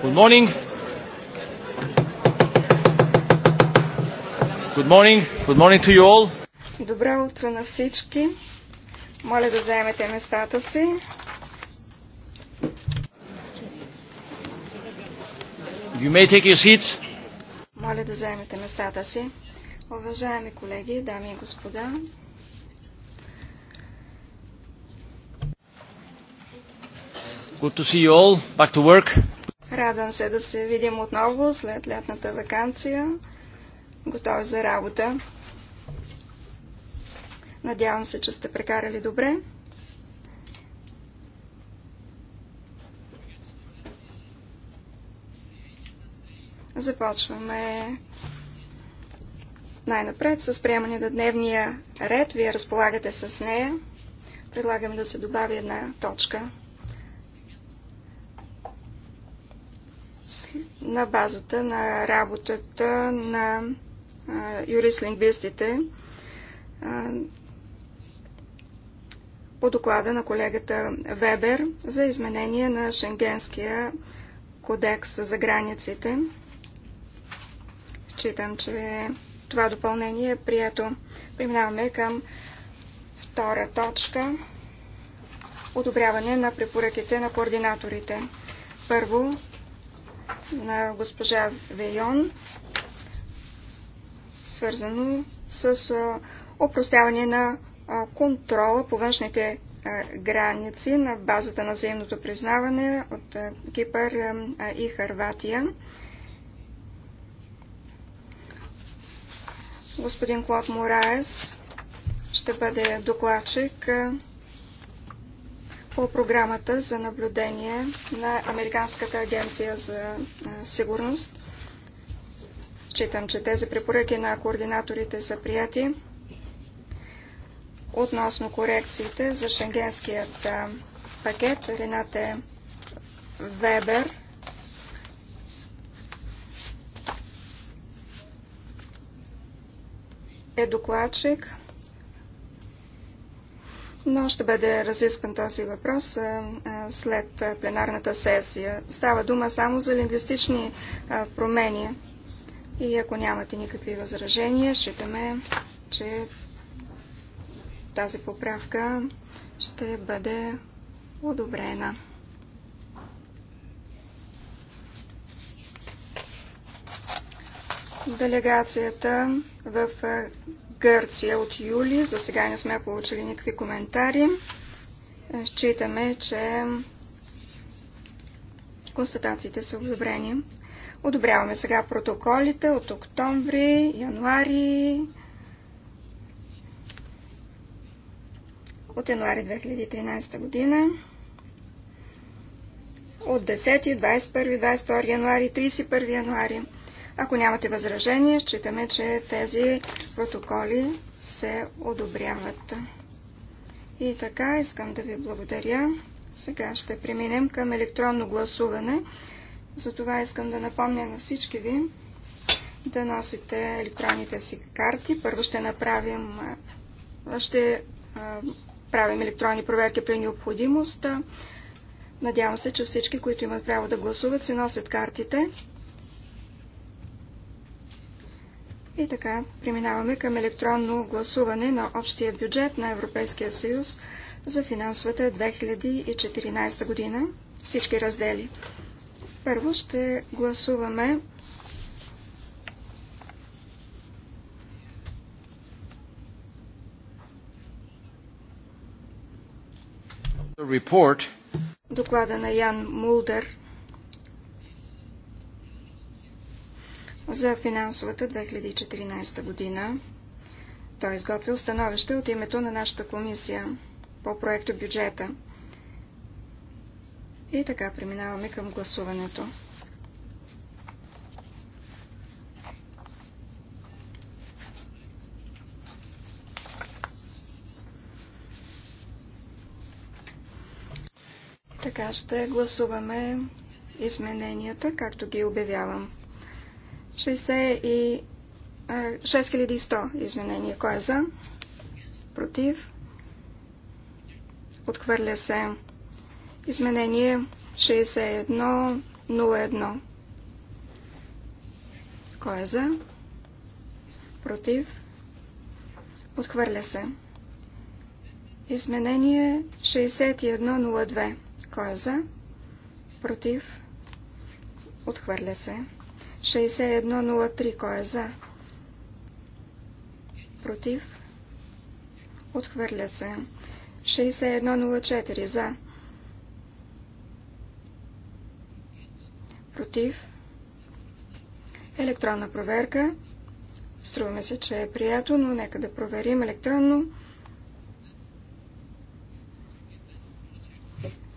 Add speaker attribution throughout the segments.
Speaker 1: Good morning. Good morning. Good morning to you all. Добро утро на всички. Моля да заемете местата си. You may take your seats. Моля да заемете местата си. Уважаеми колеги, дами и господа,
Speaker 2: Good to see you all. Back to work.
Speaker 1: Радвам се да се видим отново след лятната вакансия. Готов за работа. Надявам се, че сте прекарали добре. Започваме най-напред с приемане на дневния ред. Вие разполагате с нея. Предлагам да се добави една точка. на базата на работата на юрист-лингвистите по доклада на колегата Вебер за изменение на Шенгенския кодекс за границите. Считам, че това допълнение е прието. Преминаваме към втора точка. Одобряване на препоръките на координаторите. Първо, на госпожа Вейон, свързано с опростяване на контрола по външните граници на базата на взаимното признаване от Кипър и Харватия. Господин Клод Мораес ще бъде докладчик по програмата за наблюдение на Американската агенция за сигурност. Читам, че тези препоръки на координаторите са прияти относно корекциите за шенгенският пакет. Рената Вебер е докладчик но ще бъде разискан този въпрос след пленарната сесия. Става дума само за лингвистични промени и ако нямате никакви възражения, считаме, че тази поправка ще бъде одобрена. Делегацията в Гърция от юли. За сега не сме получили никакви коментари. Е, считаме, че констатациите са одобрени. Одобряваме сега протоколите от октомври, януари, от януари 2013 година, от 10, 21, 22 януари, 31 януари. Ако нямате възражение, считаме, че тези протоколи се одобряват. И така, искам да ви благодаря. Сега ще преминем към електронно гласуване. Затова искам да напомня на всички ви да носите електронните си карти. Първо ще направим, ще правим електронни проверки при необходимост. Надявам се, че всички, които имат право да гласуват, си носят картите. И така, преминаваме към електронно гласуване на общия бюджет на Европейския съюз за финансовата 2014 година. Всички раздели. Първо ще гласуваме Доклада на Ян Мулдер за финансовата 2014 година. Той е изготвил становище от името на нашата комисия по проекто бюджета. И така преминаваме към гласуването. Така ще гласуваме измененията, както ги обявявам. 6100 изменения. Кой е за? Против? Отхвърля се. Изменение 6101. Кой е за? Против? Отхвърля се. Изменение 6102. Кой е за? Против? Отхвърля се. 6103. Кой е за? Против? Отхвърля се. 6104. За? Против? Електронна проверка. Струваме се, че е прието, но нека да проверим електронно.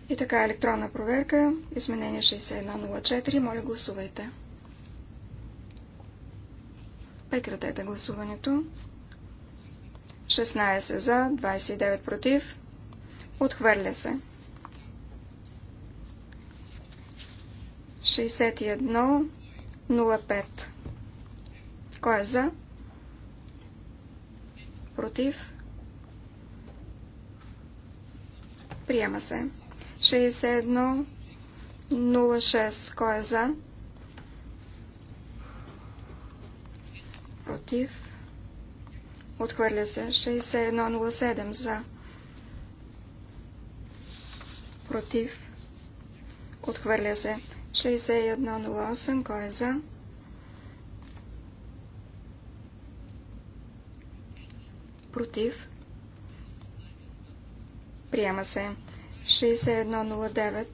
Speaker 1: И така електронна проверка, изменение 6104, моля гласувайте. Прекратете гласуването. 16 за, 29 против. Отхвърля се. 61.05. Кой е за? Против. Приема се. 61.06. Кой е за? против, отхвърля се 6107 за, против, отхвърля се 6108, кой е за, против, приема се 6109.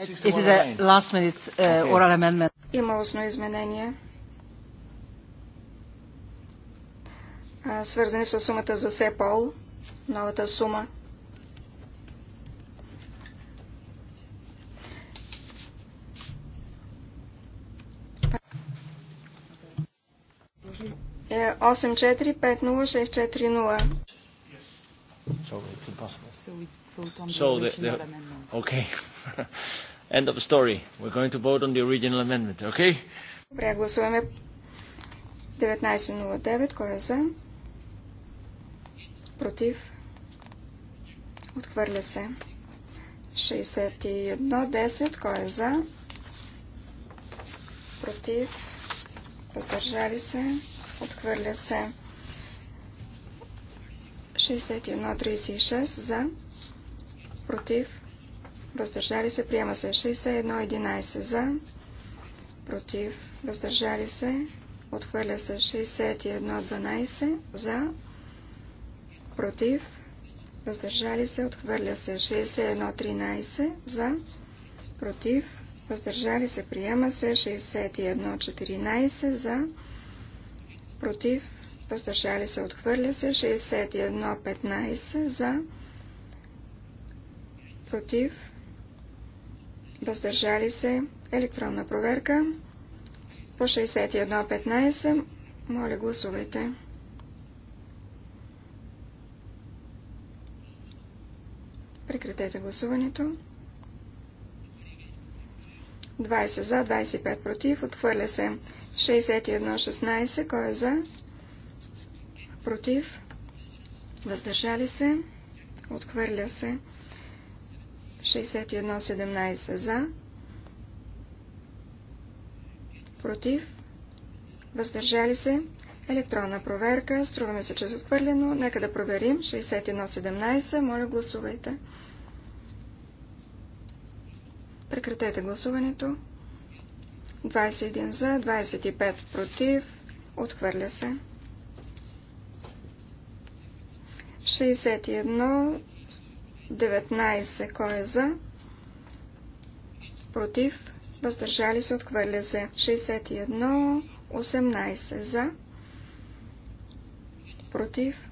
Speaker 1: is a last
Speaker 3: minute uh, oral amendment.
Speaker 1: Има устно изменение. свързани с сумата за СЕПОЛ, новата сума. Е 8450640.
Speaker 2: So it's impossible. So we vote on the so original the, the, amendment. Okay. End of story. We're going to vote on the original amendment, okay?
Speaker 1: Добре, гласуваме 1909. Кой е за? против, отхвърля се. 61-10, кой е за, против, въздържали се, отхвърля се. 61-36 за, против, въздържали се, приема се. 61-11 за, против, въздържали се, отхвърля се. 61-12 за, против, против, въздържали се, отхвърля се 61.13 за, против, въздържали се, приема се 61.14 за, против, въздържали се, отхвърля се 61.15 за, против, въздържали се, електронна проверка по 61.15, моля гласувайте. Прекратете гласуването. 20 за, 25 против. Отхвърля се 61-16. Кой е за? Против. Въздържали се. Отхвърля се 61-17 за. Против. Въздържали се. Електронна проверка. Струваме се, че е отхвърлено. Нека да проверим. 61.17. Моля, гласувайте. Прекратете гласуването. 21 за, 25 против. Отхвърля се. 61, 19. Кой е за? Против. Въздържали се. Отхвърля се. 61, 18 за против,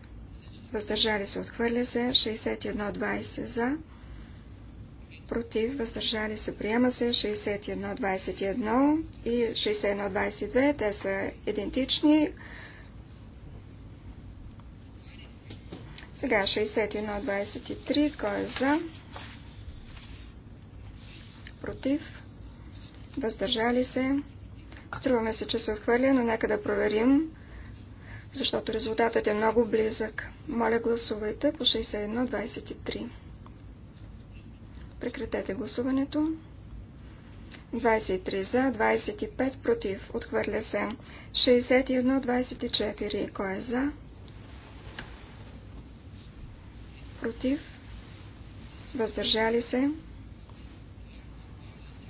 Speaker 1: въздържали се, отхвърля се, 61-20 за, против, въздържали се, приема се, 61-21 и 61-22, те са идентични. Сега 61-23, кой е за, против, въздържали се, струваме се, че се отхвърля, но нека да проверим защото резултатът е много близък. Моля, гласувайте по 61-23. Прекратете гласуването. 23 за, 25 против. Отхвърля се. 61-24. Кой е за? Против. Въздържали се.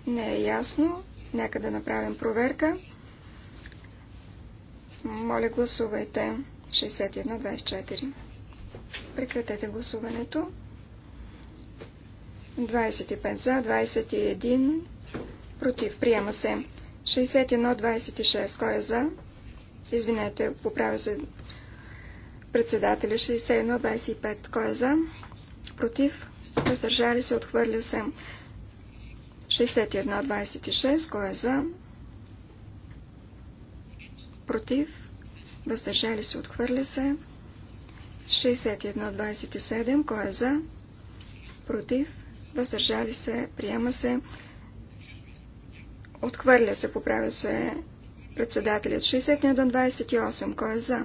Speaker 1: Не е ясно. Нека да направим проверка. Моля, гласувайте 61-24. Прекратете гласуването. 25 за, 21 против. Приема се. 61-26. Кой е за? Извинете, поправя се председателя. 61-25. Кой е за? Против. Въздържали се. Отхвърля се. 61-26. Кой е за? против, въздържали се, отхвърля се. 61-27, кой е за, против, въздържали се, приема се, отхвърля се, поправя се председателят. 61-28, кой е за,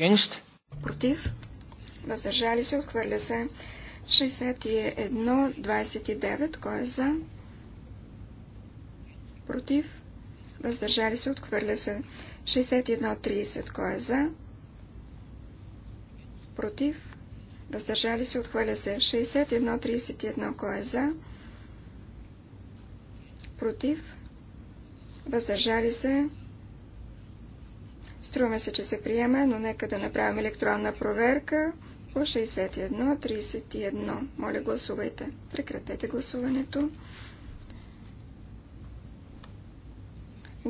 Speaker 1: Against. Против. Въздържали се. Отхвърля се. 61-29. Кой е за? против, въздържали се, отхвърля се 61.30, кой е за, против, въздържали се, отхвърля се 61.31, кой е за, против, въздържали се, струваме се, че се приема, но нека да направим електронна проверка по 61.31. Моля, гласувайте. Прекратете гласуването.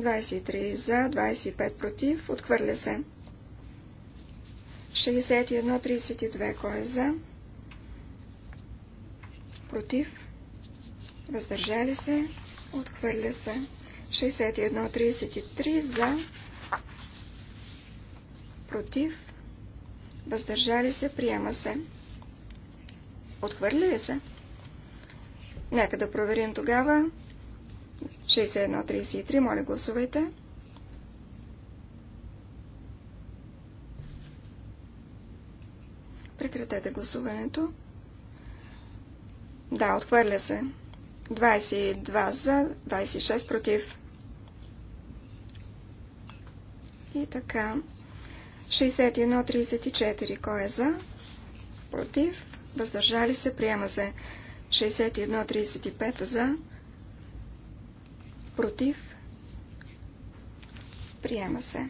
Speaker 1: 23 за, 25 против, отхвърля се. 61-32, кой е за? Против, въздържали се, отхвърля се. 61-33 за, против, въздържали се, приема се. Отхвърля ли се? Нека да проверим тогава. 6133. Моля, гласувайте. Прекратете гласуването. Да, отхвърля се. 22 за, 26 против. И така. 61-34. Кой е за? Против. Въздържали се. Приема се. 61-35 за. Против. Приема се.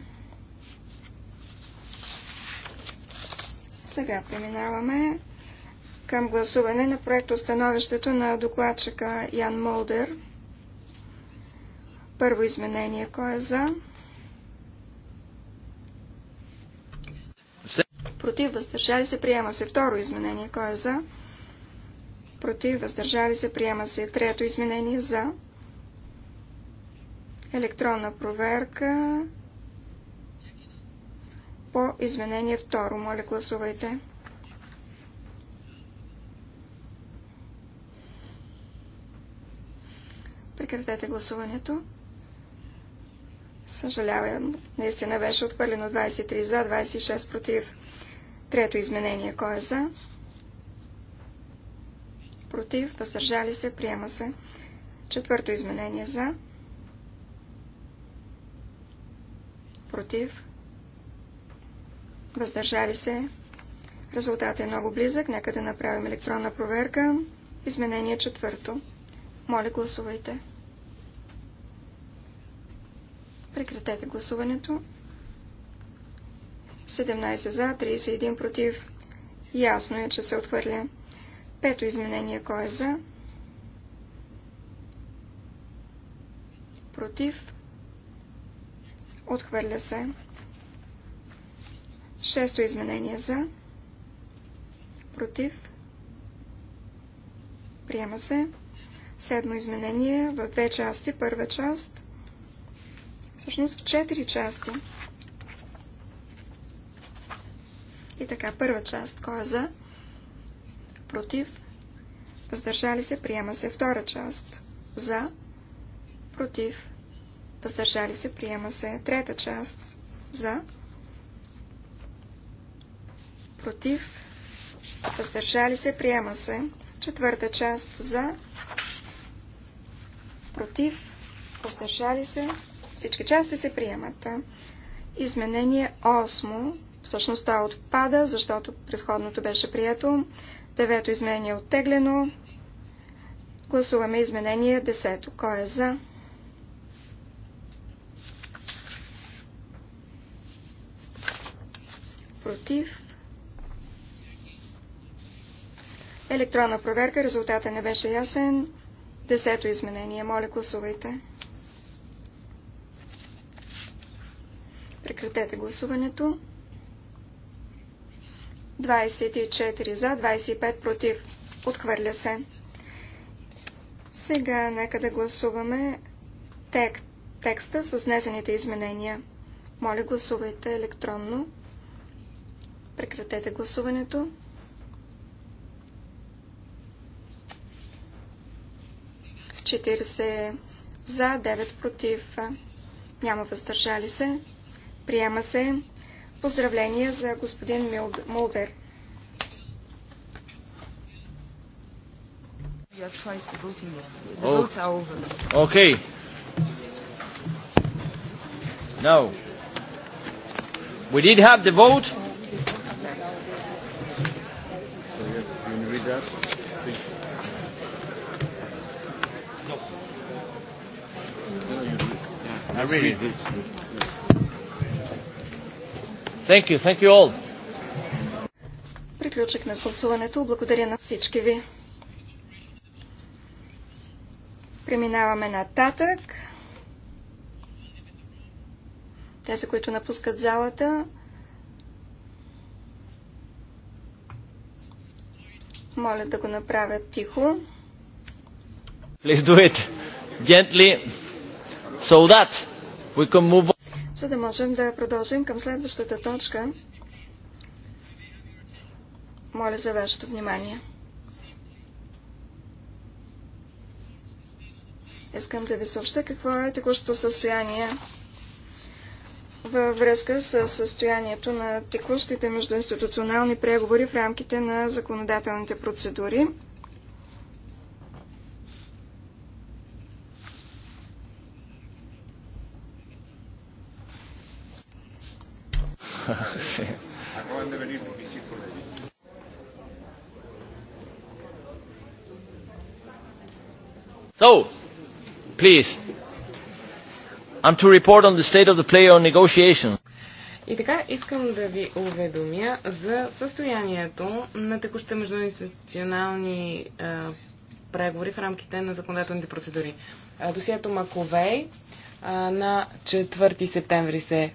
Speaker 1: Сега преминаваме към гласуване на проекто становището на докладчика Ян Молдер. Първо изменение. Кой е за? Против въздържали се приема се. Второ изменение. Кой е за? Против въздържали се приема се. Трето изменение за електронна проверка по изменение второ. Моля, гласувайте. Прекратете гласуването. Съжалявам, наистина беше отхвърлено 23 за, 26 против. Трето изменение. Кой е за? Против. Въздържали се. Приема се. Четвърто изменение за. против, въздържали се. Резултатът е много близък. Нека да направим електронна проверка. Изменение четвърто. Моля, гласувайте. Прекратете гласуването. 17 за, 31 против. Ясно е, че се отхвърля. Пето изменение. Кой е за? Против. Отхвърля се. Шесто изменение за. Против. Приема се. Седмо изменение в две части. Първа част. Всъщност в четири части. И така, първа част. Кой е за? Против. Въздържали се. Приема се. Втора част. За. Против въздържали се, приема се. Трета част за, против, въздържали се, приема се. Четвърта част за, против, въздържали се, всички части се приемат. Изменение 8, всъщност това отпада, защото предходното беше прието. Девето изменение е оттеглено. Гласуваме изменение 10. Кой е за? против. Електронна проверка. Резултата не беше ясен. Десето изменение. Моля, гласувайте. Прекратете гласуването. 24 за, 25 против. Отхвърля се. Сега нека да гласуваме текста с внесените изменения. Моля, гласувайте електронно. Прекратете гласуването. В 40 за, 9 против, няма въздържали се. Приема се. Поздравления за господин Мулдер.
Speaker 3: Окей. Oh. Okay.
Speaker 2: Now, we did have the vote. read that? I read it. Thank you, thank you all.
Speaker 1: Приключихме с гласуването. Благодаря на всички ви. Преминаваме нататък. Тези, които напускат залата, Моля да го направят тихо.
Speaker 2: Please do it gently so that we can move on.
Speaker 1: За да можем да продължим към следващата точка. Моля за вашето внимание. Искам да ви съобща какво е текущото състояние във връзка с състоянието на текущите междуинституционални преговори в рамките на законодателните процедури.
Speaker 2: So, please,
Speaker 1: and to report on the state of the on negotiations.
Speaker 4: И така искам да ви уведомя за състоянието на текущите междуинституционални а, преговори в рамките на законодателните процедури. досието Маковей на 4 септември се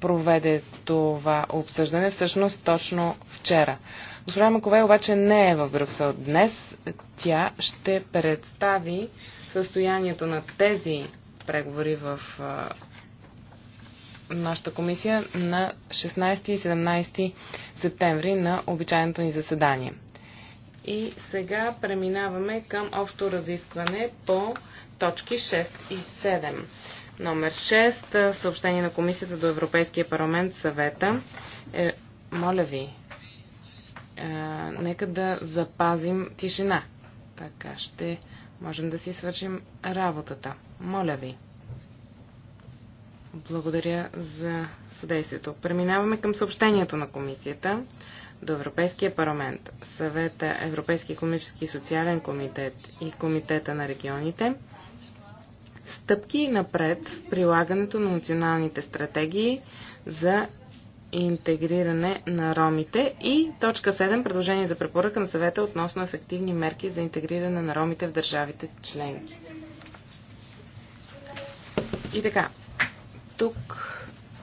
Speaker 4: проведе това обсъждане, всъщност точно вчера. Госпожа Маковей обаче не е в Брюксел днес. Тя ще представи състоянието на тези преговори в а, нашата комисия на 16 и 17 септември на обичайното ни заседание. И сега преминаваме към общо разискване по точки 6 и 7. Номер 6. Съобщение на Комисията до Европейския парламент съвета. Е, моля ви, е, нека да запазим тишина. Така ще можем да си свършим работата. Моля ви. Благодаря за съдействието. Преминаваме към съобщението на комисията до Европейския парламент, съвета Европейски економически и социален комитет и комитета на регионите. Стъпки напред в прилагането на националните стратегии за интегриране на ромите и точка 7 предложение за препоръка на съвета относно ефективни мерки за интегриране на ромите в държавите членки. И така, тук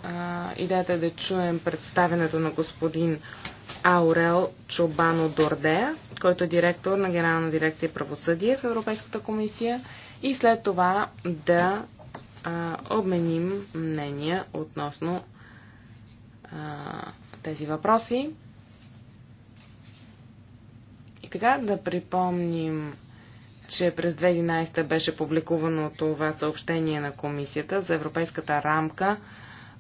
Speaker 4: а, идеята е да чуем представенето на господин Аурел Чобано Дордея, който е директор на Генерална дирекция правосъдие в Европейската комисия и след това да а, обменим мнения относно а, тези въпроси. И така да припомним, че през 2011 беше публикувано това съобщение на Комисията за Европейската рамка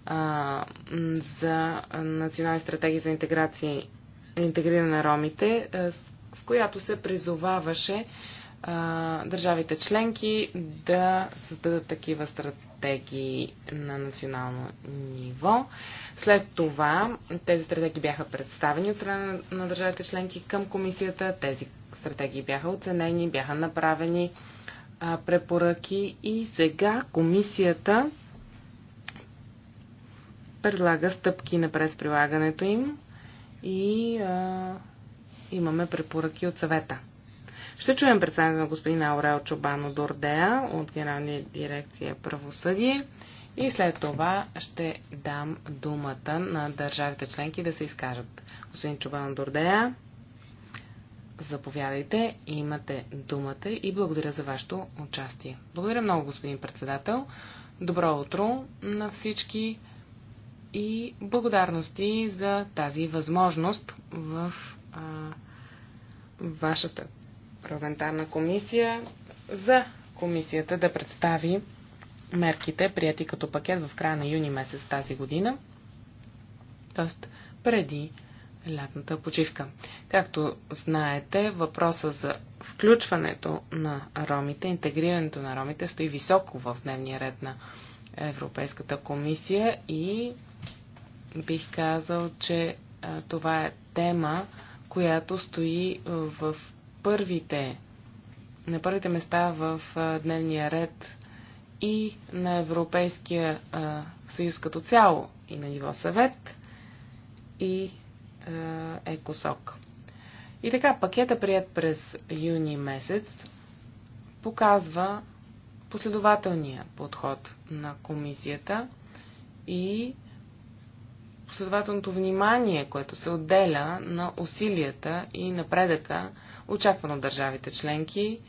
Speaker 4: а, за национални стратегии за интеграция, интегриране на ромите, в която се призоваваше държавите членки да създадат такива стратегии стратегии на национално ниво. След това тези стратегии бяха представени от страна на държавите членки към комисията. Тези стратегии бяха оценени, бяха направени а, препоръки и сега комисията предлага стъпки напред с прилагането им и а, имаме препоръки от съвета. Ще чуем представянето на господин Аурел Чобано Дордея от Генералния дирекция правосъдие и след това ще дам думата на държавите членки да се изкажат. Господин Чобано Дордея, Заповядайте, имате думата и благодаря за вашето участие. Благодаря много, господин председател. Добро утро на всички и благодарности за тази възможност в а, вашата парламентарна комисия за комисията да представи мерките, прияти като пакет в края на юни месец тази година, т.е. преди лятната почивка. Както знаете, въпроса за включването на ромите, интегрирането на ромите стои високо в дневния ред на Европейската комисия и бих казал, че това е тема, която стои в първите, на първите места в дневния ред и на Европейския съюз като цяло, и на ниво съвет, и ЕКОСОК. И така, пакета прият през юни месец показва последователния подход на комисията и последователното внимание, което се отделя на усилията и напредъка, очаквано от държавите членки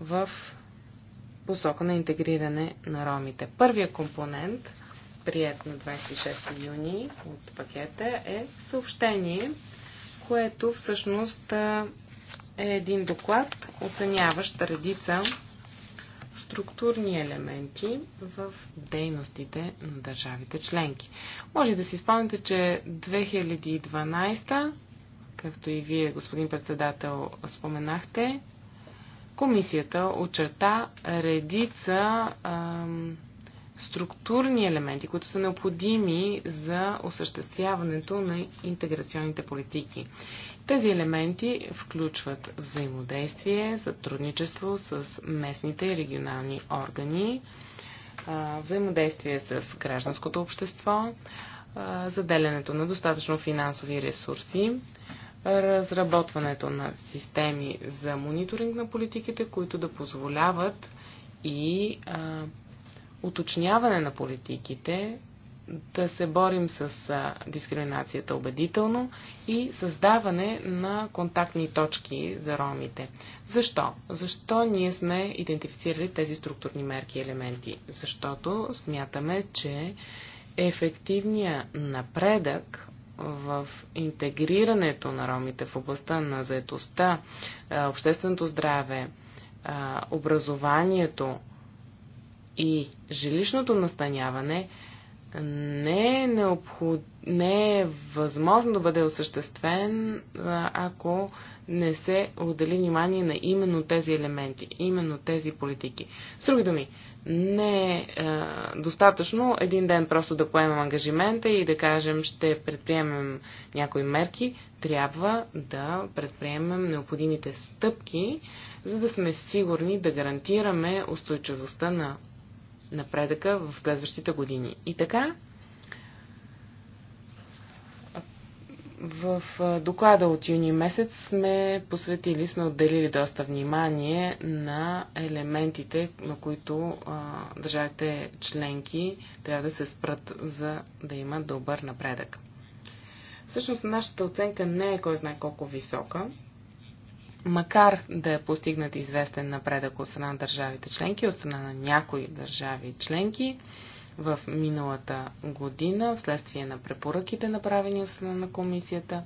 Speaker 4: в посока на интегриране на ромите. Първия компонент, прият на 26 юни от пакета, е съобщение, което всъщност е един доклад, оценяващ редица структурни елементи в дейностите на държавите членки. Може да си спомните, че 2012, както и вие, господин председател, споменахте, комисията очерта редица ам, структурни елементи, които са необходими за осъществяването на интеграционните политики. Тези елементи включват взаимодействие, сътрудничество с местните и регионални органи, взаимодействие с гражданското общество, заделянето на достатъчно финансови ресурси, разработването на системи за мониторинг на политиките, които да позволяват и уточняване на политиките да се борим с а, дискриминацията убедително и създаване на контактни точки за ромите. Защо? Защо ние сме идентифицирали тези структурни мерки и елементи? Защото смятаме, че ефективният напредък в интегрирането на ромите в областта на заедостта, общественото здраве, образованието и жилищното настаняване – не е, необход... не е възможно да бъде осъществен, ако не се отдели внимание на именно тези елементи, именно тези политики. С други думи, не е, е достатъчно един ден просто да поемем ангажимента и да кажем ще предприемем някои мерки, трябва да предприемем необходимите стъпки, за да сме сигурни да гарантираме устойчивостта на напредъка в следващите години. И така, в доклада от юни месец сме посветили, сме отделили доста внимание на елементите, на които държавите членки трябва да се спрат, за да има добър напредък. Всъщност нашата оценка не е кой знае колко висока макар да е постигнат известен напредък от страна на държавите членки, от страна на някои държави членки, в миналата година, вследствие на препоръките, направени от страна на комисията,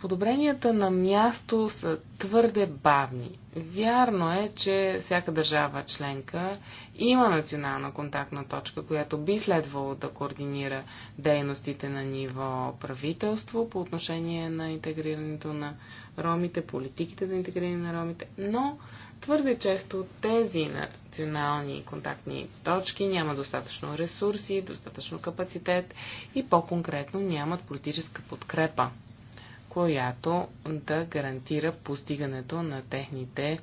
Speaker 4: Подобренията на място са твърде бавни. Вярно е, че всяка държава членка има национална контактна точка, която би следвало да координира дейностите на ниво правителство по отношение на интегрирането на ромите, политиките за интегриране на ромите, но твърде често тези национални контактни точки няма достатъчно ресурси, достатъчно капацитет и по-конкретно нямат политическа подкрепа която да гарантира постигането на техните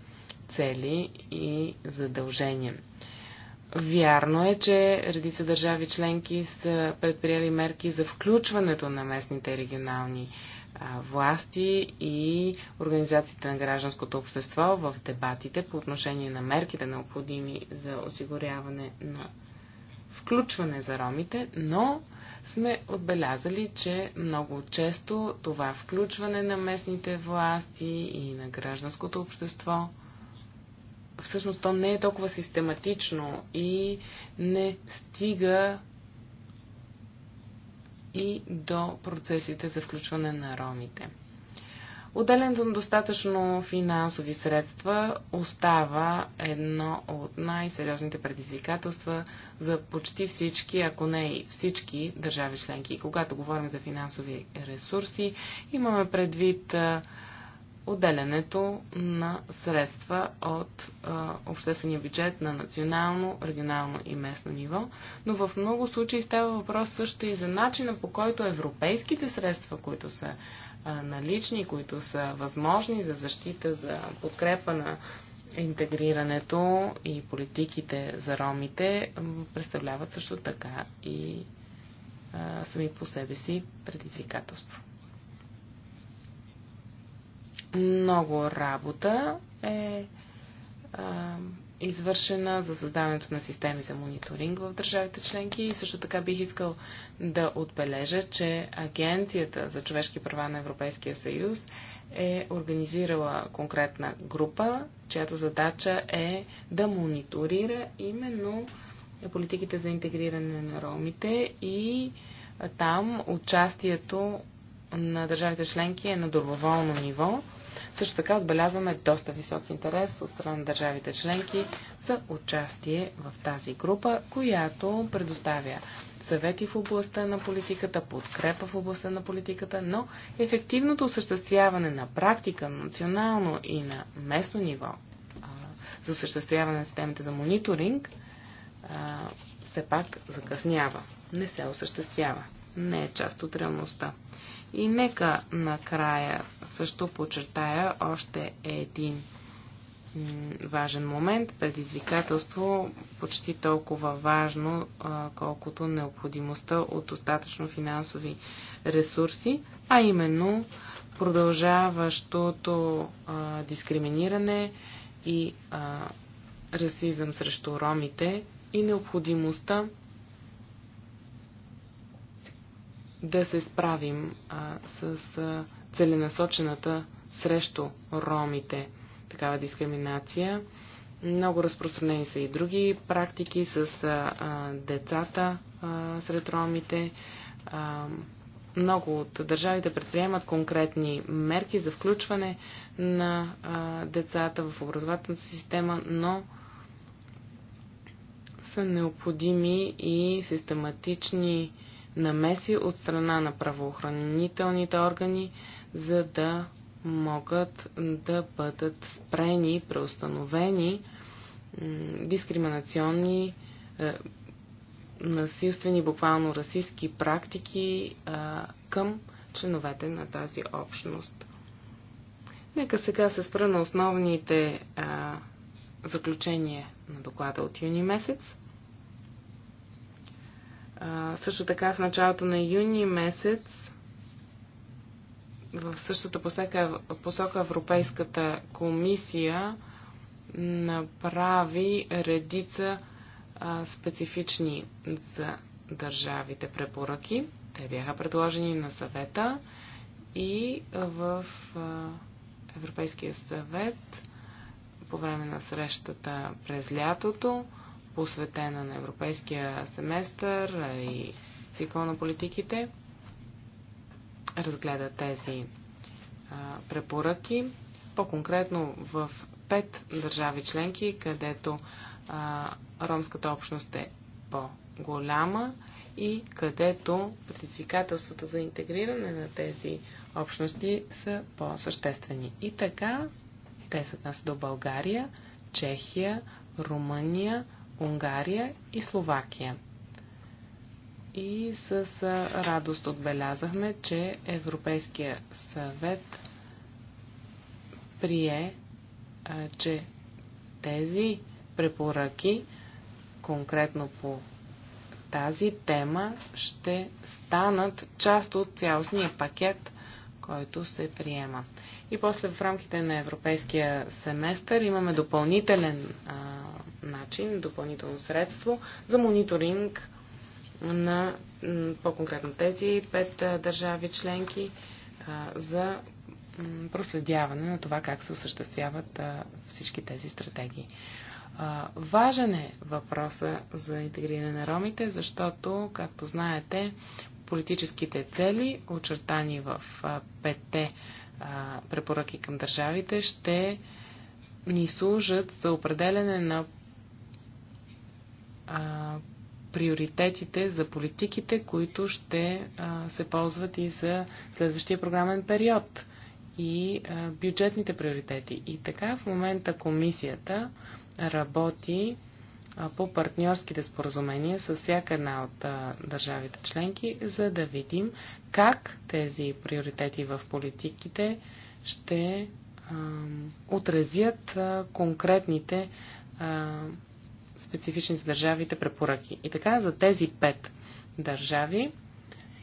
Speaker 4: цели и задължения. Вярно е, че редица държави членки са предприели мерки за включването на местните регионални власти и организациите на гражданското общество в дебатите по отношение на мерките необходими за осигуряване на включване за ромите, но сме отбелязали, че много често това включване на местните власти и на гражданското общество, всъщност то не е толкова систематично и не стига и до процесите за включване на ромите. Отделянето на достатъчно финансови средства остава едно от най-сериозните предизвикателства за почти всички, ако не и всички държави членки. И когато говорим за финансови ресурси, имаме предвид отделянето на средства от обществения бюджет на национално, регионално и местно ниво, но в много случаи става въпрос също и за начина по който европейските средства, които са налични, които са възможни за защита, за подкрепа на интегрирането и политиките за ромите, представляват също така и сами по себе си предизвикателство. Много работа е извършена за създаването на системи за мониторинг в държавите членки и също така бих искал да отбележа, че Агенцията за човешки права на Европейския съюз е организирала конкретна група, чиято задача е да мониторира именно политиките за интегриране на ромите и там участието на държавите членки е на доброволно ниво също така отбелязваме доста висок интерес от страна на държавите членки за участие в тази група, която предоставя съвети в областта на политиката, подкрепа в областта на политиката, но ефективното осъществяване на практика на национално и на местно ниво за осъществяване на системите за мониторинг все пак закъснява. Не се осъществява. Не е част от реалността. И нека накрая също подчертая още един важен момент, предизвикателство, почти толкова важно, колкото необходимостта от достатъчно финансови ресурси, а именно продължаващото дискриминиране и расизъм срещу ромите и необходимостта да се справим а, с а, целенасочената срещу ромите такава дискриминация. Много разпространени са и други практики с а, а, децата а, сред ромите. А, много от държавите предприемат конкретни мерки за включване на а, децата в образователната система, но са необходими и систематични а, намеси от страна на правоохранителните органи, за да могат да бъдат спрени, преустановени дискриминационни, е, насилствени, буквално расистски практики е, към членовете на тази общност. Нека сега се спра на основните а, е, заключения на доклада от юни месец също така в началото на юни месец в същата посока, посока Европейската комисия направи редица а, специфични за държавите препоръки. Те бяха предложени на съвета и в а, Европейския съвет по време на срещата през лятото посветена на европейския семестър и цикъл на политиките, разгледа тези препоръки. По-конкретно в пет държави членки, където а, ромската общност е по-голяма и където предизвикателствата за интегриране на тези общности са по-съществени. И така, те са нас до България, Чехия, Румъния, Унгария и Словакия. И с радост отбелязахме, че Европейския съвет прие, че тези препоръки, конкретно по тази тема, ще станат част от цялостния пакет, който се приема. И после в рамките на европейския семестър имаме допълнителен а, начин, допълнително средство за мониторинг на по-конкретно тези пет държави членки за проследяване на това как се осъществяват всички тези стратегии. Важен е въпроса за интегриране на ромите, защото, както знаете, политическите цели, очертани в петте препоръки към държавите, ще ни служат за определене на а, приоритетите за политиките, които ще а, се ползват и за следващия програмен период и а, бюджетните приоритети. И така в момента комисията работи а, по партньорските споразумения с всяка една от а, държавите членки, за да видим как тези приоритети в политиките ще а, отразят а, конкретните а, специфични за държавите препоръки. И така, за тези пет държави,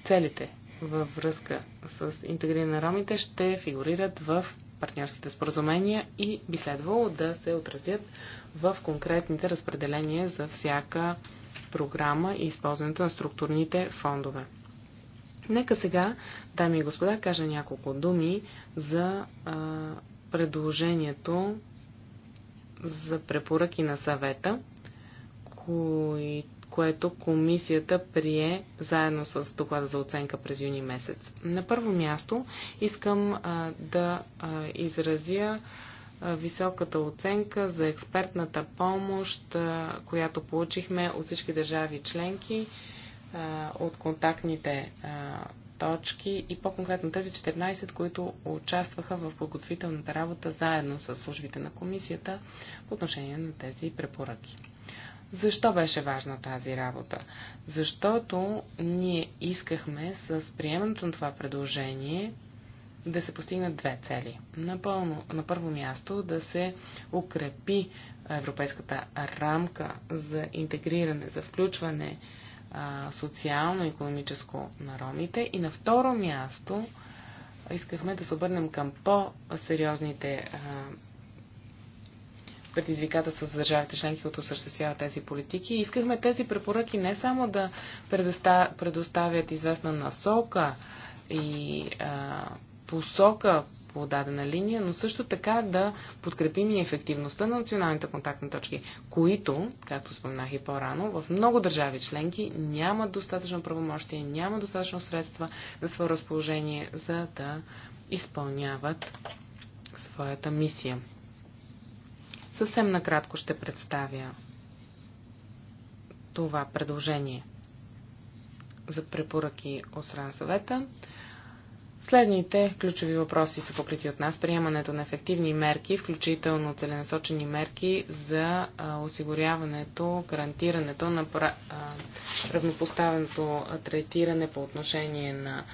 Speaker 4: целите във връзка с интегриране на ромите ще фигурират в партньорските споразумения и би следвало да се отразят в конкретните разпределения за всяка програма и използването на структурните фондове. Нека сега, дами и господа, кажа няколко думи за а, предложението за препоръки на съвета кои, което комисията прие заедно с доклада за оценка през юни месец. На първо място искам а, да а, изразя високата оценка за експертната помощ, която получихме от всички държави членки, от контактните точки и по-конкретно тези 14, които участваха в подготвителната работа заедно с службите на комисията по отношение на тези препоръки. Защо беше важна тази работа? Защото ние искахме с приемането на това предложение да се постигнат две цели. Напълно, на първо място да се укрепи европейската рамка за интегриране, за включване социално-економическо на ромите и на второ място искахме да се обърнем към по-сериозните предизвикателства за държавите членки, които осъществяват тези политики. Искахме тези препоръки не само да предоставят известна насока и а, посока по дадена линия, но също така да подкрепим и ефективността на националните контактни точки, които, както споменах и по-рано, в много държави членки нямат достатъчно правомощие, нямат достатъчно средства на свое разположение, за да изпълняват своята мисия. Съвсем накратко ще представя това предложение за препоръки от страна съвета. Следните ключови въпроси са покрити от нас. Приемането на ефективни мерки, включително целенасочени мерки за осигуряването, гарантирането на равнопоставеното третиране по отношение на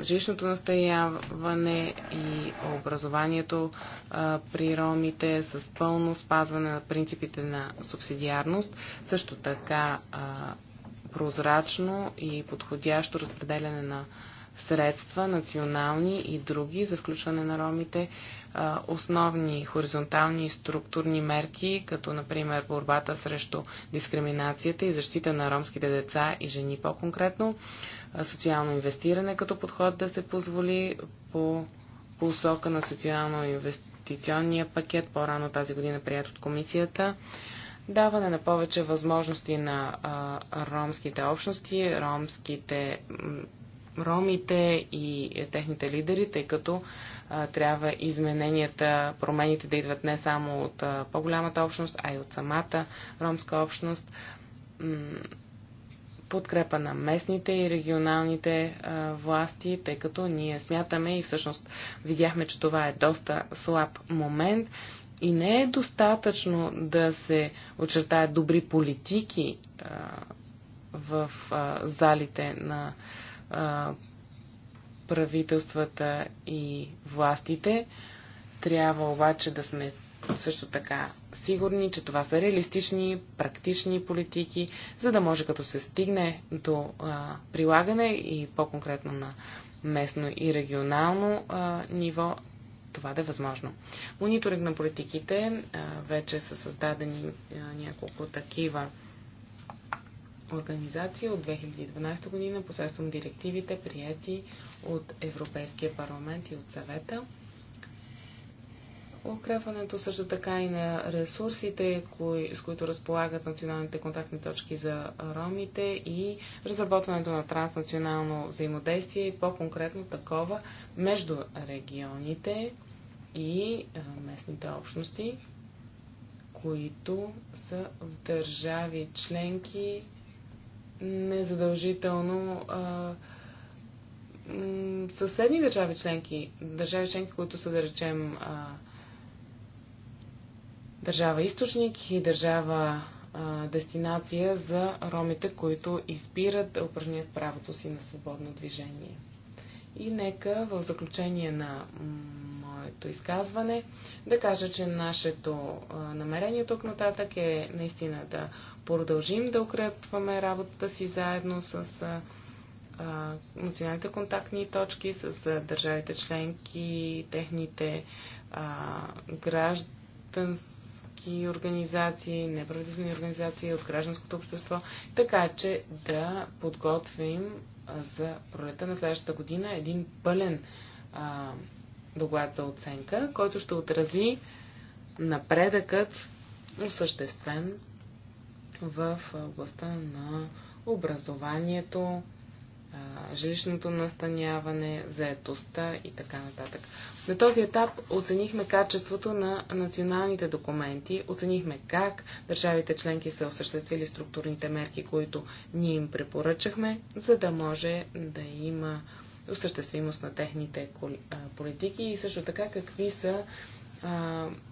Speaker 4: жилищното настояване и образованието а, при ромите с пълно спазване на принципите на субсидиарност. Също така а, прозрачно и подходящо разпределяне на средства, национални и други, за включване на ромите, основни хоризонтални и структурни мерки, като например борбата срещу дискриминацията и защита на ромските деца и жени по-конкретно, социално инвестиране като подход да се позволи по посока на социално-инвестиционния пакет, по-рано тази година прият от комисията, даване на повече възможности на а, ромските общности, ромските ромите и техните лидери, тъй като а, трябва измененията, промените да идват не само от по-голямата общност, а и от самата ромска общност подкрепа на местните и регионалните а, власти, тъй като ние смятаме и всъщност видяхме, че това е доста слаб момент и не е достатъчно да се очертаят добри политики а, в а, залите на а, правителствата и властите. Трябва обаче да сме също така сигурни, че това са реалистични, практични политики, за да може като се стигне до а, прилагане и по-конкретно на местно и регионално а, ниво, това да е възможно. Мониторинг на политиките а, вече са създадени а, няколко такива организации от 2012 година посредством директивите, прияти от Европейския парламент и от съвета Укрепването също така и на ресурсите, кои, с които разполагат националните контактни точки за ромите и разработването на транснационално взаимодействие и по-конкретно такова между регионите и а, е, местните общности, които са в държави членки незадължително а, е, съседни държави членки, държави членки, които са, да речем, а, е, държава източник и държава дестинация за ромите, които избират да упражнят правото си на свободно движение. И нека в заключение на моето изказване да кажа, че нашето намерение тук нататък е наистина да продължим да укрепваме работата си заедно с националните контактни точки, с държавите членки, техните граждански граждански организации, неправителствени организации, от гражданското общество, така че да подготвим за пролета на следващата година един пълен а, доклад за оценка, който ще отрази напредъкът, осъществен в областта на образованието, жилищното настаняване, заетостта и така нататък. На този етап оценихме качеството на националните документи, оценихме как държавите членки са осъществили структурните мерки, които ние им препоръчахме, за да може да има осъществимост на техните политики и също така какви са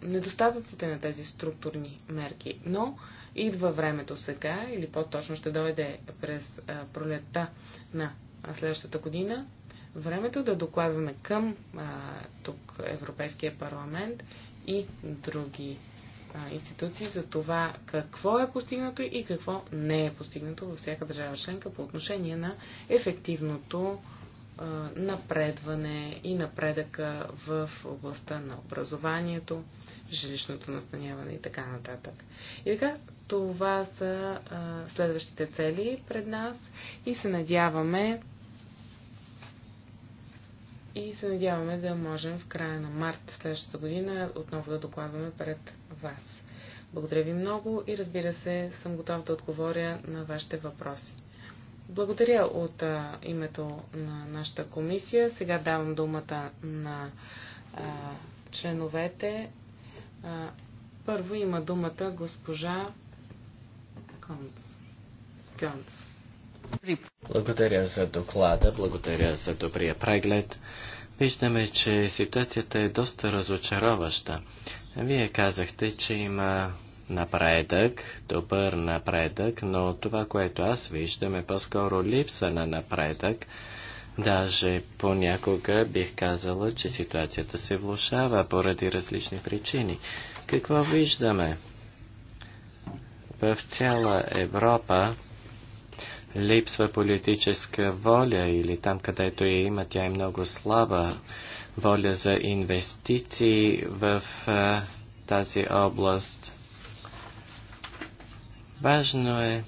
Speaker 4: недостатъците на тези структурни мерки. Но идва времето сега, или по-точно ще дойде през пролетта на следващата година, времето да докладваме към а, тук Европейския парламент и други а, институции за това какво е постигнато и какво не е постигнато във всяка държава членка по отношение на ефективното а, напредване и напредъка в областта на образованието, жилищното настаняване и така нататък. И така, това са а, следващите цели пред нас и се надяваме и се надяваме да можем в края на март следващата година отново да докладваме пред вас. Благодаря ви много и разбира се, съм готов да отговоря на вашите въпроси. Благодаря от а, името на нашата комисия. Сега давам думата на а, членовете. А, първо има думата госпожа Конц. Конц.
Speaker 2: Благодаря за доклада, благодаря за добрия преглед. Виждаме, че ситуацията е доста разочароваща. Вие казахте, че има напредък, добър напредък, но това, което аз виждам е по-скоро липса на напредък. Даже понякога бих казала, че ситуацията се влушава поради различни причини. Какво виждаме? В цяла Европа липсва политическа воля или там, където я има, тя е много слаба воля за инвестиции в тази област. Важно е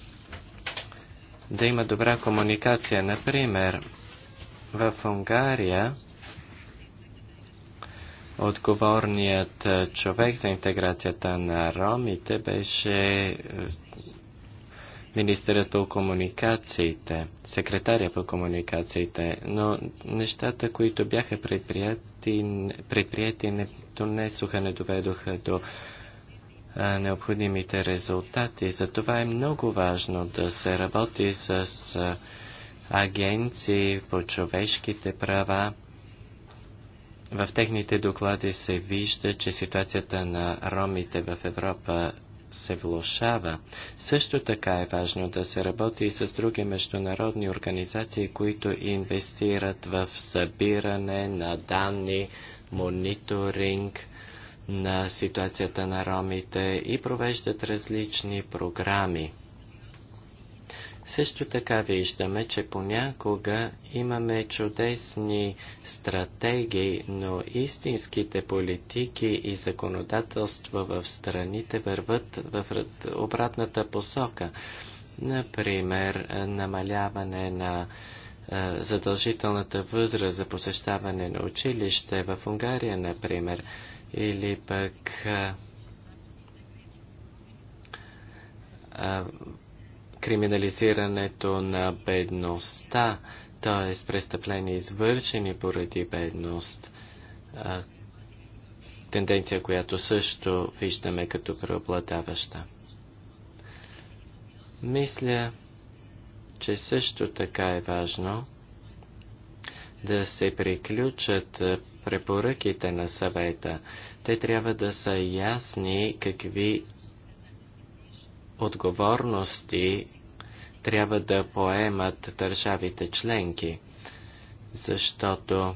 Speaker 2: да има добра комуникация. Например, в Унгария отговорният човек за интеграцията на ромите беше министъра по комуникациите, секретаря по комуникациите, но нещата, които бяха предприяти, не донесоха, не доведоха до необходимите резултати. Затова е много важно да се работи с агенции по човешките права. В техните доклади се вижда, че ситуацията на ромите в Европа се влушава. Също така е важно да се работи и с други международни организации, които инвестират в събиране на данни, мониторинг на ситуацията на ромите и провеждат различни програми. Също така виждаме, че понякога имаме чудесни стратегии, но истинските политики и законодателства в страните върват в обратната посока. Например, намаляване на е, задължителната възраст за посещаване на училище в Унгария, например, или пък е, е, криминализирането на бедността, т.е. престъпления извършени поради бедност, тенденция, която също виждаме като преобладаваща. Мисля, че също така е важно да се приключат препоръките на съвета. Те трябва да са ясни какви отговорности трябва да поемат държавите членки, защото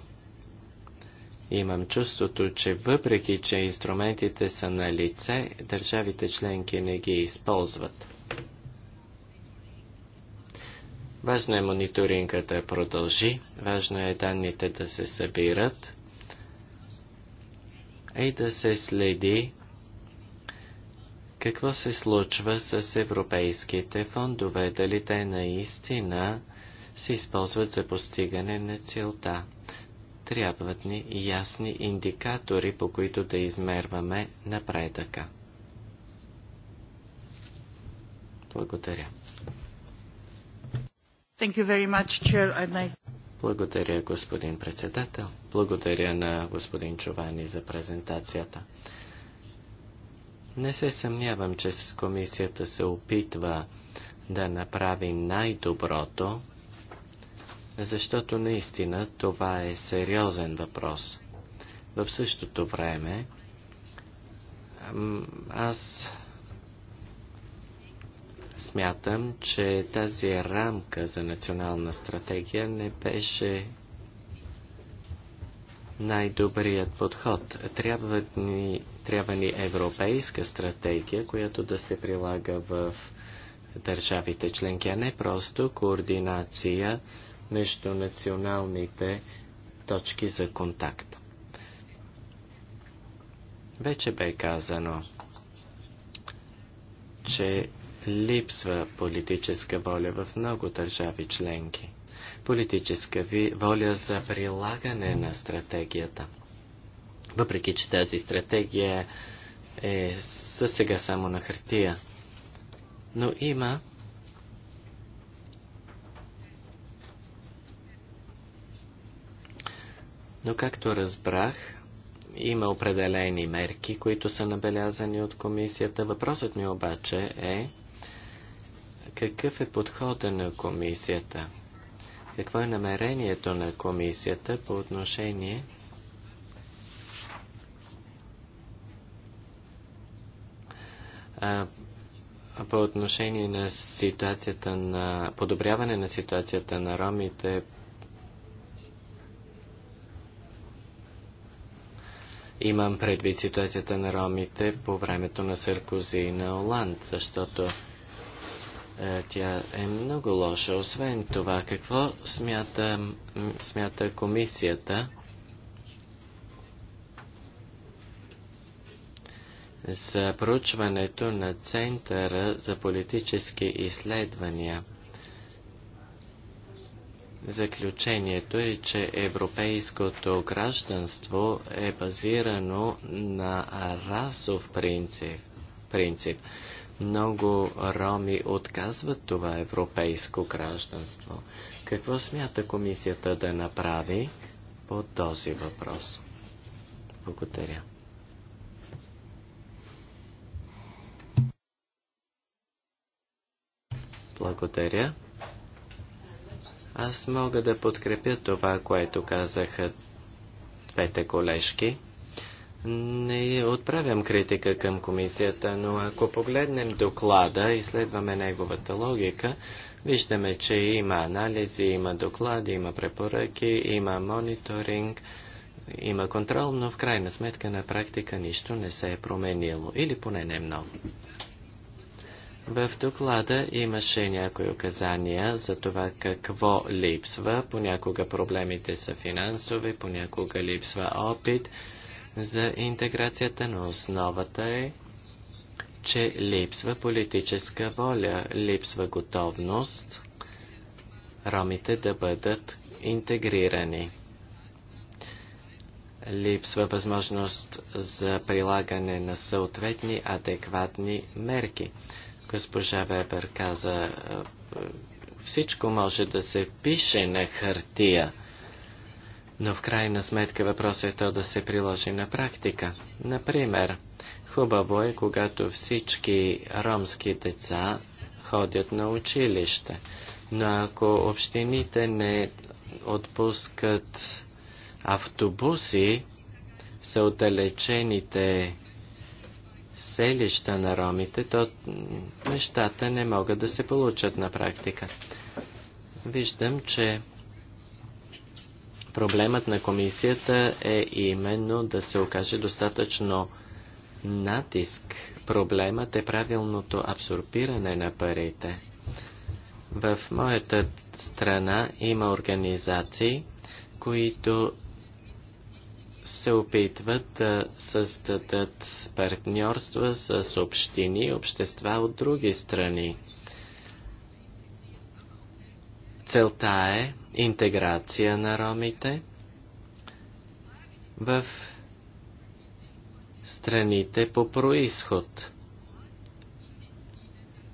Speaker 2: имам чувството, че въпреки, че инструментите са на лице, държавите членки не ги използват. Важно е мониторинга да продължи, важно е данните да се събират и да се следи какво се случва с европейските фондове? Дали те наистина се използват за постигане на целта? Трябват ни ясни индикатори, по които да измерваме напредъка. Благодаря.
Speaker 3: Thank you very much, Chair. I'd like...
Speaker 2: Благодаря, господин председател. Благодаря на господин Човани за презентацията. Не се съмнявам, че с комисията се опитва да направи най-доброто, защото наистина това е сериозен въпрос. В същото време, аз смятам, че тази рамка за национална стратегия не беше най-добрият подход. Трябва ни трябва ни европейска стратегия, която да се прилага в държавите членки, а не просто координация между националните точки за контакт. Вече бе казано, че липсва политическа воля в много държави членки. Политическа воля за прилагане на стратегията. Въпреки, че тази стратегия е за сега само на хартия. Но има Но както разбрах, има определени мерки, които са набелязани от комисията. Въпросът ми обаче е какъв е подхода на комисията? Какво е намерението на комисията по отношение по отношение на ситуацията на подобряване на ситуацията на ромите имам предвид ситуацията на ромите по времето на Съркози и на Оланд, защото е, тя е много лоша. Освен това, какво смята, смята комисията за проучването на Центъра за политически изследвания. Заключението е, че европейското гражданство е базирано на расов принцип. принцип. Много роми отказват това европейско гражданство. Какво смята комисията да направи по този въпрос? Благодаря. Благодаря. Аз мога да подкрепя това, което казаха двете колежки. Не отправям критика към комисията, но ако погледнем доклада и следваме неговата логика, виждаме, че има анализи, има доклади, има препоръки, има мониторинг, има контрол, но в крайна сметка на практика нищо не се е променило или поне не много. В доклада имаше някои указания за това какво липсва. Понякога проблемите са финансови, понякога липсва опит за интеграцията, но основата е, че липсва политическа воля, липсва готовност ромите да бъдат интегрирани. Липсва възможност за прилагане на съответни адекватни мерки. Госпожа Вебер каза, е, е, всичко може да се пише на хартия, но в крайна сметка въпросът е то да се приложи на практика. Например, хубаво е, когато всички ромски деца ходят на училище, но ако общините не отпускат автобуси, са отдалечените селища на ромите, то нещата не могат да се получат на практика. Виждам, че проблемът на комисията е именно да се окаже достатъчно натиск. Проблемът е правилното абсорбиране на парите. В моята страна има организации, които се опитват да създадат партньорства с общини и общества от други страни. Целта е интеграция на ромите в страните по происход.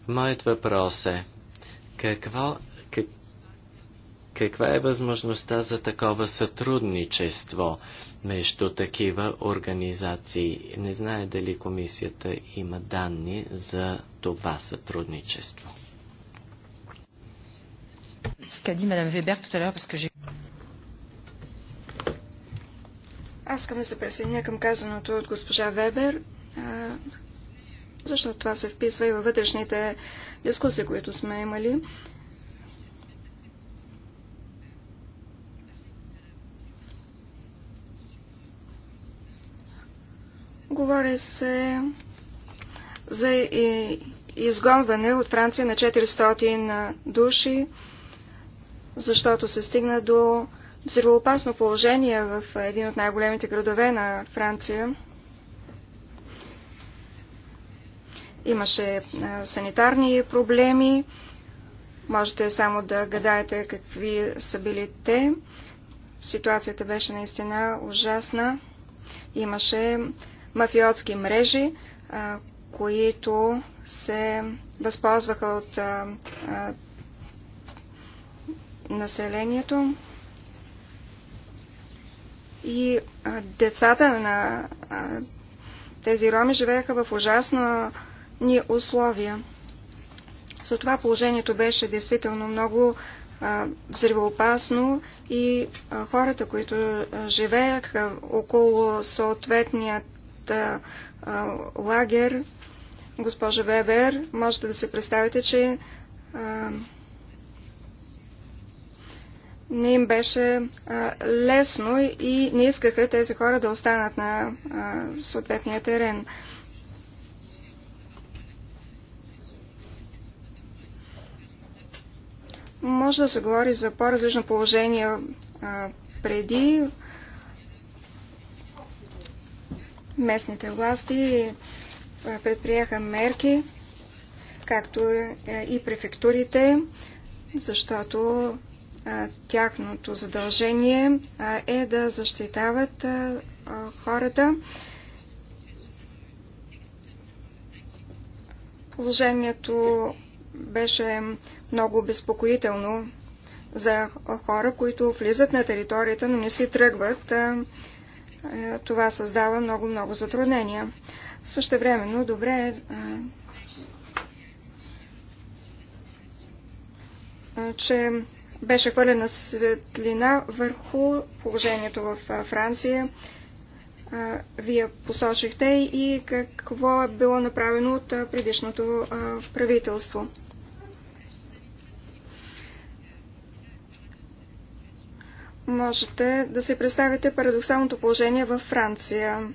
Speaker 2: Моят въпрос е, какво, как, каква е възможността за такова сътрудничество? между такива организации. Не знае дали комисията има данни за това сътрудничество.
Speaker 1: Аз искам да се присъединя към казаното от госпожа Вебер, защото това се вписва и във вътрешните дискусии, които сме имали. Говори се за изгонване от Франция на 400 души, защото се стигна до взривоопасно положение в един от най-големите градове на Франция. Имаше санитарни проблеми. Можете само да гадаете какви са били те. Ситуацията беше наистина ужасна. Имаше мафиотски мрежи, които се възползваха от населението и децата на тези роми живееха в ужасни условия. това положението беше действително много взривоопасно и хората, които живееха около съответният от а, а, лагер. Госпожа Вебер, можете да се представите, че а, не им беше а, лесно и не искаха тези хора да останат на а, съответния терен. Може да се говори за по-различно положение а, преди Местните власти е, предприеха мерки, както е, и префектурите, защото е, тяхното задължение е да защитават хората. Положението беше много безпокоително за хора, които влизат на територията, но не си тръгват е, това създава много-много затруднения. Също времено, добре е, е, че беше хвърлена светлина върху положението в е, Франция. Вие посочихте и какво е било направено от предишното правителство. можете да се представите парадоксалното положение във Франция.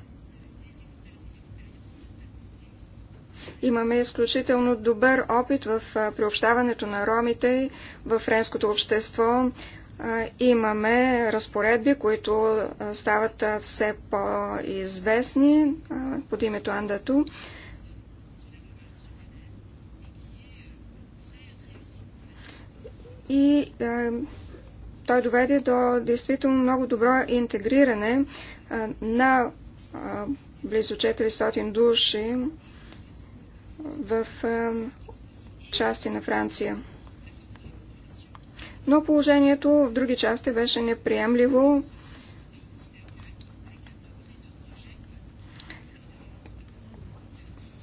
Speaker 1: Имаме изключително добър опит в приобщаването на ромите в френското общество. Имаме разпоредби, които стават все по-известни под името Андату. И той доведе до действително много добро интегриране на близо 400 души в части на Франция. Но положението в други части беше неприемливо.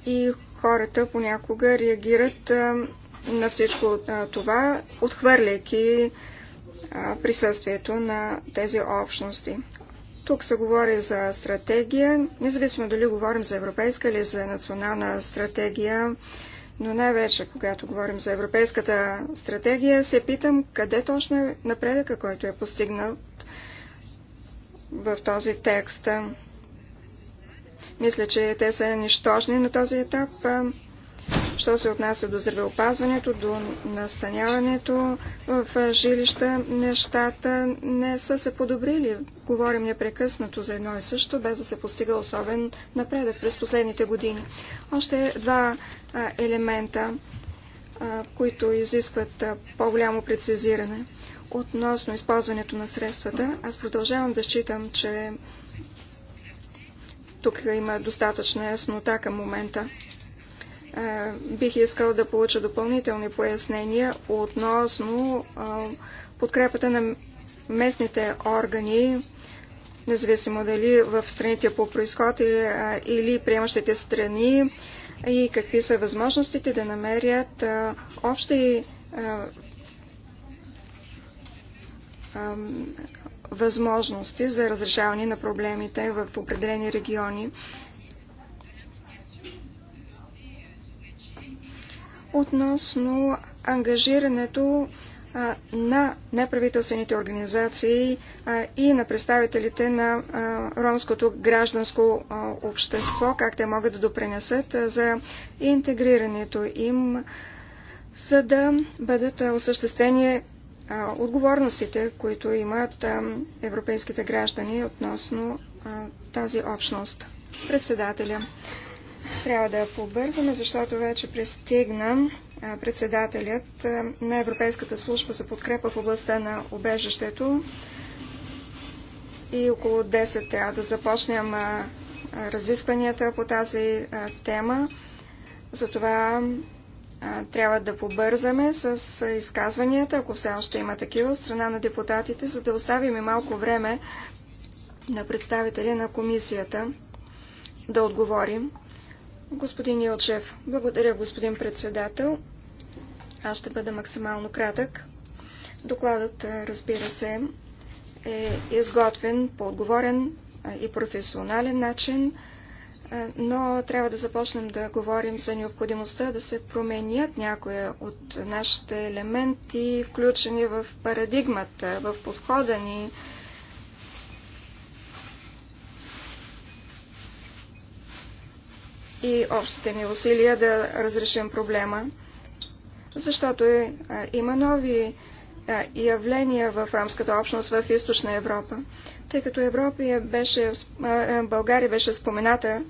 Speaker 1: И хората понякога реагират на всичко това, отхвърляйки присъствието на тези общности. Тук се говори за стратегия, независимо дали говорим за европейска или за национална стратегия, но най-вече, когато говорим за европейската стратегия, се питам къде точно е напредъка, който е постигнат в този текст. Мисля, че те са нищожни на този етап що се отнася до здравеопазването, до настаняването в жилища, нещата не са се подобрили. Говорим непрекъснато за едно и също, без да се постига особен напредък през последните години. Още два елемента, които изискват по-голямо прецизиране. Относно използването на средствата, аз продължавам да считам, че тук има достатъчна яснота към момента. Е, бих искал да получа допълнителни пояснения относно е, подкрепата на местните органи, независимо дали в страните по происход е, или приемащите страни и какви са възможностите да намерят общи възможности за разрешаване на проблемите в определени региони. относно ангажирането на неправителствените организации и на представителите на ромското гражданско общество, как те могат да допринесат за интегрирането им, за да бъдат осъществени отговорностите, които имат европейските граждани относно тази общност. Председателя. Трябва да побързаме, защото вече пристигна председателят на Европейската служба за подкрепа в областта на обежището и около 10 трябва да започнем разискванията по тази тема. Затова трябва да побързаме с изказванията, ако все още има такива, страна на депутатите, за да оставим и малко време на представители на комисията да отговорим. Господин Илчев, благодаря, господин председател. Аз ще бъда максимално кратък. Докладът, разбира се, е изготвен по отговорен и професионален начин, но трябва да започнем да говорим за необходимостта да се променят някои от нашите елементи, включени в парадигмата, в подхода ни, и общите ни усилия да разрешим проблема, защото е, има нови явления в рамската общност в източна Европа. Тъй като Европа е беше, България беше спомената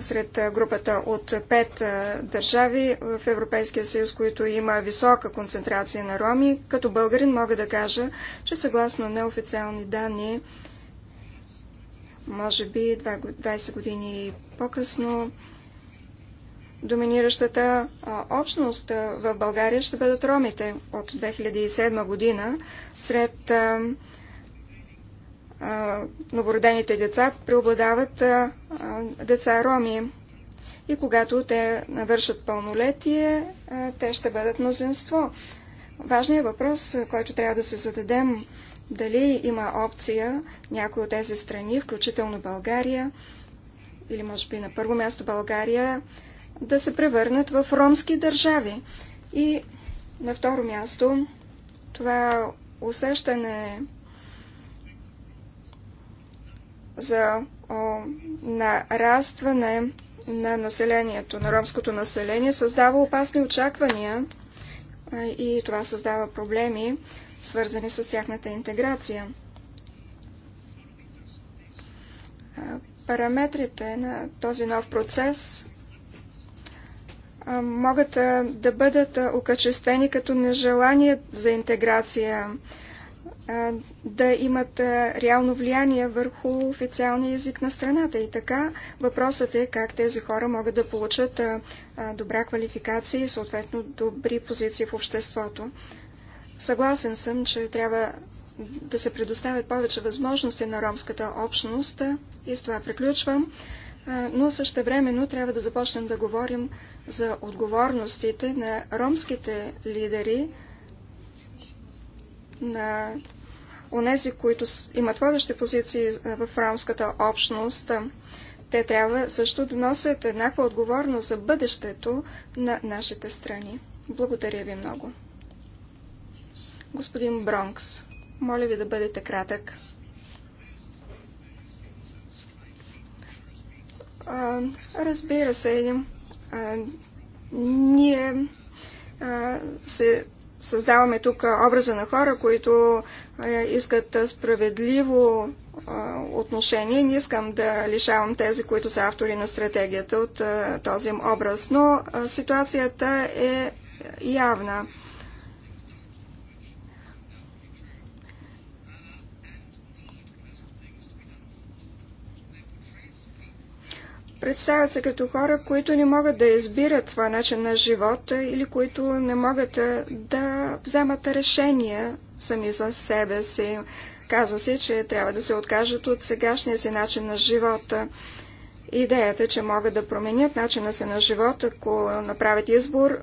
Speaker 1: сред групата от пет държави в Европейския съюз, които има висока концентрация на роми. Като българин мога да кажа, че съгласно неофициални данни, може би 20 години по-късно, доминиращата общност в България ще бъдат ромите от 2007 година. Сред новородените деца преобладават деца роми. И когато те навършат пълнолетие, те ще бъдат мнозинство. Важният въпрос, който трябва да се зададем, дали има опция някои от тези страни, включително България, или може би на първо място България, да се превърнат в ромски държави. И на второ място, това усещане за о, нарастване на населението, на ромското население, създава опасни очаквания и това създава проблеми, свързани с тяхната интеграция. Параметрите на този нов процес могат да бъдат окачествени като нежелание за интеграция, да имат реално влияние върху официалния език на страната. И така въпросът е как тези хора могат да получат добра квалификация и съответно добри позиции в обществото. Съгласен съм, че трябва да се предоставят повече възможности на ромската общност и с това приключвам, но също времено трябва да започнем да говорим за отговорностите на ромските лидери, на онези, които имат водещи позиции в ромската общност. Те трябва също да носят еднаква отговорност за бъдещето на нашите страни. Благодаря ви много. Господин Бронкс, моля ви да бъдете кратък. разбира се, ние се създаваме тук образа на хора, които искат справедливо отношение. Не искам да лишавам тези, които са автори на стратегията от този образ, но ситуацията е, е явна. Представят се като хора, които не могат да избират своя начин на живота или които не могат да вземат решения сами за себе си. Казва се, че трябва да се откажат от сегашния си начин на живота. Идеята, е, че могат да променят начина си на живота, ако направят избор,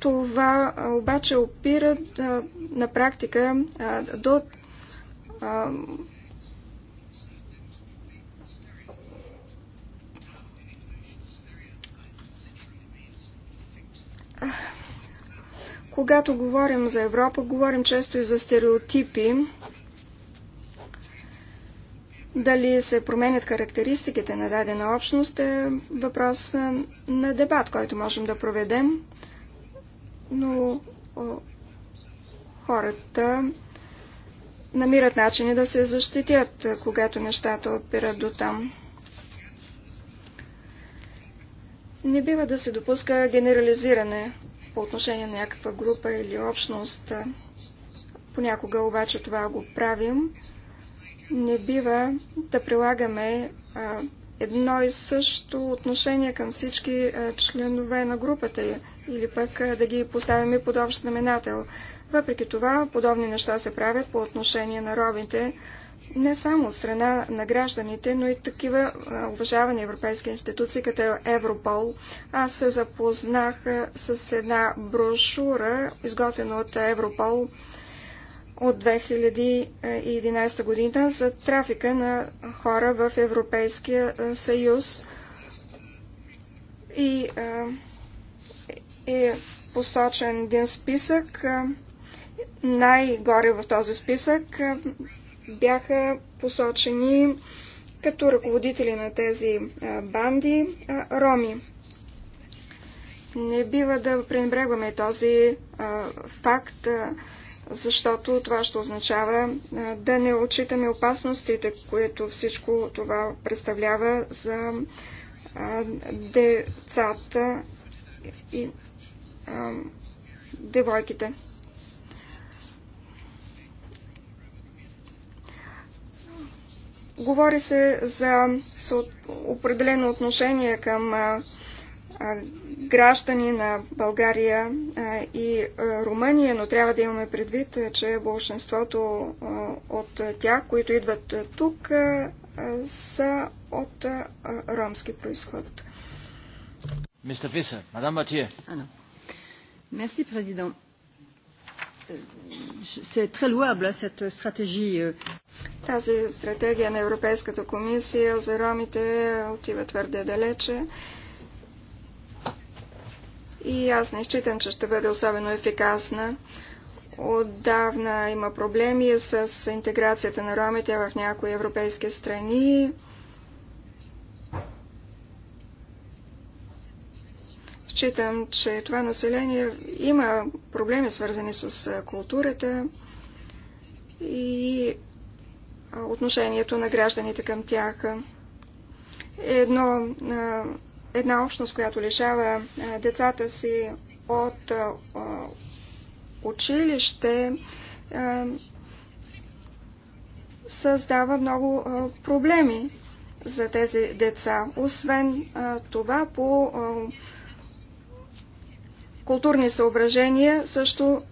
Speaker 1: това обаче опира на практика до Когато говорим за Европа, говорим често и за стереотипи. Дали се променят характеристиките на дадена общност е въпрос на дебат, който можем да проведем, но хората намират начини да се защитят, когато нещата опират до там. Не бива да се допуска генерализиране по отношение на някаква група или общност. Понякога обаче това го правим. Не бива да прилагаме а, едно и също отношение към всички а, членове на групата или пък а, да ги поставяме под общ знаменател. Въпреки това, подобни неща се правят по отношение на робите, не само от страна на гражданите, но и такива уважавани европейски институции, като Европол. Аз се запознах с една брошура, изготвена от Европол от 2011 година за трафика на хора в Европейския съюз. И е посочен един списък. Най-горе в този списък бяха посочени като ръководители на тези банди роми. Не бива да пренебрегваме този факт, защото това ще означава да не отчитаме опасностите, които всичко това представлява за децата и девойките. Говори се за определено отношение към граждани на България и Румъния, но трябва да имаме предвид, че большинството от тях, които идват тук, са от ромски
Speaker 3: происход.
Speaker 2: Мистер Фисер, мадам Матие.
Speaker 3: Мерси, президент c'est très louable cette stratégie.
Speaker 1: Тази стратегия на Европейската комисия за ромите отива твърде далече. И аз не считам, че ще бъде особено ефикасна. Отдавна има проблеми с интеграцията на ромите в някои европейски страни. Считам, че това население има проблеми свързани с културата и отношението на гражданите към тях. Едно, една общност, която лишава децата си от училище, създава много проблеми за тези деца. Освен това, по културни съображения също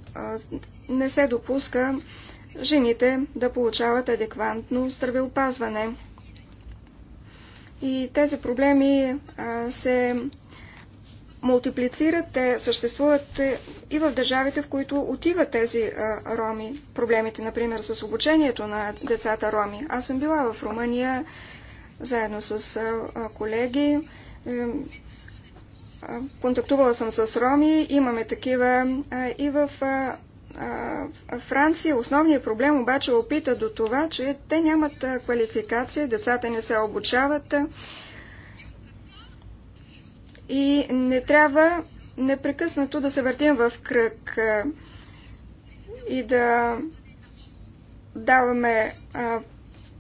Speaker 1: не се допуска жените да получават адекватно здравеопазване. И тези проблеми се мултиплицират, те съществуват и в държавите, в които отиват тези а, роми. Проблемите, например, с обучението на децата роми. Аз съм била в Румъния заедно с а, колеги. Контактувала съм с роми, имаме такива и в Франция. Основният проблем обаче опита до това, че те нямат квалификация, децата не се обучават и не трябва непрекъснато да се въртим в кръг и да даваме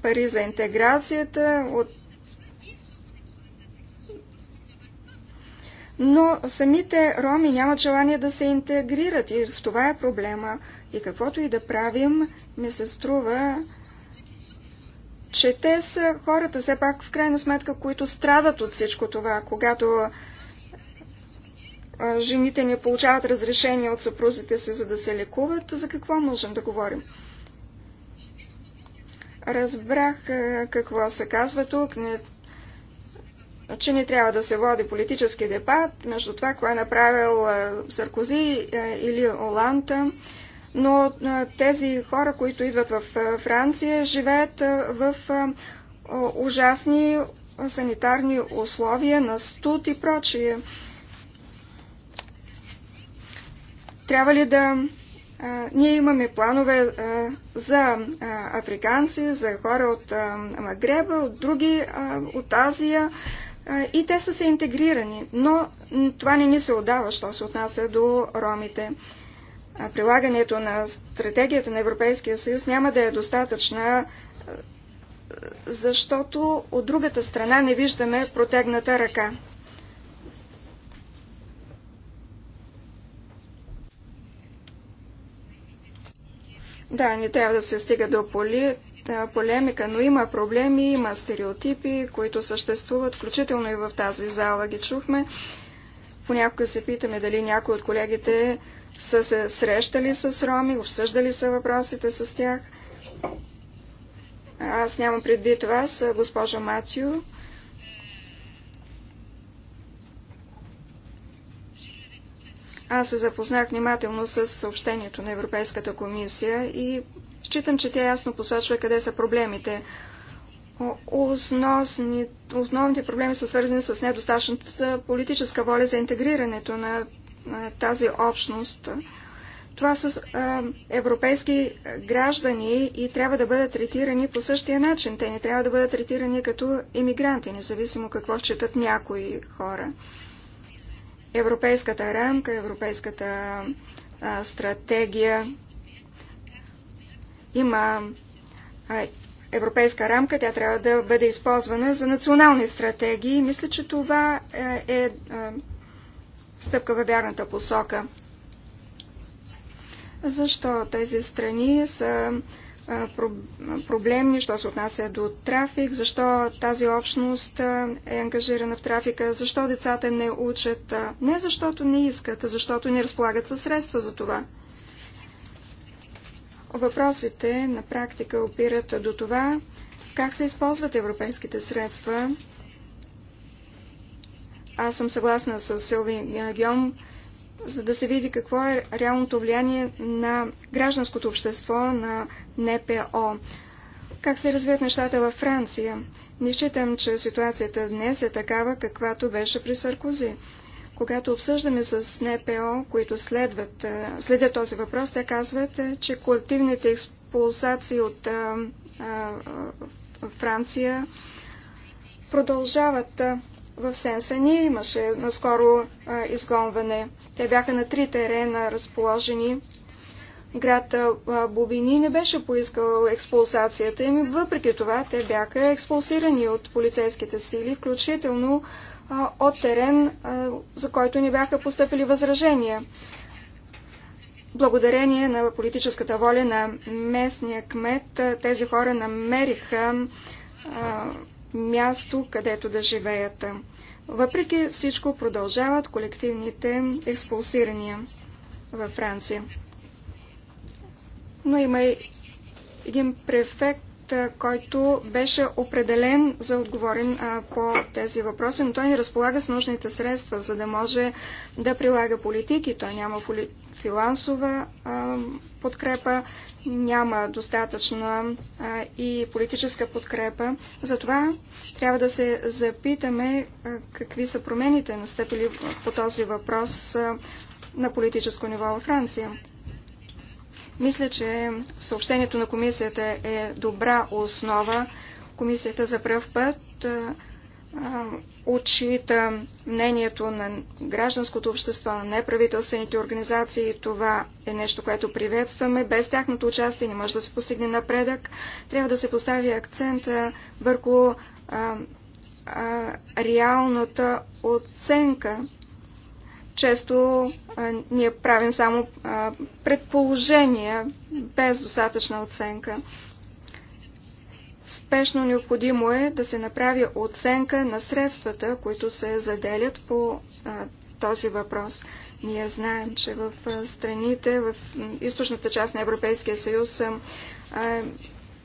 Speaker 1: пари за интеграцията от но самите роми нямат желание да се интегрират и в това е проблема. И каквото и да правим, ми се струва, че те са хората, все пак в крайна сметка, които страдат от всичко това, когато жените не получават разрешение от съпрузите си, за да се лекуват, за какво можем да говорим? Разбрах какво се казва тук. Не че не трябва да се води политически дебат между това, кое е направил Саркози или Оланта, но тези хора, които идват в Франция, живеят в ужасни санитарни условия на студ и прочие. Трябва ли да... ние имаме планове за африканци, за хора от Магреба, от други, от Азия и те са се интегрирани, но това не ни се отдава, що се отнася до ромите. Прилагането на стратегията на Европейския съюз няма да е достатъчна, защото от другата страна не виждаме протегната ръка. Да, не трябва да се стига до поли, полемика, но има проблеми, има стереотипи, които съществуват, включително и в тази зала ги чухме. Понякога се питаме дали някои от колегите са се срещали с роми, обсъждали са въпросите с тях. Аз нямам предвид вас, госпожа Матю. Аз се запознах внимателно с съобщението на Европейската комисия и Считам, че тя ясно посочва къде са проблемите. Основни, основните проблеми са свързани с недостатъчната политическа воля за интегрирането на, на тази общност. Това са европейски граждани и трябва да бъдат третирани по същия начин. Те не трябва да бъдат третирани като иммигранти, независимо какво считат някои хора. Европейската рамка, европейската а, стратегия има европейска рамка, тя трябва да бъде използвана за национални стратегии. Мисля, че това е, е стъпка във вярната посока. Защо тези страни са проблемни, що се отнася до трафик, защо тази общност е ангажирана в трафика, защо децата не учат. Не защото не искат, а защото не разполагат със средства за това. Въпросите на практика опират до това, как се използват европейските средства. Аз съм съгласна с Силви Геом, за да се види какво е реалното влияние на гражданското общество на НПО. Как се развият нещата във Франция? Не считам, че ситуацията днес е такава, каквато беше при Саркози. Когато обсъждаме с НПО, които следват, следят този въпрос, те казват, че колективните експулсации от а, а, Франция продължават. В Сенсани имаше наскоро а, изгонване. Те бяха на три терена разположени. Град Бубини не беше поискал експулсацията им, въпреки това те бяха експулсирани от полицейските сили, включително от терен, за който ни бяха поступили възражения. Благодарение на политическата воля на местния кмет, тези хора намериха място, където да живеят. Въпреки всичко продължават колективните експулсирания във Франция. Но има и един префект, който беше определен за отговорен по тези въпроси, но той не разполага с нужните средства, за да може да прилага политики. Той няма финансова подкрепа, няма достатъчна и политическа подкрепа. Затова трябва да се запитаме какви са промените настъпили по този въпрос на политическо ниво във Франция. Мисля, че съобщението на комисията е добра основа. Комисията за пръв път отчита мнението на гражданското общество, на неправителствените организации. Това е нещо, което приветстваме. Без тяхното участие не може да се постигне напредък. Трябва да се постави акцент върху а, а, реалната оценка често а, ние правим само а, предположения без достатъчна оценка. Спешно необходимо е да се направи оценка на средствата, които се заделят по а, този въпрос. Ние знаем, че в страните, в източната част на Европейския съюз, а,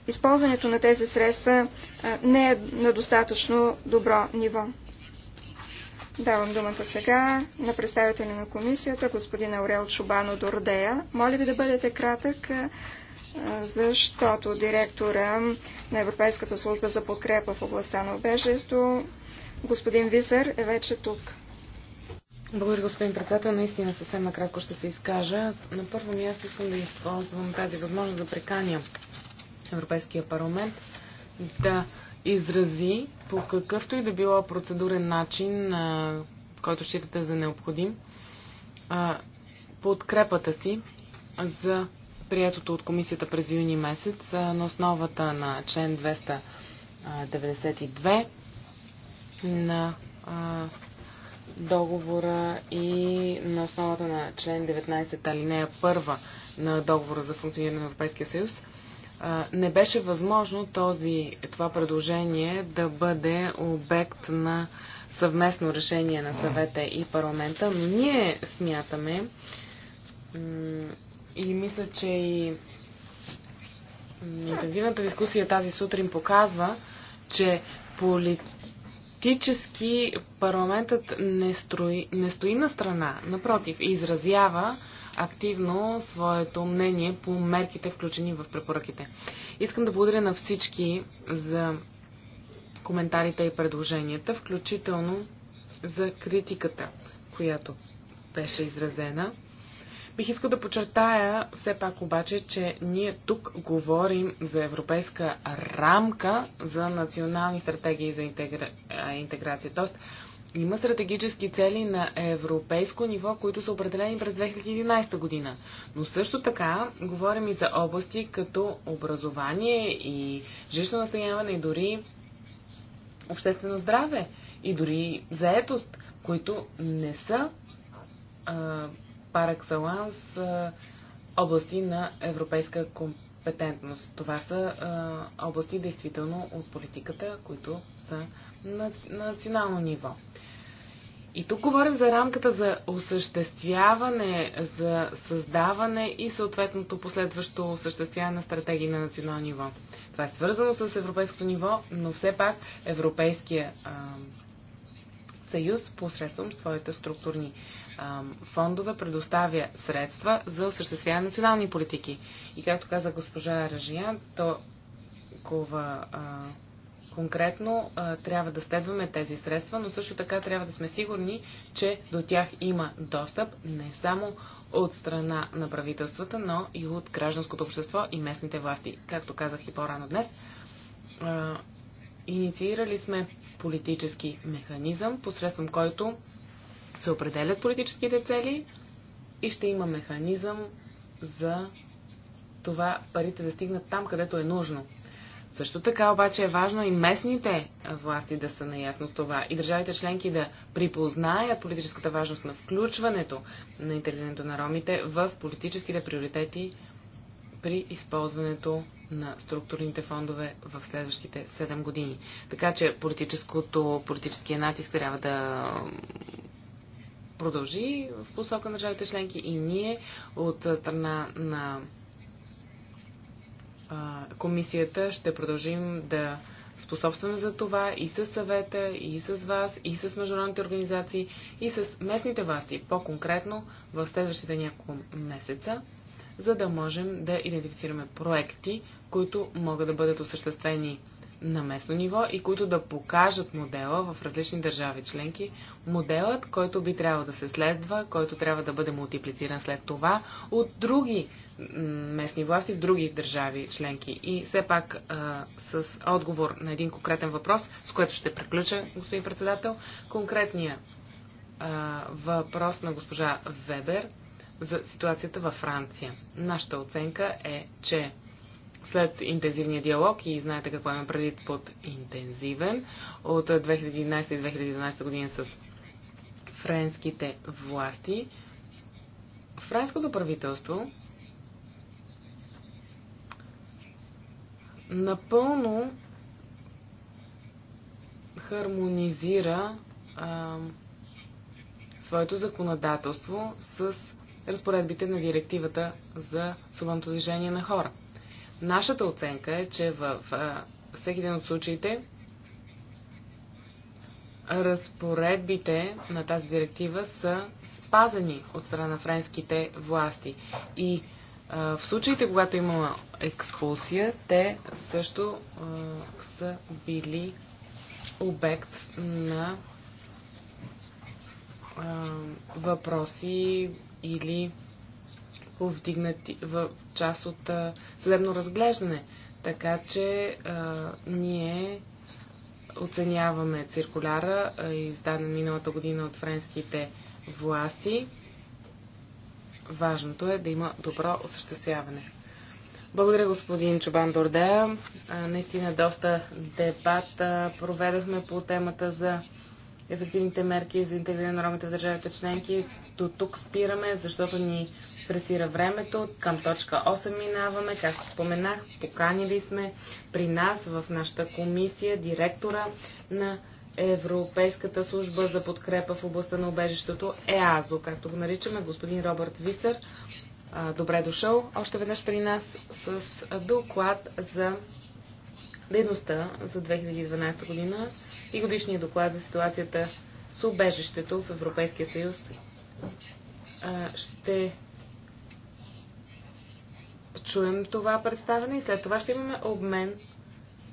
Speaker 1: използването на тези средства а, не е на достатъчно добро ниво. Давам думата сега на представителя на комисията, господин Аурел Чубано Дордея. Моля ви да бъдете кратък, защото директора на Европейската служба за подкрепа в областта на обежество, господин Висър, е вече тук.
Speaker 4: Благодаря, господин председател. Наистина съвсем накратко ще се изкажа. На първо място искам да използвам тази възможност да преканя Европейския парламент да изрази по какъвто и да било процедурен начин, който считате за необходим, подкрепата си за приятото от комисията през юни месец на основата на член 292 на договора и на основата на член 19 алинея 1 на договора за функциониране на Европейския съюз не беше възможно този, това предложение да бъде обект на съвместно решение на съвета и парламента, но ние смятаме и мисля, че и интензивната дискусия тази сутрин показва, че политически парламентът не, строи, не стои на страна, напротив, изразява активно своето мнение по мерките, включени в препоръките. Искам да благодаря на всички за коментарите и предложенията, включително за критиката, която беше изразена. Бих искал да подчертая все пак обаче, че ние тук говорим за европейска рамка за национални стратегии за интегра... интеграция. Тоест, има стратегически цели на европейско ниво, които са определени през 2011 година. Но също така говорим и за области като образование и жилищно настаняване и дори обществено здраве и дори заетост, които не са паракселанс области на европейска компетентност. Това са а, области, действително, от политиката, които са на, на национално ниво. И тук говорим за рамката за осъществяване, за създаване и съответното последващо осъществяване на стратегии на национално ниво. Това е свързано с европейското ниво, но все пак Европейския а, съюз посредством своите структурни а, фондове предоставя средства за осъществяване на национални политики. И както каза госпожа Ражиян, то кова. а, конкретно а, трябва да следваме тези средства, но също така трябва да сме сигурни, че до тях има достъп не само от страна на правителствата, но и от гражданското общество и местните власти. Както казах и по-рано днес, а, инициирали сме политически механизъм, посредством който се определят политическите цели и ще има механизъм за това парите да стигнат там, където е нужно също така обаче е важно и местните власти да са наясно с това и държавите членки да припознаят политическата важност на включването на интелигентно на ромите в политическите приоритети при използването на структурните фондове в следващите 7 години. Така че политическото, политическия натиск трябва да продължи в посока на държавите членки и ние от страна на комисията ще продължим да способстваме за това и с съвета, и с вас, и с международните организации, и с местните власти, по-конкретно в следващите няколко месеца, за да можем да идентифицираме проекти, които могат да бъдат осъществени на местно ниво и които да покажат модела в различни държави членки, моделът, който би трябвало да се следва, който трябва да бъде мултиплициран след това от други местни власти в други държави членки. И все пак а, с отговор на един конкретен въпрос, с което ще приключа, господин председател, конкретния а, въпрос на госпожа Вебер за ситуацията във Франция. Нашата оценка е, че след интензивния диалог и знаете какво има преди под интензивен от 2011 и 2012 година с френските власти. Френското правителство напълно хармонизира а, своето законодателство с разпоредбите на директивата за свободното движение на хора. Нашата оценка е, че в всеки един от случаите разпоредбите на тази директива са спазени от страна на френските власти. И в случаите, когато има експулсия, те също са били обект на въпроси или повдигнати в част от а, съдебно разглеждане. Така че а, ние оценяваме циркуляра, издаден миналата година от френските власти. Важното е да има добро осъществяване. Благодаря, господин Чобан Дордея. Наистина доста дебат проведохме по темата за ефективните мерки за интегриране на ромите в държавите членки. До тук спираме, защото ни пресира времето. Към точка 8 минаваме. Както споменах, поканили сме при нас в нашата комисия директора на Европейската служба за подкрепа в областта на обежището ЕАЗО, както го наричаме, господин Робърт Висър. Добре дошъл още веднъж при нас с доклад за дейността за 2012 година и годишния доклад за ситуацията с обежището в Европейския съюз ще чуем това представене и след това ще имаме обмен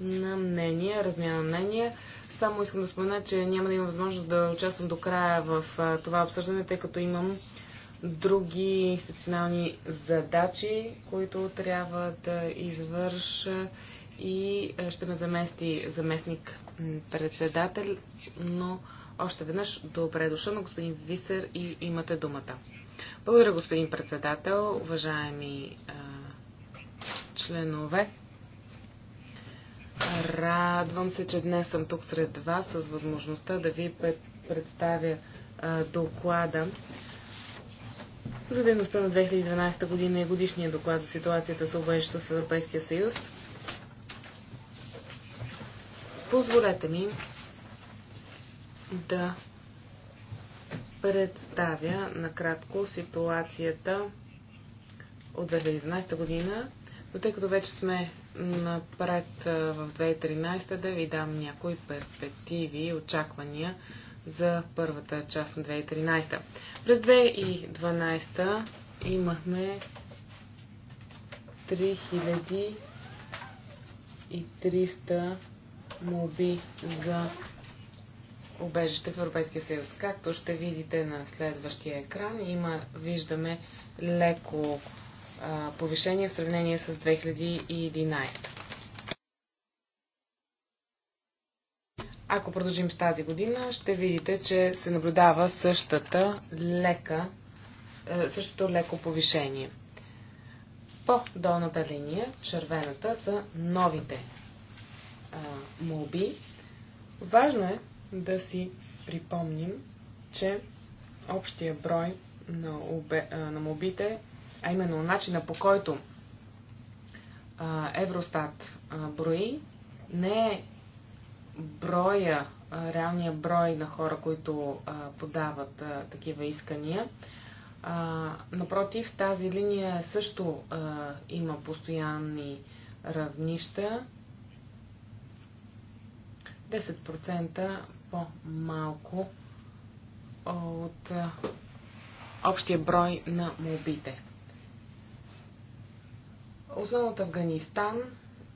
Speaker 4: на мнения, размяна на мнения. Само искам да спомена, че няма да имам възможност да участвам до края в това обсъждане, тъй като имам други институционални задачи, които трябва да извърша и ще ме замести заместник председател, но още веднъж добре дошъл на господин Висер и имате думата. Благодаря, господин председател, уважаеми а, членове. Радвам се, че днес съм тук сред вас с възможността да ви представя а, доклада за дейността на 2012 година и годишния доклад за ситуацията с обещето в Европейския съюз. Позволете ми да представя накратко ситуацията от 2011 година, но тъй като вече сме напред в 2013, да ви дам някои перспективи и очаквания за първата част на 2013. През 2012 имахме 3300 моби за убежище в Европейския съюз. Както ще видите на следващия екран, има, виждаме леко а, повишение в сравнение с 2011. Ако продължим с тази година, ще видите, че се наблюдава същата лека, същото леко повишение. По долната линия, червената, са новите а, моби. Важно е да си припомним, че общия брой на, обе, на мобите, а именно начина по който а, Евростат а, брои, не е броя, а, реалния брой на хора, които а, подават а, такива искания. А, напротив, тази линия също а, има постоянни равнища. 10% по-малко от общия брой на молбите. Основно от Афганистан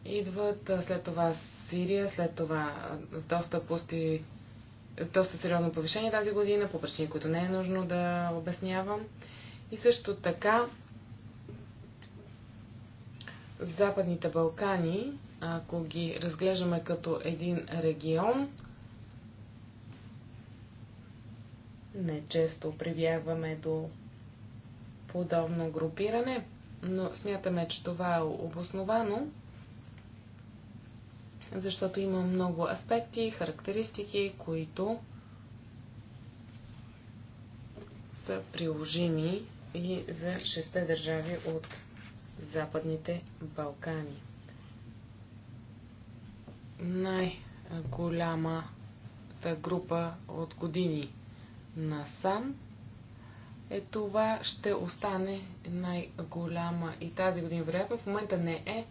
Speaker 4: идват, след това Сирия, след това с доста пусти, с доста сериозно повишение тази година, по причини, които не е нужно да обяснявам. И също така Западните Балкани, ако ги разглеждаме като един регион, Не често прибягваме до подобно групиране, но смятаме, че това е обосновано, защото има много аспекти, характеристики, които са приложими и за шесте държави от Западните Балкани. Най-голямата група от години насам, е това ще остане най-голяма и тази година. Вероятно в момента не е,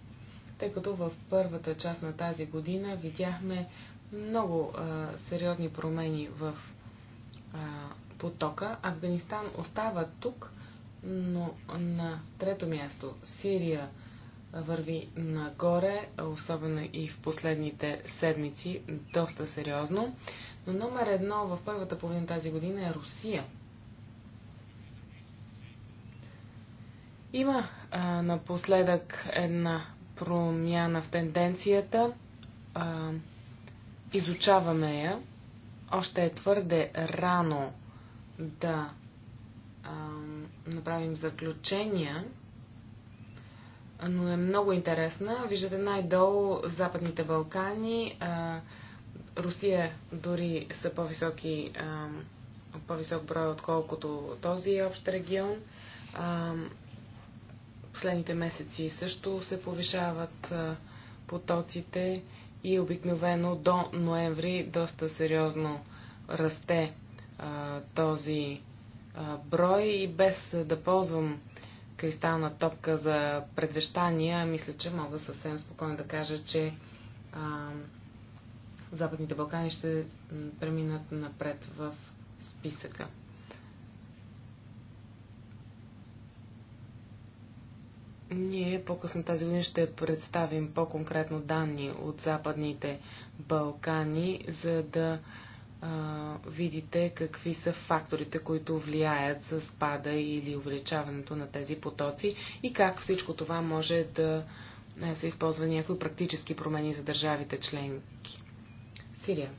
Speaker 4: тъй като в първата част на тази година видяхме много а, сериозни промени в а, потока. Афганистан остава тук, но на трето място Сирия върви нагоре, особено и в последните седмици, доста сериозно. Но номер едно в първата половина тази година е Русия. Има а, напоследък една промяна в тенденцията. А, изучаваме я. Още е твърде рано да а, направим заключения, но е много интересна. Виждате най-долу Западните Балкани, а, Русия дори са по-високи, по-висок брой, отколкото този общ регион. Последните месеци също се повишават потоците и обикновено до ноември доста сериозно расте този брой и без да ползвам кристална топка за предвещания, мисля, че мога съвсем спокойно да кажа, че Западните Балкани ще преминат напред в списъка. Ние по-късно тази година ще представим по-конкретно данни от Западните Балкани, за да а, видите какви са факторите, които влияят за спада или увеличаването на тези потоци и как всичко това може да се използва някои практически промени за държавите членки. Сирия.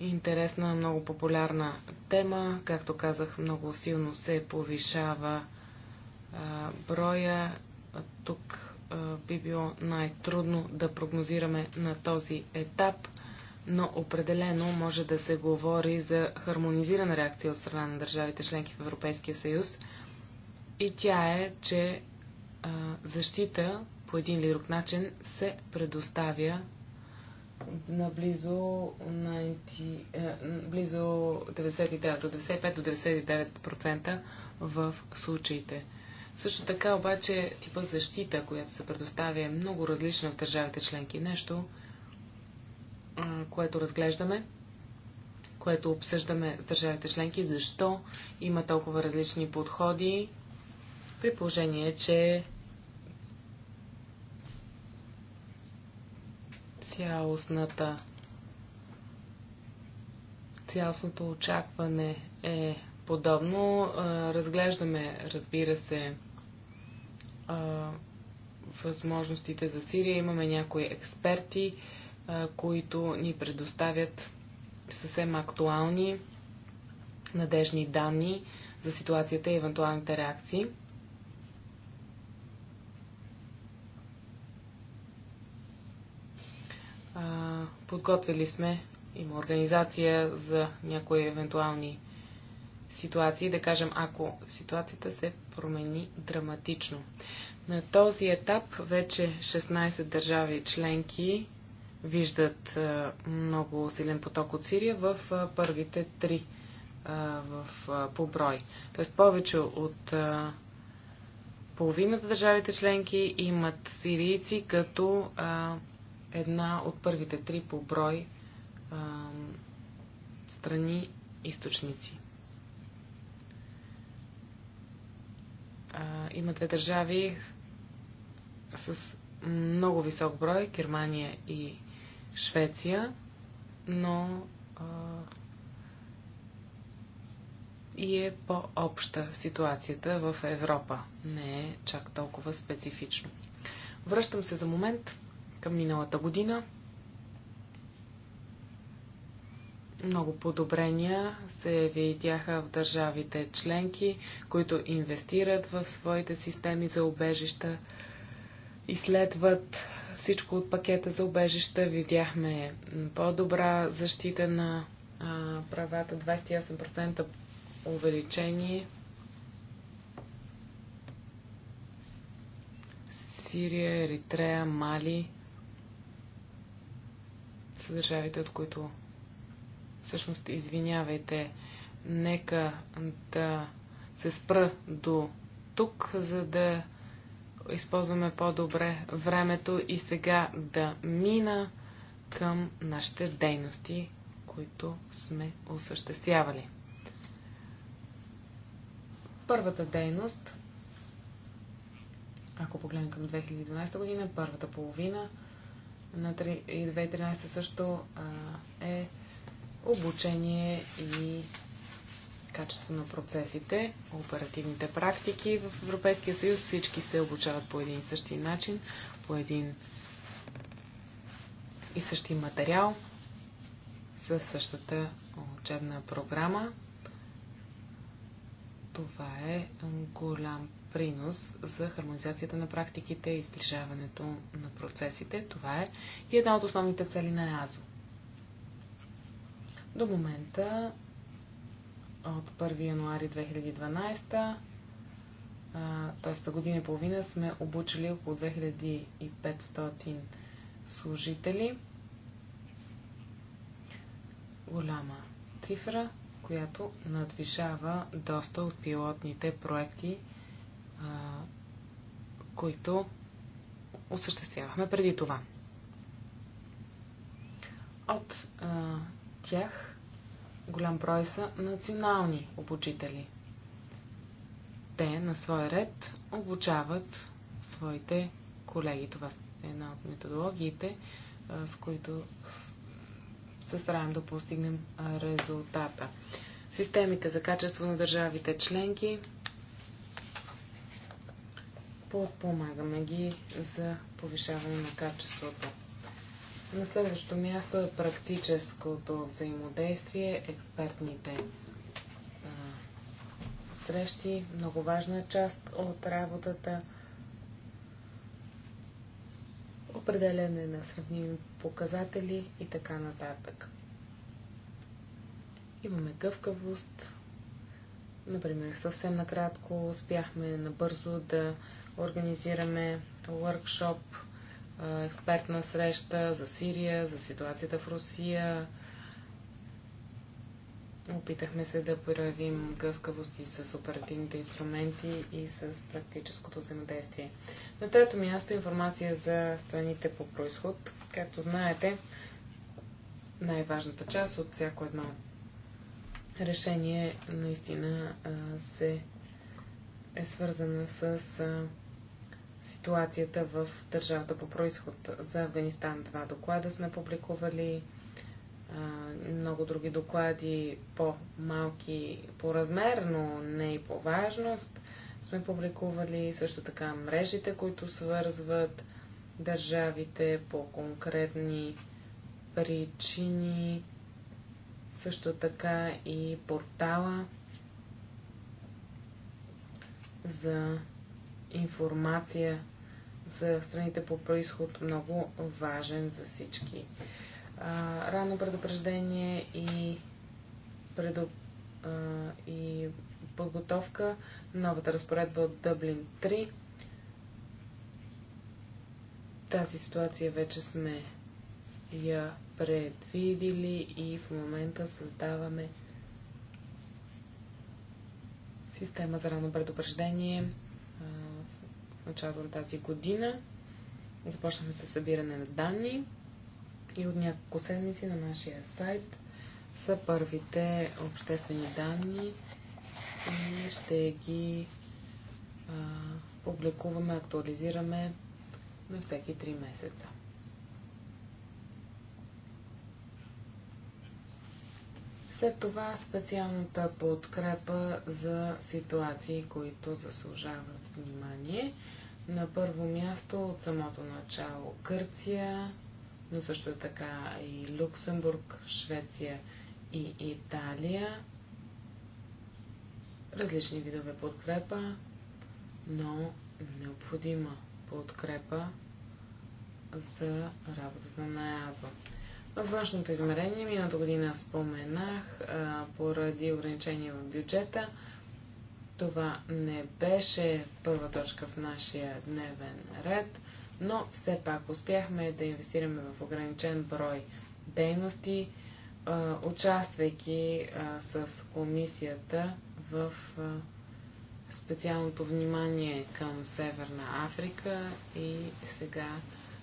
Speaker 4: Интересна, много популярна тема. Както казах, много силно се повишава а, броя. Тук а, би било най-трудно да прогнозираме на този етап, но определено може да се говори за хармонизирана реакция от страна на държавите членки в Европейския съюз. И тя е, че защита по един или друг начин се предоставя на близо, 90, е, близо 99, до 95 до 99% в случаите. Също така обаче типа защита, която се предоставя е много различна в държавите членки. Нещо, което разглеждаме, което обсъждаме с държавите членки, защо има толкова различни подходи, при положение, че Цялостната цялостното очакване е подобно. Разглеждаме, разбира се, възможностите за Сирия. Имаме някои експерти, които ни предоставят съвсем актуални, надежни данни за ситуацията и евентуалните реакции. А, подготвили сме, има организация за някои евентуални ситуации, да кажем, ако ситуацията се промени драматично. На този етап вече 16 държави членки виждат много силен поток от Сирия в първите три в, поброй. Тоест повече от половината държавите членки имат сирийци като една от първите три по брой а, страни източници. А, има две държави с много висок брой Германия и Швеция, но а, и е по-обща ситуацията в Европа. Не е чак толкова специфично. Връщам се за момент към миналата година. Много подобрения се видяха в държавите членки, които инвестират в своите системи за обежища, изследват всичко от пакета за обежища. Видяхме по-добра защита на а, правата, 28% увеличение. Сирия, Еритрея, Мали са държавите, от които всъщност извинявайте, нека да се спра до тук, за да използваме по-добре времето и сега да мина към нашите дейности, които сме осъществявали. Първата дейност, ако погледнем към 2012 година, първата половина – на и 2013 също е обучение и качество на процесите, оперативните практики. В Европейския съюз всички се обучават по един и същи начин, по един и същи материал, със същата учебна програма. Това е голям принос за хармонизацията на практиките и сближаването на процесите. Това е и една от основните цели на ЕАЗО. До момента от 1 януари 2012, т.е. година и половина, сме обучили около 2500 служители. Голяма цифра, която надвишава доста от пилотните проекти, а, които осъществявахме преди това. От а, тях голям брой са национални обучители. Те на свой ред обучават своите колеги. Това е една от методологиите, а, с които се стараем да постигнем резултата. Системите за качество на държавите членки подпомагаме ги за повишаване на качеството. На следващо място е практическото взаимодействие, експертните а, срещи, много важна част от работата, определене на сравними показатели и така нататък. Имаме гъвкавост, Например, съвсем накратко успяхме набързо да организираме workshop, експертна среща за Сирия, за ситуацията в Русия. Опитахме се да проявим гъвкавости с оперативните инструменти и с практическото взаимодействие. На трето място информация за страните по происход. Както знаете, най-важната част от всяко едно решение наистина се е свързана с ситуацията в държавата по происход. За Афганистан два доклада сме публикували, много други доклади по-малки по размер, но не и по важност. Сме публикували също така мрежите, които свързват държавите по конкретни причини, също така и портала за информация за страните по происход, много важен за всички. А, рано предупреждение и, предо, а, и подготовка, новата разпоредба от Дъблин 3. Тази ситуация вече сме я предвидили и в момента създаваме система за рано предупреждение в началото на тази година. Започнахме с събиране на данни и от няколко седмици на нашия сайт са първите обществени данни и ще ги а, публикуваме, актуализираме на всеки 3 месеца. След това специалната подкрепа за ситуации, които заслужават внимание. На първо място от самото начало Гърция, но също така и Люксембург, Швеция и Италия. Различни видове подкрепа, но необходима подкрепа за работата на ЕАЗО. Външното измерение миналата година споменах а, поради ограничения в бюджета. Това не беше първа точка в нашия дневен ред, но все пак успяхме да инвестираме в ограничен брой дейности, а, участвайки а, с комисията в а, специалното внимание към Северна Африка и сега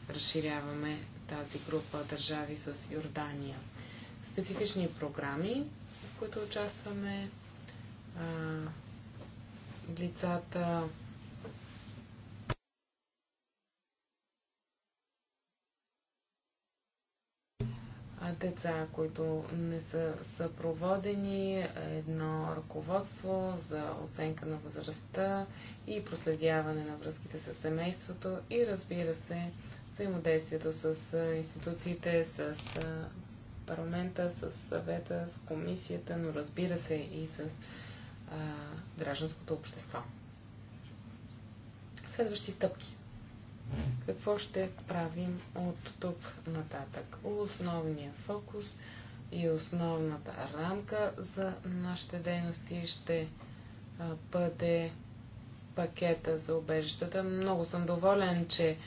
Speaker 4: разширяваме тази група държави с Йордания. Специфични програми, в които участваме, а, лицата, деца, които не са съпроводени, едно ръководство за оценка на възрастта и проследяване на връзките с семейството и разбира се взаимодействието с институциите, с парламента, с съвета, с комисията, но разбира се и с а, гражданското общество. Следващи стъпки. Какво ще правим от тук нататък? Основния фокус и основната рамка за нашите дейности ще бъде пакета за убежищата. Много съм доволен, че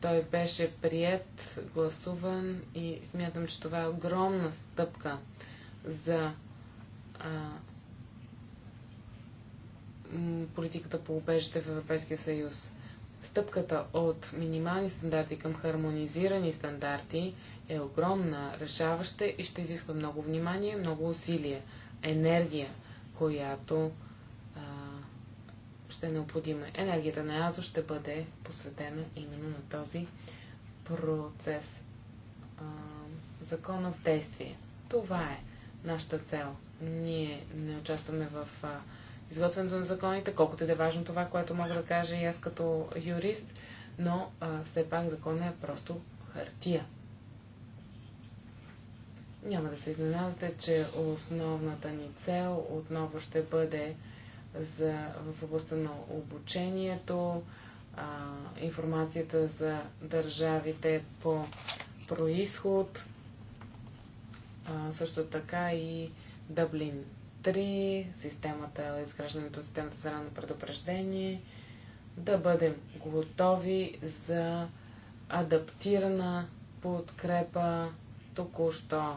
Speaker 4: той беше прият, гласуван и смятам, че това е огромна стъпка за а, политиката по убежите в Европейския съюз. Стъпката от минимални стандарти към хармонизирани стандарти е огромна, решаваща и ще изисква много внимание, много усилие, енергия, която ще е необходима. Енергията на Азо ще бъде посветена именно на този процес. закона в действие. Това е нашата цел. Ние не участваме в изготвянето на законите, колкото и е важно това, което мога да кажа и аз като юрист, но все пак закона е просто хартия. Няма да се изненадате, че основната ни цел отново ще бъде за, в областта на обучението, а, информацията за държавите по происход, а, също така и Дъблин 3, системата, изграждането на системата за ранно предупреждение, да бъдем готови за адаптирана подкрепа. Току-що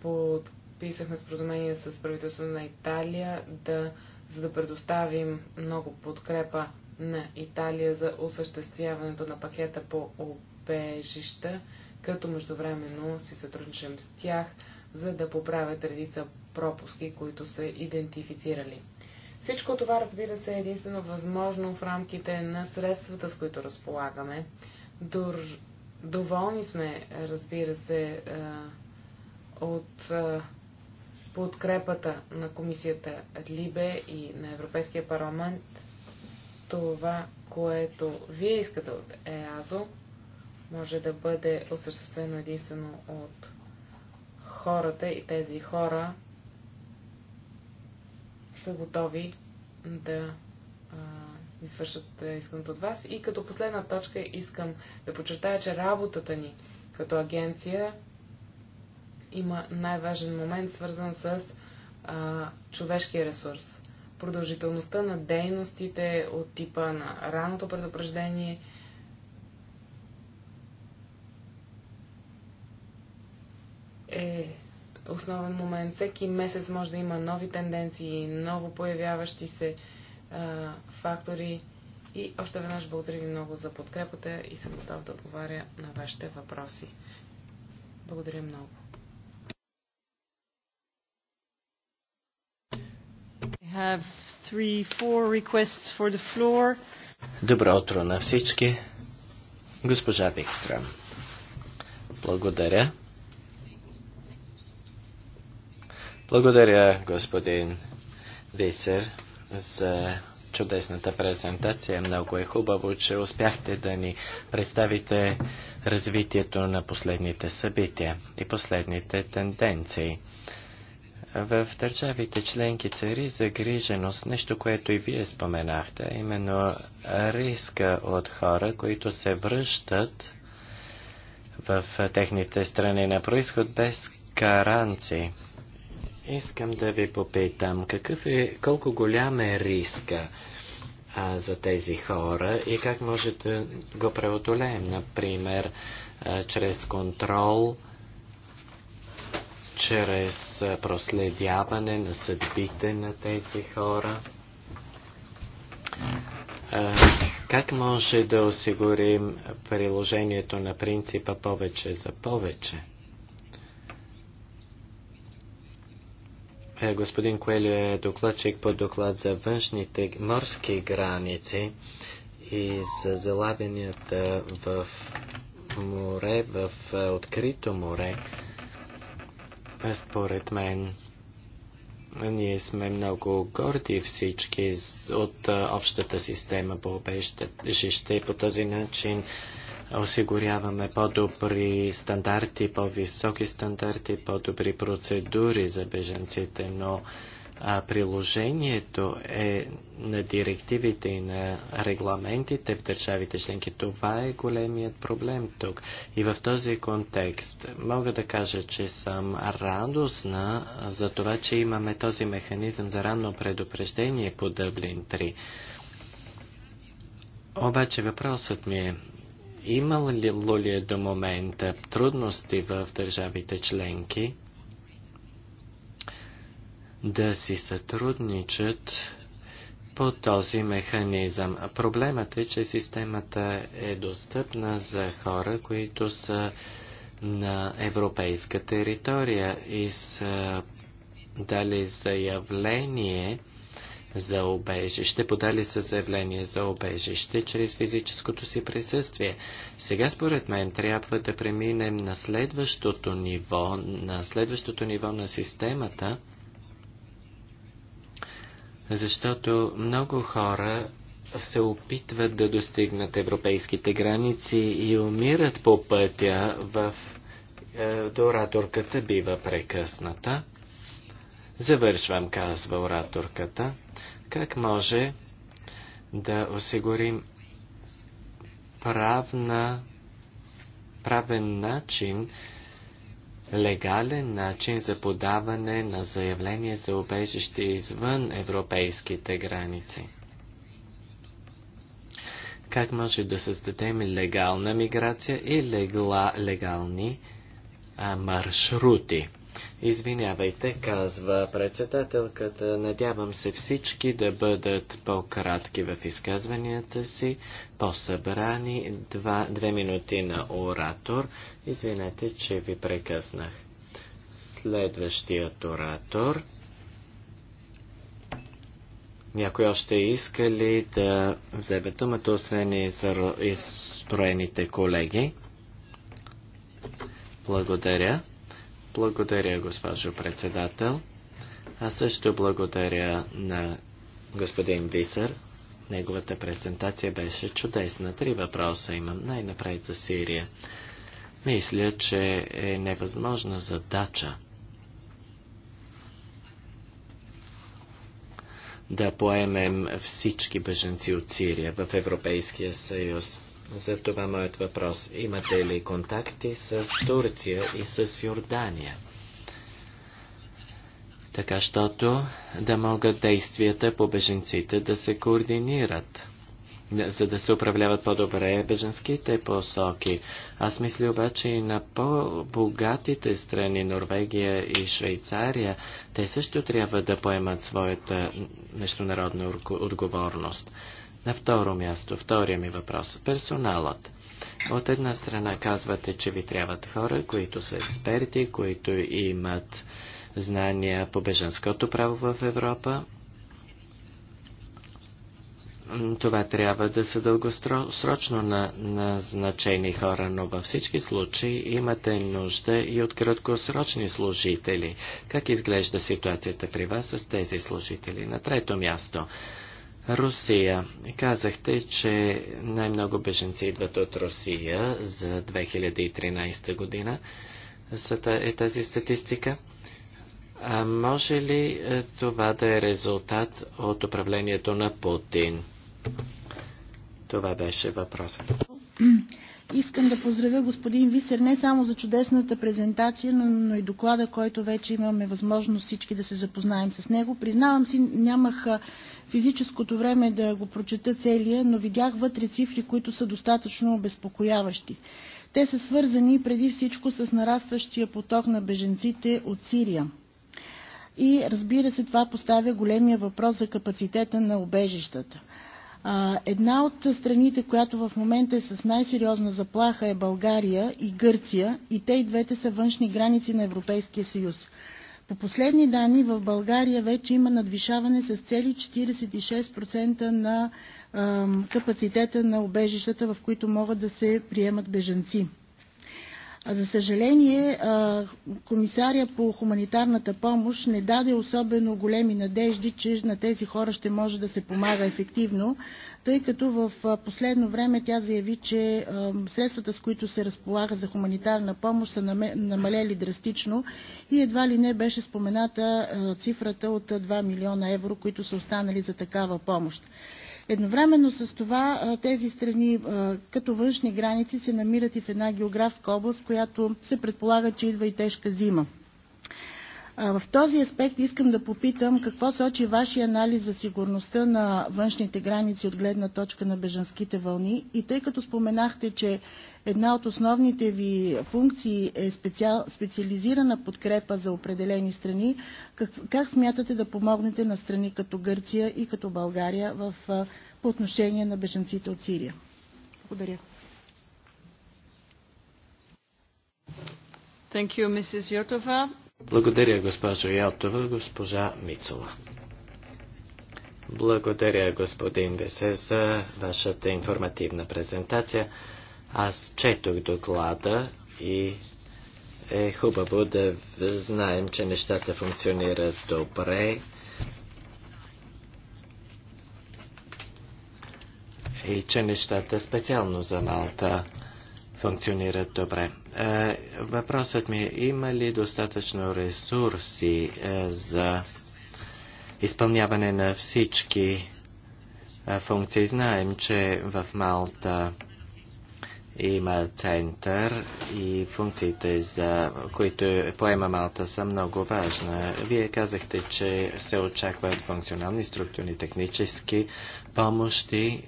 Speaker 4: подписахме споразумение с правителството на Италия да за да предоставим много подкрепа на Италия за осъществяването на пакета по обежища, като междувременно си сътрудничам с тях, за да поправят редица пропуски, които са идентифицирали. Всичко това, разбира се, е единствено възможно в рамките на средствата, с които разполагаме. Доволни сме, разбира се, от подкрепата на комисията Либе и на Европейския парламент, това, което вие искате от ЕАЗО, може да бъде осъществено единствено от хората и тези хора са готови да извършат исканото от вас. И като последна точка искам да подчертая, че работата ни като агенция има най-важен момент, свързан с а, човешкия ресурс. Продължителността на дейностите от типа на раното предупреждение, е основен момент. Всеки месец може да има нови тенденции, ново появяващи се а, фактори. И още веднъж благодаря ви много за подкрепата и съм готов да отговаря на вашите въпроси. Благодаря много.
Speaker 2: Добро утро на всички. Госпожа Викстрам. Благодаря. Благодаря, господин Висер, за чудесната презентация. Много е хубаво, че успяхте да ни представите развитието на последните събития и последните тенденции. В държавите членки цари загриженост, нещо, което и вие споменахте, именно риска от хора, които се връщат в техните страни на происход без гаранции. Искам да ви попитам, какъв е, колко голям е риска а, за тези хора и как може да го преодолеем, например, а, чрез контрол, а, чрез проследяване на съдбите на тези хора. Как може да осигурим приложението на принципа повече за повече? Е, господин Куелио е докладчик по доклад за външните морски граници и за залавянията в море, в е, открито море. Според мен, ние сме много горди всички от общата система по обещащите и по този начин осигуряваме по-добри стандарти, по-високи стандарти, по-добри процедури за беженците, но а приложението е на директивите и на регламентите в държавите членки. Това е големият проблем тук. И в този контекст мога да кажа, че съм радостна за това, че имаме този механизъм за ранно предупреждение по Дъблин 3. Обаче въпросът ми е, имало ли, ли е до момента трудности в държавите членки да си сътрудничат по този механизъм. Проблемът е, че системата е достъпна за хора, които са на европейска територия и са дали заявление за обежище, подали са заявление за обежище чрез физическото си присъствие. Сега според мен трябва да преминем на следващото ниво, на следващото ниво на системата, защото много хора се опитват да достигнат европейските граници и умират по пътя в е, до ораторката бива прекъсната. Завършвам, казва ораторката. Как може да осигурим правна, правен начин легален начин за подаване на заявление за убежище извън европейските граници. Как може да създадем легална миграция и легла, легални а, маршрути? Извинявайте, казва председателката. Надявам се всички да бъдат по-кратки в изказванията си, по-събрани, два, две минути на оратор. Извинете, че ви прекъснах. Следващият оратор. Някой още иска ли да вземе думата, освен изброените колеги? Благодаря. Благодаря, госпожо председател. Аз също благодаря на господин Висър. Неговата презентация беше чудесна. Три въпроса имам. Най-напред за Сирия. Мисля, че е невъзможна задача да поемем всички беженци от Сирия в Европейския съюз. За това моят въпрос. Имате ли контакти с Турция и с Йордания? Така, щото да могат действията по беженците да се координират, за да се управляват по-добре беженските посоки. Аз мисля обаче и на по-богатите страни, Норвегия и Швейцария, те също трябва да поемат своята международна отговорност. На второ място, втория ми въпрос. Персоналът. От една страна казвате, че ви трябват хора, които са експерти, които имат знания по беженското право в Европа. Това трябва да са дългосрочно на, назначени хора, но във всички случаи имате нужда и от краткосрочни служители. Как изглежда ситуацията при вас с тези служители? На трето място. Русия. Казахте, че най-много беженци идват от Русия за 2013 година. Е тази статистика. А може ли е, това да е резултат от управлението на Путин? Това беше въпросът.
Speaker 3: Искам да поздравя господин Висер не само за чудесната презентация, но, но и доклада, който вече имаме възможност всички да се запознаем с него. Признавам си, нямах физическото време да го прочета целия, но видях вътре цифри, които са достатъчно обезпокояващи. Те са свързани преди всичко с нарастващия поток на беженците от Сирия. И разбира се, това поставя големия въпрос за капацитета на обежищата. Една от страните, която в момента е с най-сериозна заплаха е България и Гърция и те и двете са външни граници на Европейския съюз. По последни данни в България вече има надвишаване с цели 46% на капацитета на убежищата, в които могат да се приемат бежанци. За съжаление, комисаря по хуманитарната помощ не даде особено големи надежди, че на тези хора ще може да се помага ефективно, тъй като в последно време тя заяви, че средствата, с които се разполага за хуманитарна помощ, са намалели драстично и едва ли не беше спомената цифрата от 2 милиона евро, които са останали за такава помощ. Едновременно с това тези страни като външни граници се намират и в една географска област, в която се предполага, че идва и тежка зима. В този аспект искам да попитам какво сочи Вашия анализ за сигурността на външните граници от гледна точка на бежанските вълни и тъй като споменахте, че една от основните ви функции е специал, специализирана подкрепа за определени страни, как, как смятате да помогнете на страни като Гърция и като България в, по отношение на бежанците от Сирия? Благодаря.
Speaker 1: Thank you, Mrs. Yotova. Благодаря,
Speaker 2: госпожо Ялтова, госпожа Мицова. Благодаря, господин Десе, за вашата информативна презентация. Аз четох доклада и е хубаво да знаем, че нещата функционират добре. И че нещата специално за Малта функционират добре. Е, въпросът ми е, има ли достатъчно ресурси е, за изпълняване на всички е, функции? Знаем, че в Малта има център и функциите, за които поема Малта, са много важна. Вие казахте, че се очакват функционални, структурни, технически помощи.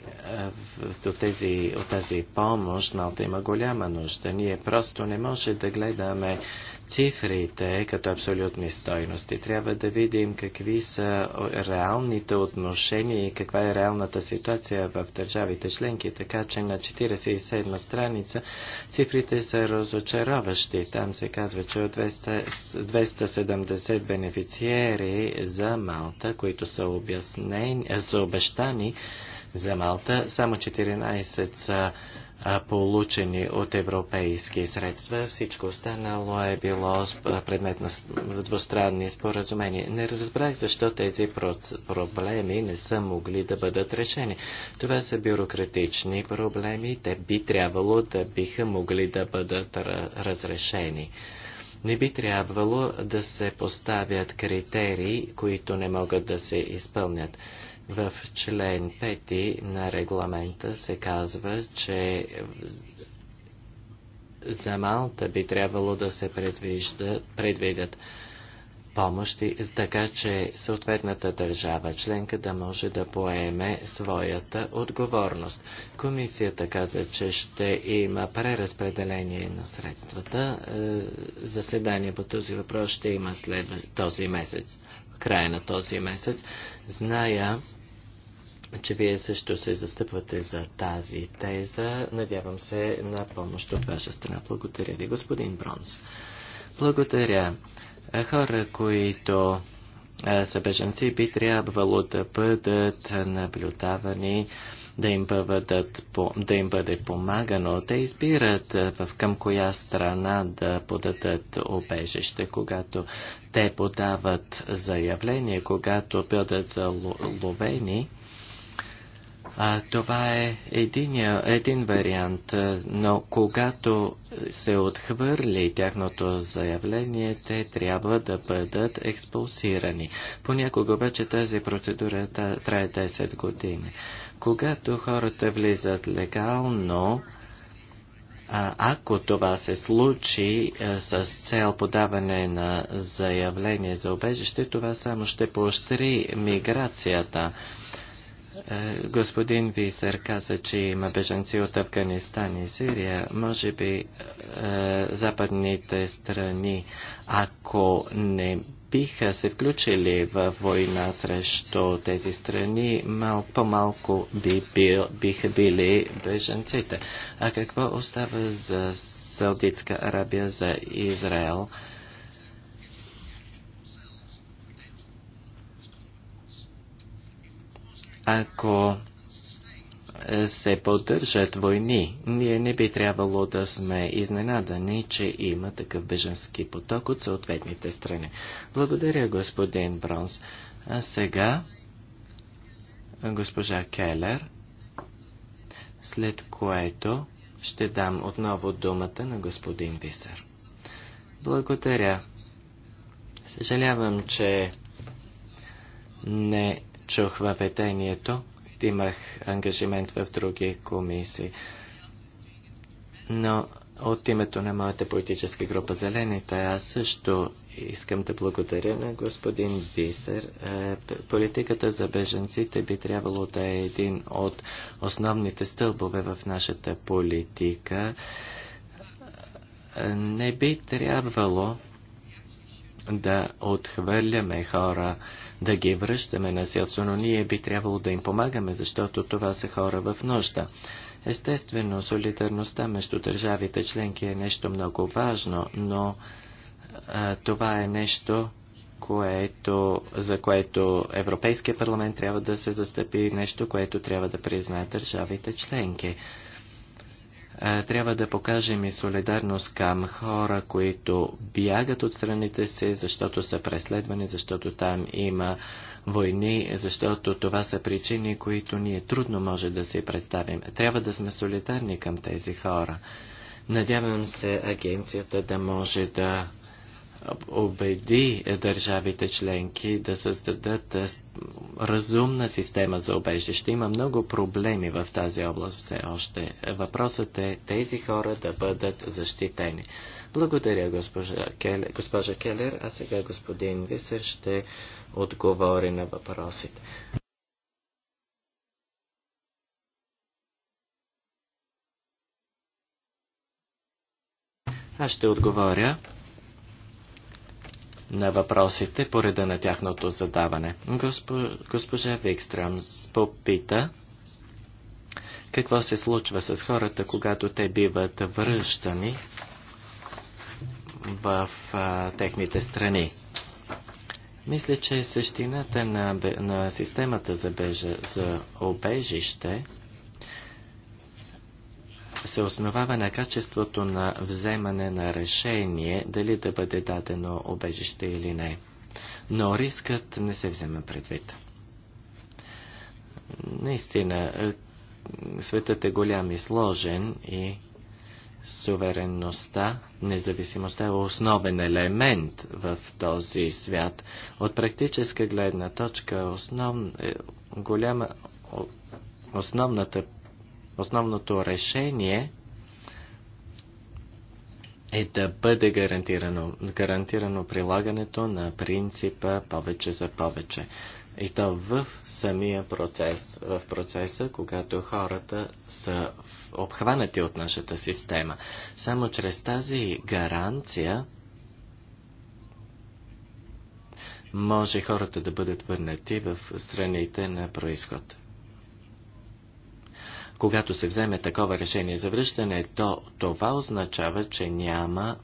Speaker 2: От тези, от тази помощ Малта има голяма нужда. Ние просто не може да гледаме цифрите като абсолютни стойности. Трябва да видим какви са реалните отношения и каква е реалната ситуация в държавите членки. Така че на 47 страница цифрите са разочароващи. Там се казва, че от 200, 270 бенефициери за Малта, които са, обяснени, са обещани за Малта, само 14 са получени от европейски средства. Всичко останало е било предмет на двустранни споразумения. Не разбрах защо тези проблеми не са могли да бъдат решени. Това са бюрократични проблеми. Те би трябвало да биха могли да бъдат разрешени. Не би трябвало да се поставят критерии, които не могат да се изпълнят. В член 5 на регламента се казва, че за Малта би трябвало да се предвидят помощи, така че съответната държава членка да може да поеме своята отговорност. Комисията каза, че ще има преразпределение на средствата. Е, заседание по този въпрос ще има след този месец, края на този месец. Зная, че вие също се застъпвате за тази теза. Надявам се на помощ от ваша страна. Благодаря ви, господин Бронс. Благодаря. Хора, които са беженци, би трябвало да бъдат наблюдавани, да им, бъдат, да им бъде помагано. Те избират в към коя страна да подадат обежище, когато те подават заявление, когато бъдат заловени а, това е единия, един вариант, но когато се отхвърли тяхното заявление, те трябва да бъдат експулсирани. Понякога обаче тази процедура трае 10 години. Когато хората влизат легално, а, ако това се случи а, с цел подаване на заявление за обежище, това само ще поощри миграцията. Е, господин Висер каза, че има бежанци от Афганистан и Сирия. Може би е, западните страни, ако не биха се включили в война срещу тези страни, мал, по-малко би бил, биха били бежанците. А какво остава за Саудитска Арабия, за Израел? ако се поддържат войни, ние не би трябвало да сме изненадани, че има такъв беженски поток от съответните страни. Благодаря, господин Бронс. А сега госпожа Келер, след което ще дам отново думата на господин Висър. Благодаря. Съжалявам, че не чух въведението. Имах ангажимент в други комисии. Но от името на моята политическа група Зелените, аз също искам да благодаря на господин Бисер. Е, политиката за беженците би трябвало да е един от основните стълбове в нашата политика. Е, не би трябвало да отхвърляме хора, да ги връщаме насилствено. Ние би трябвало да им помагаме, защото това са хора в нужда. Естествено, солидарността между държавите членки е нещо много важно, но а, това е нещо, което, за което Европейския парламент трябва да се застъпи, нещо, което трябва да признаят държавите членки. Е, трябва да покажем и солидарност към хора, които бягат от страните си, защото са преследвани, защото там има войни, защото това са причини, които ние трудно може да си представим. Трябва да сме солидарни към тези хора. Надявам се агенцията да може да убеди държавите членки да създадат разумна система за обежище. Има много проблеми в тази област все още. Въпросът е тези хора да бъдат защитени. Благодаря, госпожа Келер. Госпожа Келер а сега господин Висер ще отговори на въпросите. Аз ще отговоря на въпросите по реда на тяхното задаване. Госпо, госпожа Викстрам попита какво се случва с хората, когато те биват връщани в а, техните страни. Мисля, че същината на, на системата за, бежа, за обежище се основава на качеството на вземане на решение дали да бъде дадено обежище или не. Но рискът не се взема предвид. Наистина, е, светът е голям и сложен и суверенността, независимостта е основен елемент в този свят. От практическа гледна точка, основ, е, голяма, основната Основното решение е да бъде гарантирано, гарантирано прилагането на принципа повече за повече. И то в самия процес, в процеса, когато хората са обхванати от нашата система. Само чрез тази гаранция може хората да бъдат върнати в страните на происход. Когато се вземе такова решение за връщане, то това означава, че няма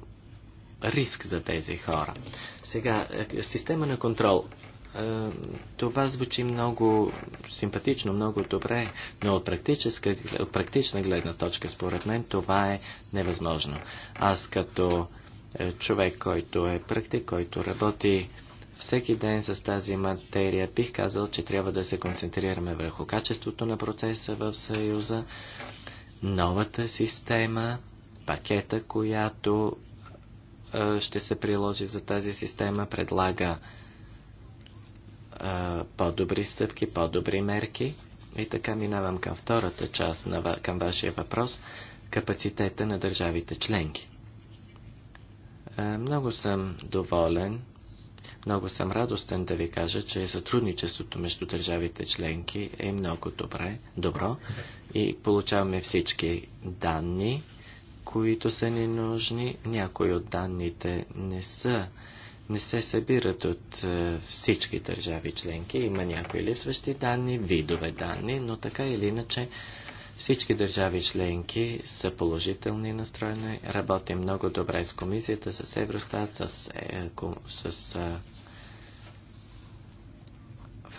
Speaker 2: риск за тези хора. Сега, е, система на контрол. Е, това звучи много симпатично, много добре, но от, от практична гледна точка, според мен, това е невъзможно. Аз като е, човек, който е практик, който работи всеки ден с тази материя. Бих казал, че трябва да се концентрираме върху качеството на процеса в Съюза, новата система, пакета, която ще се приложи за тази система, предлага по-добри стъпки, по-добри мерки. И така минавам към втората част, на, към вашия въпрос – капацитета на държавите членки. Много съм доволен много съм радостен да ви кажа, че сътрудничеството между държавите членки е много добре, добро и получаваме всички данни, които са ни нужни. Някои от данните не са не се събират от е, всички държави членки. Има някои липсващи данни, видове данни, но така или иначе всички държави членки са положителни настроени. Работим много добре с комисията, с Евростат, с, е, с е,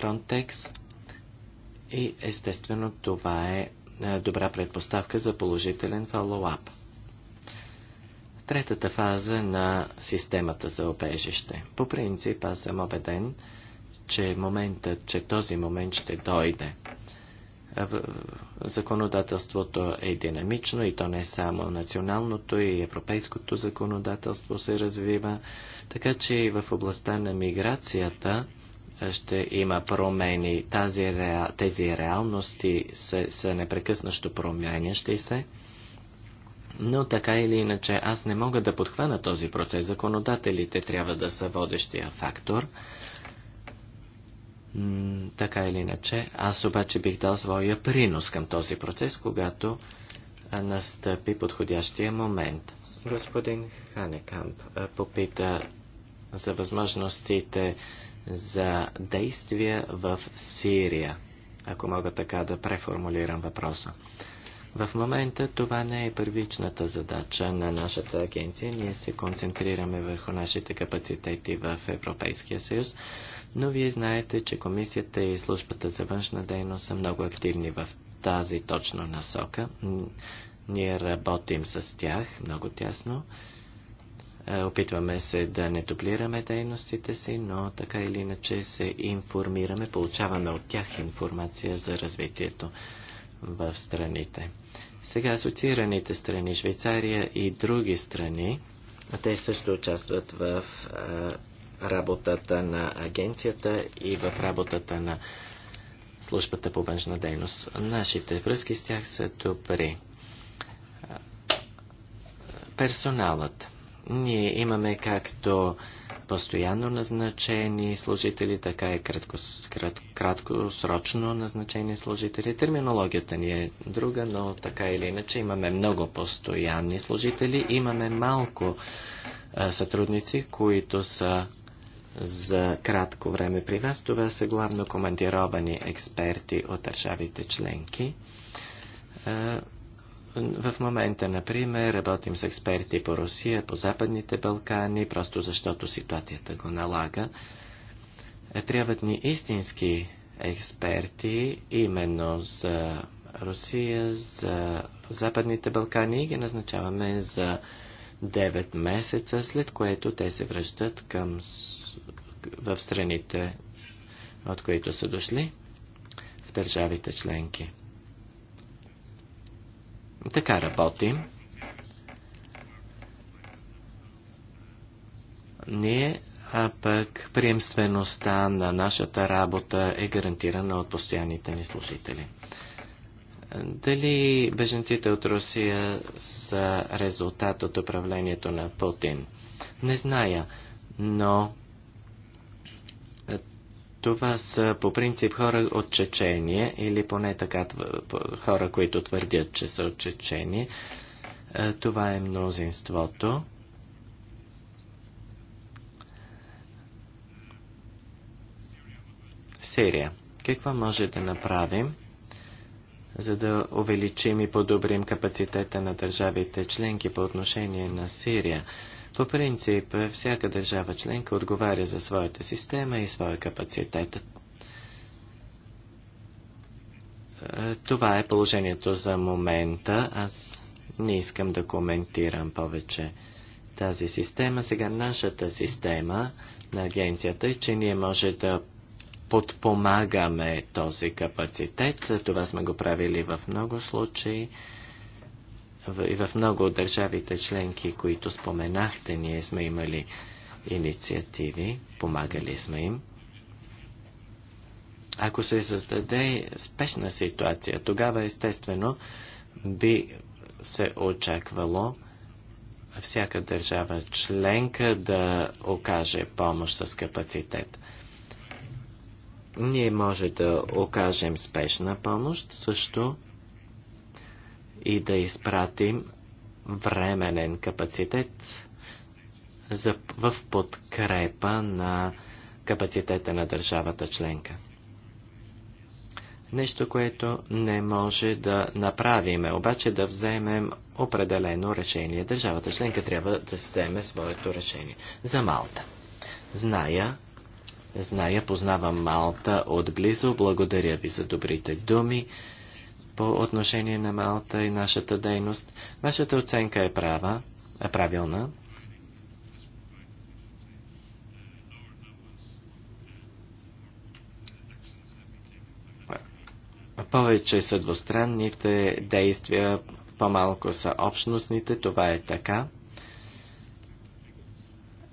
Speaker 2: Frontex и естествено това е, е добра предпоставка за положителен фоллоуап. Третата фаза на системата за обежище. По принцип аз съм убеден, че моментът, че този момент ще дойде. Законодателството е динамично и то не само националното и европейското законодателство се развива, така че и в областта на миграцията ще има промени. Тази, тези реалности са, се непрекъснащо променящи се. Но така или иначе, аз не мога да подхвана този процес. Законодателите трябва да са водещия фактор. М така или иначе, аз обаче бих дал своя принос към този процес, когато настъпи подходящия момент. Господин Ханекамп попита за възможностите за действия в Сирия, ако мога така да преформулирам въпроса. В момента това не е първичната задача на нашата агенция. Ние се концентрираме върху нашите капацитети в Европейския съюз, но вие знаете, че комисията и службата за външна дейност са много активни в тази точно насока. Ние работим с тях много тясно е, опитваме се да не дублираме дейностите си, но така или иначе се информираме, получаваме от тях информация за развитието в страните. Сега асоциираните страни, Швейцария и други страни, те също участват в е, работата на агенцията и в работата на службата по външна дейност. Нашите връзки с тях са добри. Е, персоналът. Ние имаме както постоянно назначени служители, така и краткосрочно кратко, краткосрочно назначени служители. Терминологията ни е друга, но така или иначе имаме много постоянни служители, имаме малко а, сътрудници, които са за кратко време при вас. Това са главно командировани експерти от държавите членки. А, в момента, например, работим с експерти по Русия, по Западните Балкани, просто защото ситуацията го налага. Е, трябват ни истински експерти именно за Русия, за Западните Балкани и ги назначаваме за 9 месеца, след което те се връщат към, в страните, от които са дошли, в държавите членки. Така работим. Ние, а пък приемствеността на нашата работа е гарантирана от постоянните ни служители. Дали беженците от Русия са резултат от управлението на Путин? Не зная, но това са по принцип хора от Чечения или поне така хора, които твърдят, че са от Чечения. Е, това е мнозинството. Сирия. Какво може да направим, за да увеличим и подобрим капацитета на държавите членки по отношение на Сирия? По принцип, всяка държава членка отговаря за своята система и своя капацитет. Това е положението за момента. Аз не искам да коментирам повече тази система. Сега нашата система на агенцията е, че ние може да подпомагаме този капацитет. Това сме го правили в много случаи и в много от държавите членки, които споменахте, ние сме имали инициативи, помагали сме им. Ако се създаде спешна ситуация, тогава естествено би се очаквало всяка държава членка да окаже помощ с капацитет. Ние може да окажем спешна помощ също и да изпратим временен капацитет за, в подкрепа на капацитета на държавата членка. Нещо, което не може да направиме, обаче да вземем определено решение. Държавата членка трябва да вземе своето решение. За Малта. Зная, зная, познавам Малта отблизо. Благодаря ви за добрите думи по отношение на Малта и нашата дейност. Вашата оценка е права, е правилна. Повече са двустранните действия, по-малко са общностните, това е така.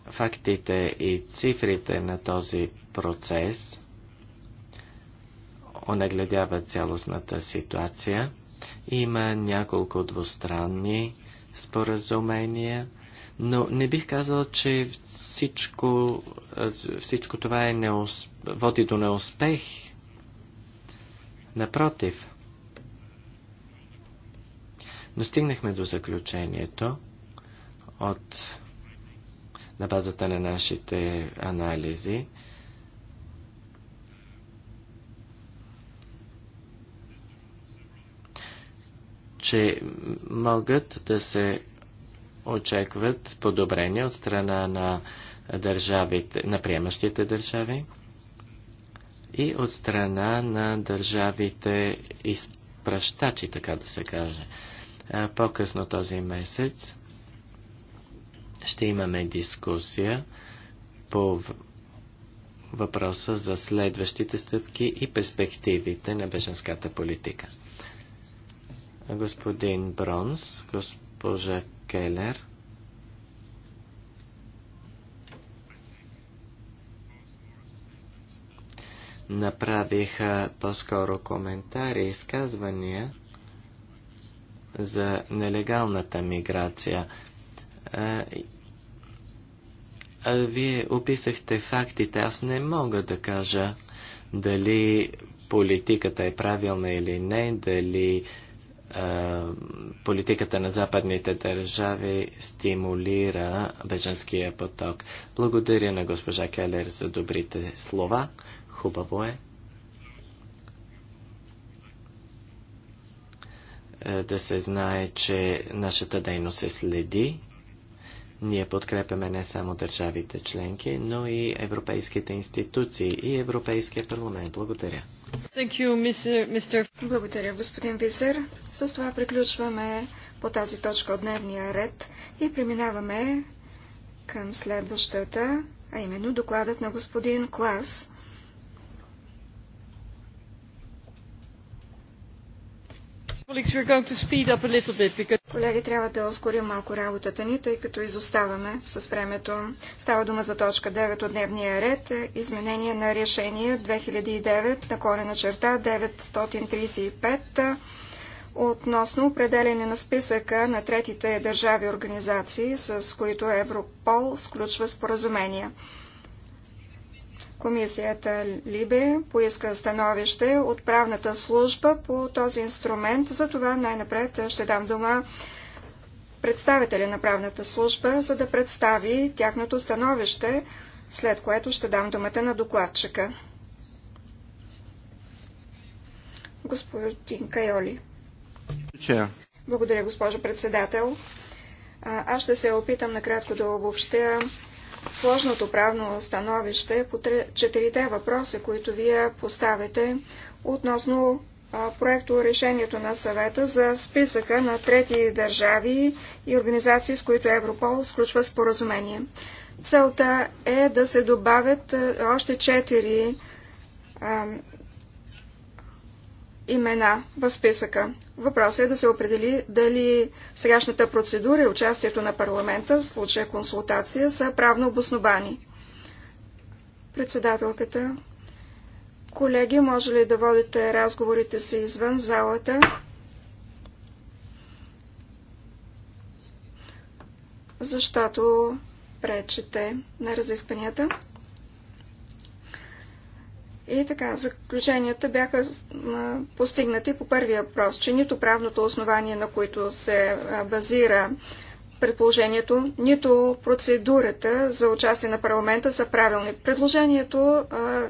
Speaker 2: Фактите и цифрите на този процес онагледява цялостната ситуация. Има няколко двустранни споразумения, но не бих казал, че всичко, всичко това е неус... води до неуспех. Напротив, но стигнахме до заключението от на базата на нашите анализи, че могат да се очакват подобрения от страна на, държавите, на приемащите държави и от страна на държавите изпращачи, така да се каже. По-късно този месец ще имаме дискусия по въпроса за следващите стъпки и перспективите на беженската политика господин Бронс, госпожа Келер. направиха по-скоро коментари, и изказвания за нелегалната миграция. А, а вие описахте фактите. Аз не мога да кажа дали политиката е правилна или не, дали е, политиката на западните държави стимулира беженския поток. Благодаря на госпожа Келер за добрите слова. Хубаво е, е. Да се знае, че нашата дейност се следи. Ние подкрепяме не само държавите членки, но и европейските институции и Европейския парламент. Благодаря.
Speaker 1: Благодаря, господин Висер. С това приключваме по тази точка от дневния ред и преминаваме към следващата, а именно докладът на господин Клас Колеги, трябва да ускорим малко работата ни, тъй като изоставаме с времето. Става дума за точка 9 от дневния ред. Изменение на решение 2009 на корена черта 935 относно определене на списъка на третите държави организации, с които Европол сключва споразумения. Комисията Либе поиска становище от правната служба по този инструмент. За това най-напред ще дам дума представителя на правната служба, за да представи тяхното становище, след което ще дам думата на докладчика. Господин Кайоли. Благодаря, госпожо председател. Аз ще се опитам накратко да обобщя сложното правно становище по четирите въпроса, които вие поставите относно проекто решението на съвета за списъка на трети държави и организации, с които Европол сключва споразумение. Целта е да се добавят още четири имена в списъка. Въпросът е да се определи дали сегашната процедура и участието на парламента, в случая консултация, са правно обосновани. Председателката, колеги, може ли да водите разговорите си извън залата? Защото пречете на разискванията. И така, заключенията бяха постигнати по първия въпрос, че нито правното основание, на което се базира предположението, нито процедурата за участие на парламента са правилни. Предложението а,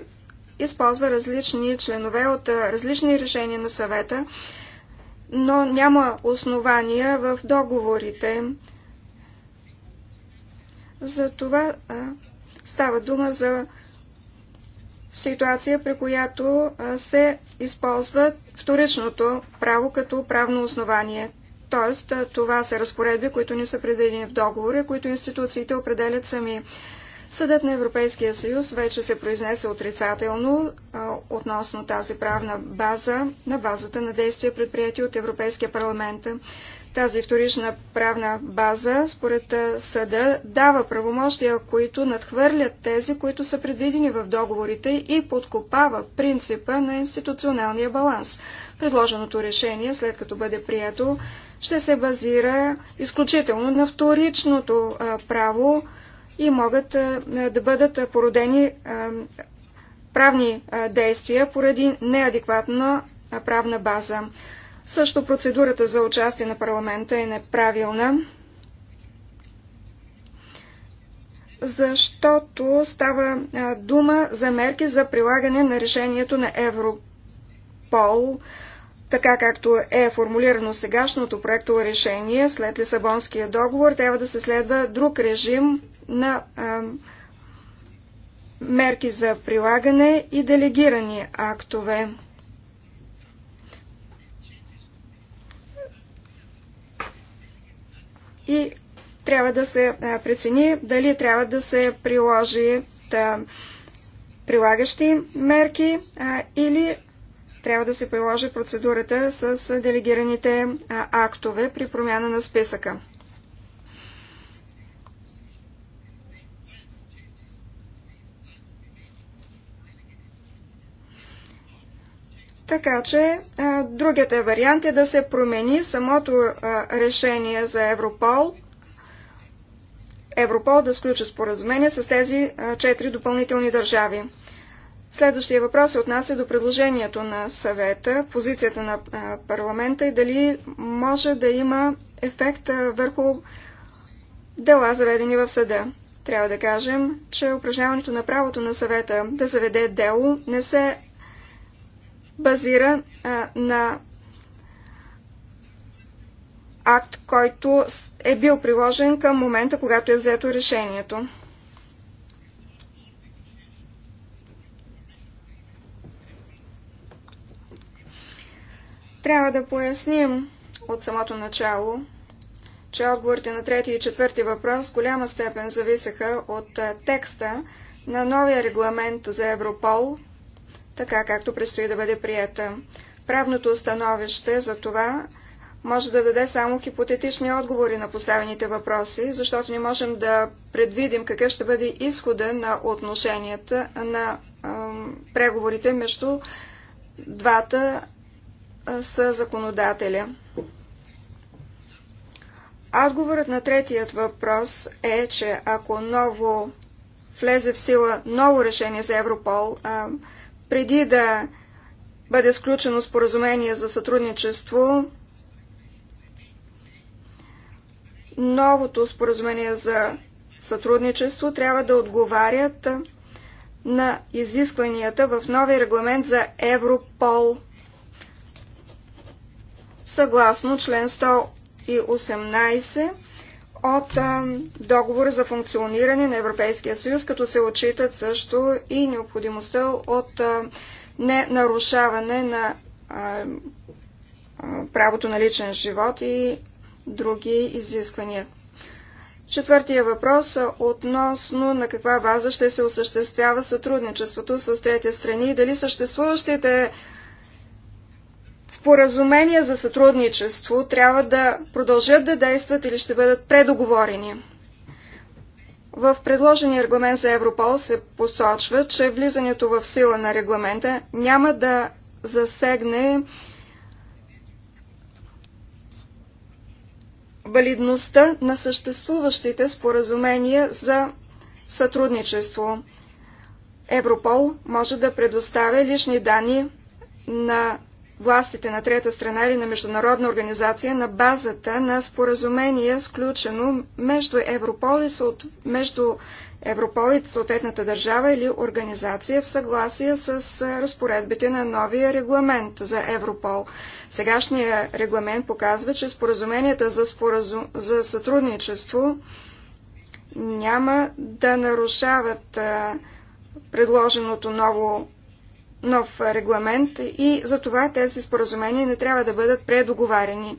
Speaker 1: използва различни членове от а, различни решения на съвета, но няма основания в договорите. За това а, става дума за ситуация, при която се използва вторичното право като правно основание. Тоест, това са разпоредби, които не са предвидени в договори, които институциите определят сами. Съдът на Европейския съюз вече се произнесе отрицателно а, относно тази правна база на базата на действия предприяти от Европейския парламент. Тази вторична правна база, според съда, дава правомощия, които надхвърлят тези, които са предвидени в договорите и подкопава принципа на институционалния баланс. Предложеното решение, след като бъде прието, ще се базира изключително на вторичното право и могат да бъдат породени правни действия поради неадекватна правна база. Също процедурата за участие на парламента е неправилна, защото става дума за мерки за прилагане на решението на Европол, така както е формулирано сегашното проекто решение след Лисабонския договор, трябва да се следва друг режим на а, мерки за прилагане и делегирани актове. и трябва да се прецени дали трябва да се приложи прилагащи мерки или трябва да се приложи процедурата с делегираните актове при промяна на списъка. Така че другият е вариант е да се промени самото решение за Европол. Европол да сключи споразумение с тези четири допълнителни държави. Следващия въпрос се отнася до предложението на съвета, позицията на парламента и дали може да има ефект върху дела, заведени в съда. Трябва да кажем, че упражняването на правото на съвета да заведе дело не се базира а, на акт, който е бил приложен към момента, когато е взето решението. Трябва да поясним от самото начало, че отговорите на трети и четвърти въпрос в голяма степен зависеха от текста на новия регламент за Европол – така както предстои да бъде прията. Правното становище за това може да даде само хипотетични отговори на поставените въпроси, защото не можем да предвидим какъв ще бъде изхода на отношенията на ем, преговорите между двата е, законодателя. Отговорът на третият въпрос е, че ако ново влезе в сила ново решение за Европол, е, преди да бъде сключено споразумение за сътрудничество, новото споразумение за сътрудничество трябва да отговарят на изискванията в новия регламент за Европол. Съгласно член 118 от договора за функциониране на Европейския съюз, като се отчитат също и необходимостта от ненарушаване на правото на личен живот и други изисквания. Четвъртия въпрос относно на каква база ще се осъществява сътрудничеството с трети страни и дали съществуващите споразумения за сътрудничество трябва да продължат да действат или ще бъдат предоговорени. В предложения регламент за Европол се посочва, че влизането в сила на регламента няма да засегне валидността на съществуващите споразумения за сътрудничество. Европол може да предоставя лични данни на властите на трета страна или на международна организация на базата на споразумение, сключено между Европол и, съот... между Европол и съответната държава или организация в съгласие с разпоредбите на новия регламент за Европол. Сегашният регламент показва, че споразуменията за, споразу... за сътрудничество няма да нарушават предложеното ново нов регламент и за това тези споразумения не трябва да бъдат предоговарени.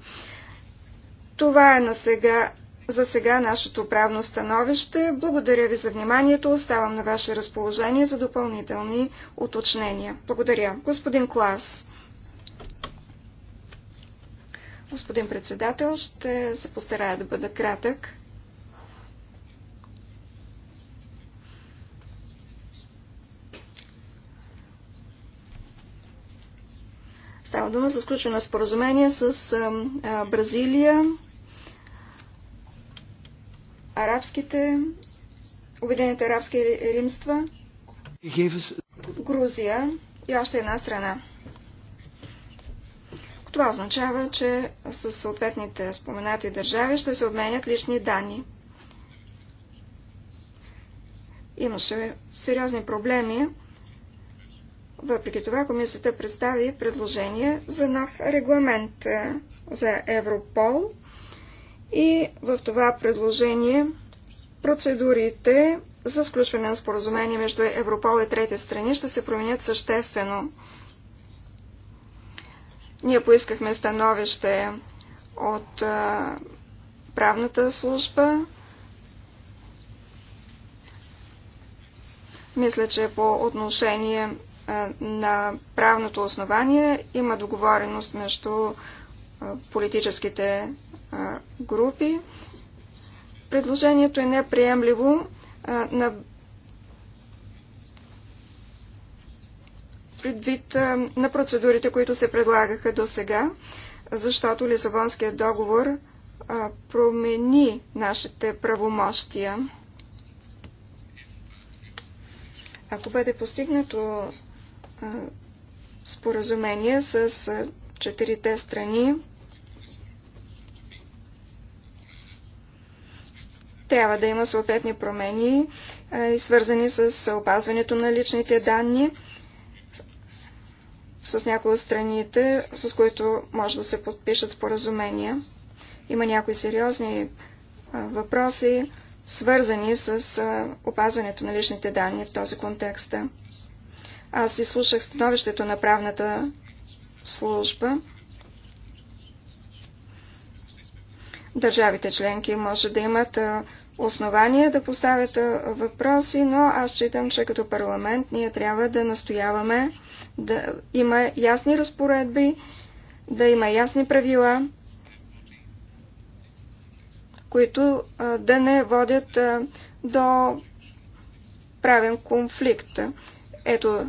Speaker 1: Това е на сега, за сега нашето правно становище. Благодаря ви за вниманието. Оставам на ваше разположение за допълнителни уточнения. Благодаря. Господин Клас. Господин председател, ще се постарая да бъда кратък. Става дума за сключване на споразумение с Бразилия, арабските, Обединените арабски римства, Грузия и още една страна. Това означава, че с съответните споменати държави ще се обменят лични данни. Имаше сериозни проблеми въпреки това комисията представи предложение за нов регламент е, за Европол и в това предложение процедурите за сключване на споразумение между Европол и трети страни ще се променят съществено. Ние поискахме становище от е, правната служба. Мисля, че по отношение на правното основание има договореност между политическите групи. Предложението е неприемливо на предвид на процедурите, които се предлагаха до сега, защото Лисабонският договор промени нашите правомощия. Ако бъде постигнато споразумение с четирите страни. Трябва да има съответни промени, свързани с опазването на личните данни с някои от страните, с които може да се подпишат споразумения. Има някои сериозни въпроси, свързани с опазването на личните данни в този контекст. Аз изслушах становището на правната служба. Държавите членки може да имат основания да поставят въпроси, но аз считам, че като парламент ние трябва да настояваме да има ясни разпоредби, да има ясни правила, които да не водят до правен конфликт. Ето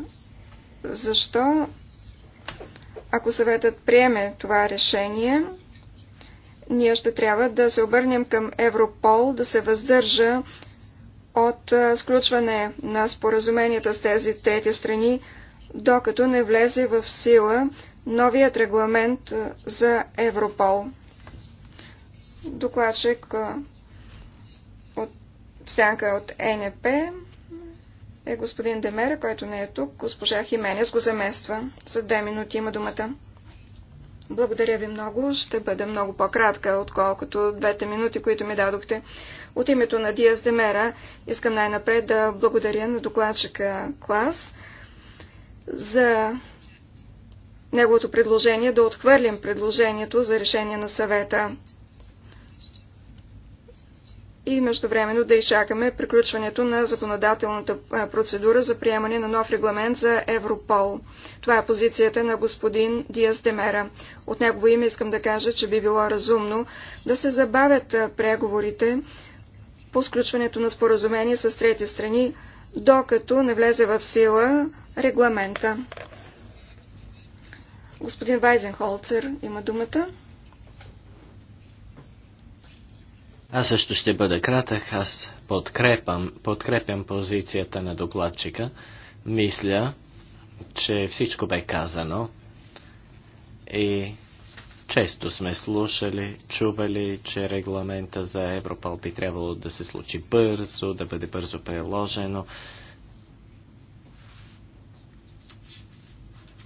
Speaker 1: защо, ако съветът приеме това решение, ние ще трябва да се обърнем към Европол, да се въздържа от сключване на споразуменията с тези трети страни, докато не влезе в сила новият регламент за Европол. Докладчик от всяка от НП е господин Демера, който не е тук. Госпожа Хименес го замества. За две минути има думата. Благодаря ви много. Ще бъда много по-кратка, отколкото двете минути, които ми дадохте. От името на Диас Демера искам най-напред да благодаря на докладчика Клас за неговото предложение да отхвърлим предложението за решение на съвета и междувременно да изчакаме приключването на законодателната процедура за приемане на нов регламент за Европол. Това е позицията на господин Диас Демера. От негово име искам да кажа, че би било разумно да се забавят преговорите по сключването на споразумение с трети страни, докато не влезе в сила регламента. Господин Вайзенхолцер има думата.
Speaker 2: Аз също ще бъда кратък. Аз подкрепам, подкрепям позицията на докладчика. Мисля, че всичко бе казано и често сме слушали, чували, че регламента за Европол би трябвало да се случи бързо, да бъде бързо приложено.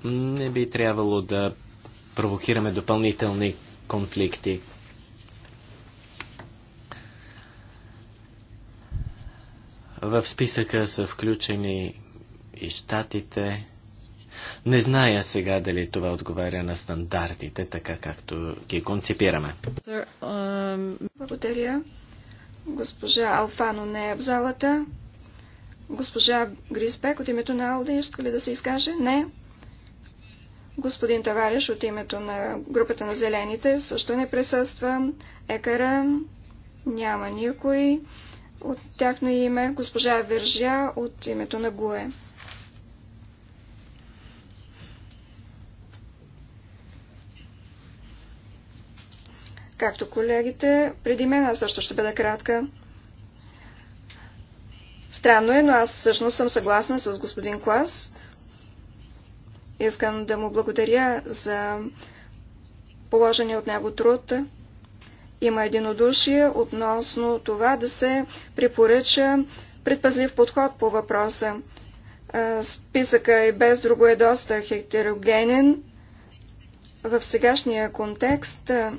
Speaker 2: Не би трябвало да провокираме допълнителни конфликти. В списъка са включени и щатите. Не зная сега дали това отговаря на стандартите, така както ги концепираме.
Speaker 1: Благодаря. Госпожа Алфано не е в залата. Госпожа Гриспек от името на Алда иска ли да се изкаже? Не. Господин Тавариш от името на групата на зелените също не присъства. Екара няма никой от тяхно име, госпожа Вержа от името на ГУЕ. Както колегите, преди мен аз също ще бъда кратка. Странно е, но аз всъщност съм съгласна с господин Клас. Искам да му благодаря за положения от него труд. Има единодушие относно това да се препоръча предпазлив подход по въпроса. Е, списъка и без друго е доста хетерогенен. В сегашния контекст е, е,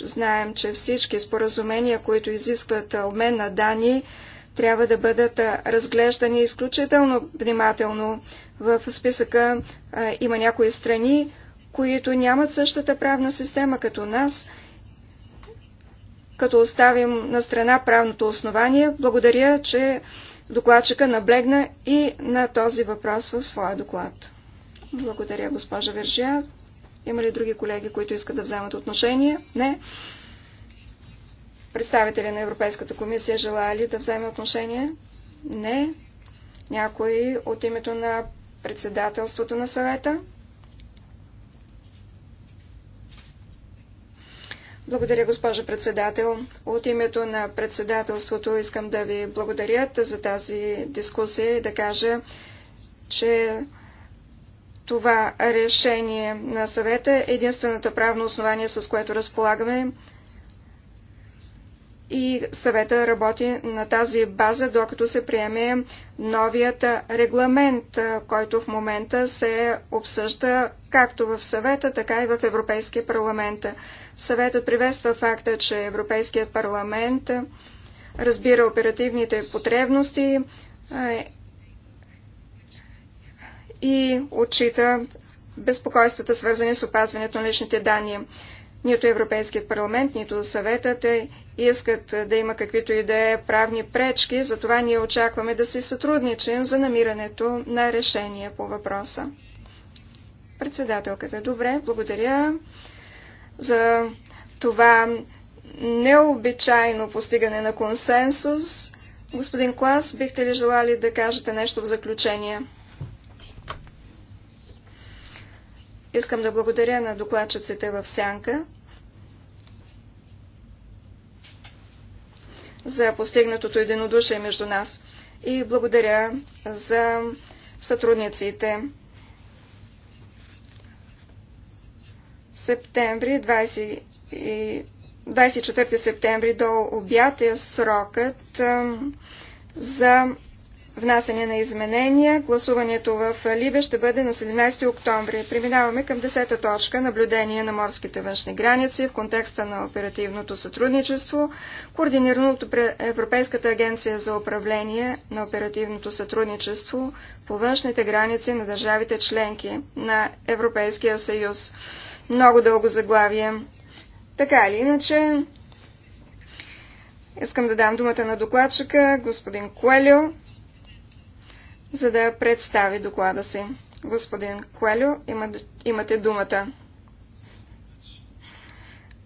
Speaker 1: знаем, че всички споразумения, които изискват обмен на данни, трябва да бъдат разглеждани изключително внимателно. В списъка има някои страни, които нямат същата правна система като нас като оставим на страна правното основание. Благодаря, че докладчика наблегна и на този въпрос в своя доклад. Благодаря, госпожа Вержия. Има ли други колеги, които искат да вземат отношение? Не. Представители на Европейската комисия желая ли да вземе отношение? Не. Някой от името на председателството на съвета? Благодаря, госпожа председател. От името на председателството искам да ви благодаря за тази дискусия и да кажа, че това решение на съвета е единственото правно основание, с което разполагаме и съвета работи на тази база, докато се приеме новият регламент, който в момента се обсъжда както в съвета, така и в Европейския парламент. Съветът приветства факта, че Европейският парламент разбира оперативните потребности и отчита безпокойствата, свързани с опазването на личните данни. Нито Европейският парламент, нито съветът е, искат да има каквито и да е правни пречки, затова ние очакваме да си сътрудничим за намирането на решение по въпроса. Председателката, добре, благодаря за това необичайно постигане на консенсус. Господин Клас, бихте ли желали да кажете нещо в заключение? Искам да благодаря на докладчиците в Сянка за постигнатото единодушие между нас и благодаря за сътрудниците. септември, 20 24 септември до обяд е срокът за внасяне на изменения. Гласуването в Либе ще бъде на 17 октомври. Преминаваме към 10 точка – наблюдение на морските външни граници в контекста на оперативното сътрудничество, координирано от Европейската агенция за управление на оперативното сътрудничество по външните граници на държавите членки на Европейския съюз. Много дълго заглавие. Така или иначе, искам да дам думата на докладчика, господин Куелио, за да представи доклада си. Господин Куелио, имате думата.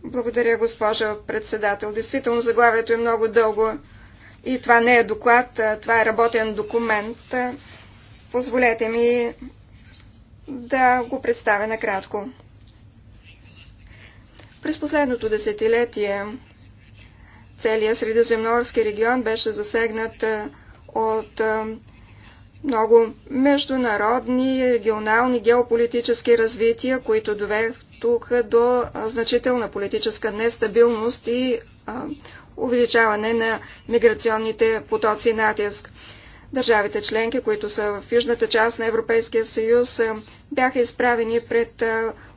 Speaker 1: Благодаря, госпожа председател. Действително, заглавието е много дълго и това не е доклад, това е работен документ. Позволете ми да го представя накратко. През последното десетилетие целият средиземноморски регион беше засегнат от много международни, регионални, геополитически развития, които доведоха до значителна политическа нестабилност и увеличаване на миграционните потоци и натиск. Държавите членки, които са в южната част на Европейския съюз, бяха изправени пред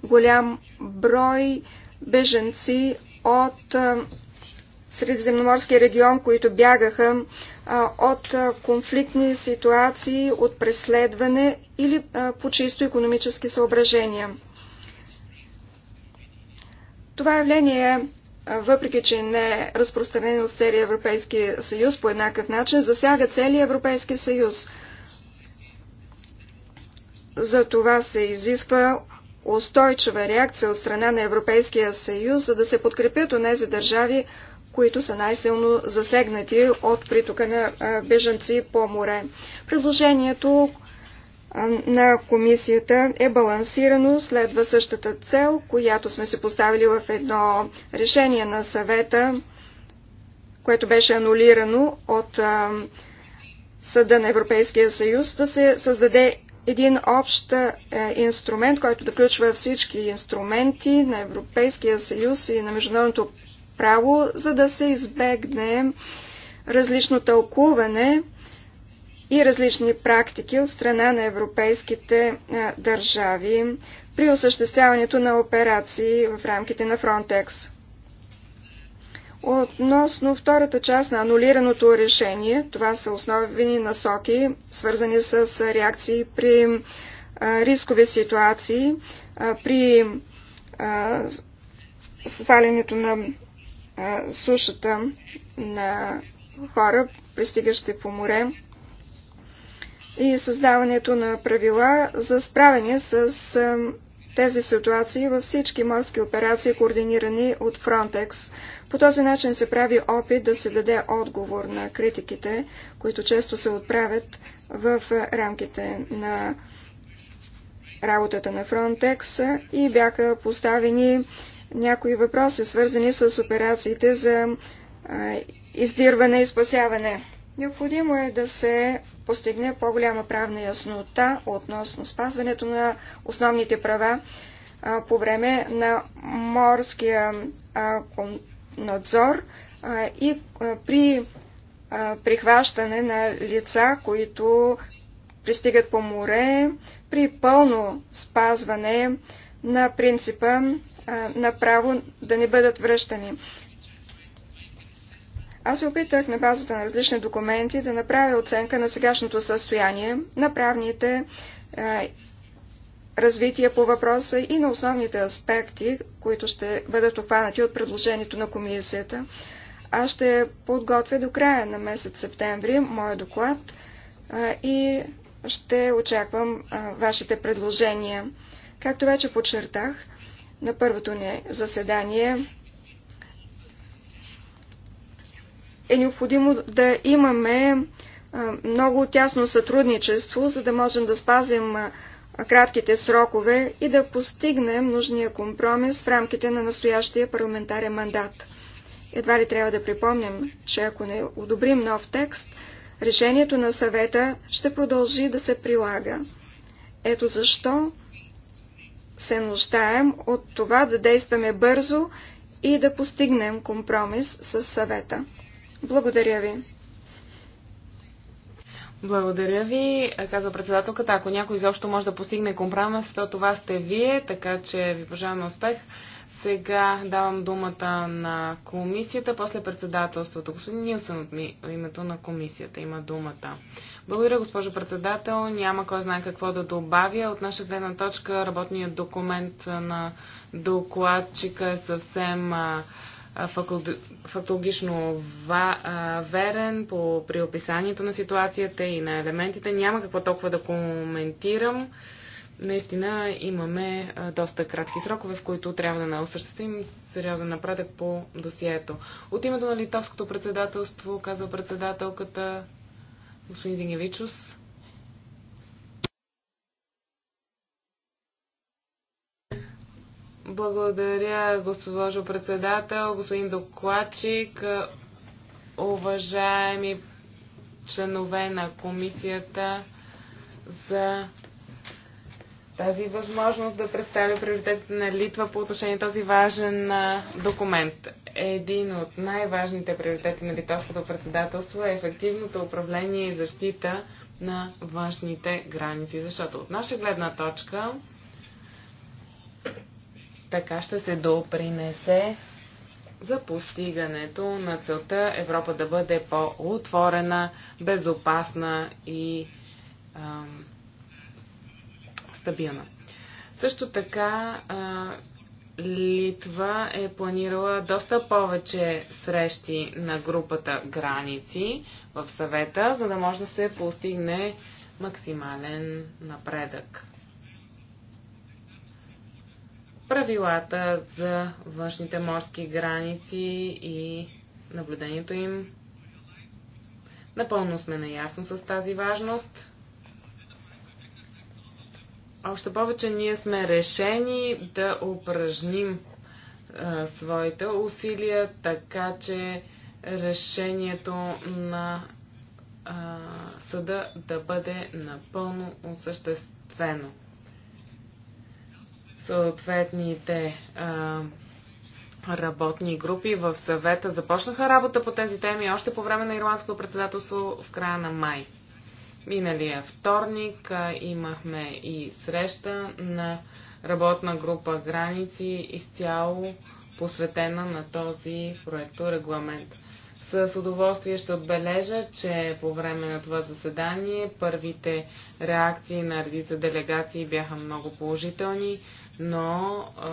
Speaker 1: голям брой беженци от Средиземноморския регион, които бягаха от конфликтни ситуации, от преследване или по чисто економически съображения. Това явление, въпреки че не е разпространено в целия Европейски съюз по еднакъв начин, засяга целия Европейски съюз. За това се изисква устойчива реакция от страна на Европейския съюз, за да се подкрепят от тези държави, които са най-силно засегнати от притока на бежанци по море. Предложението на комисията е балансирано, следва същата цел, която сме се поставили в едно решение на съвета, което беше анулирано от Съда на Европейския съюз, да се създаде един общ е, инструмент, който да включва всички инструменти на Европейския съюз и на международното право, за да се избегне различно тълкуване и различни практики от страна на европейските е, държави при осъществяването на операции в рамките на Фронтекс. Относно втората част на анулираното решение, това са основни насоки, свързани с реакции при рискови ситуации, при свалянето на сушата на хора, пристигащи по море и създаването на правила за справяне с тези ситуации във всички морски операции, координирани от Frontex. По този начин се прави опит да се даде отговор на критиките, които често се отправят в е, рамките на работата на Frontex и бяха поставени някои въпроси, свързани с операциите за е, издирване и спасяване. Необходимо е да се постигне по-голяма правна яснота относно спазването на основните права по време на морския надзор и при прихващане на лица, които пристигат по море, при пълно спазване на принципа на право да не бъдат връщани. Аз се опитах на базата на различни документи да направя оценка на сегашното състояние, на правните е, развития по въпроса и на основните аспекти, които ще бъдат обхванати от предложението на комисията. Аз ще подготвя до края на месец септември моя доклад е, и ще очаквам е, вашите предложения. Както вече подчертах, на първото ни заседание е необходимо да имаме много тясно сътрудничество, за да можем да спазим кратките срокове и да постигнем нужния компромис в рамките на настоящия парламентарен мандат. Едва ли трябва да припомням, че ако не одобрим нов текст, решението на съвета ще продължи да се прилага. Ето защо се нуждаем от това да действаме бързо и да постигнем компромис с съвета. Благодаря ви.
Speaker 4: Благодаря ви, каза председателката. Ако някой изобщо може да постигне компромис, то това сте вие, така че ви пожелавам успех. Сега давам думата на комисията, после председателството. Господин Нилсън от името на комисията има думата. Благодаря, госпожо председател. Няма кой знае какво да добавя. От наша гледна точка работният документ на докладчика е съвсем фактологично верен по, при описанието на ситуацията и на елементите. Няма какво толкова да коментирам. Наистина имаме доста кратки срокове, в които трябва да осъществим сериозен напредък по досието. От името на литовското председателство, казва председателката господин Зингевичус, Благодаря, госпожо председател, господин докладчик, уважаеми членове на комисията за тази възможност да представя приоритетите на Литва по отношение на този важен документ. Един от най-важните приоритети на литовското председателство е ефективното управление и защита на външните граници, защото от наша гледна точка така ще се допринесе за постигането на целта Европа да бъде по-отворена, безопасна и ам, стабилна. Също така а, Литва е планирала доста повече срещи на групата граници в съвета, за да може да се постигне максимален напредък правилата за външните морски граници и наблюдението им. Напълно сме наясно с тази важност. Още повече ние сме решени да упражним а, своите усилия, така че решението на а, съда да бъде напълно осъществено. Съответните а, работни групи в съвета започнаха работа по тези теми още по време на ирландското председателство в края на май. Миналия вторник а, имахме и среща на работна група Граници, изцяло посветена на този проекто регламент. С удоволствие ще отбележа, че по време на това заседание първите реакции на редица делегации бяха много положителни но а,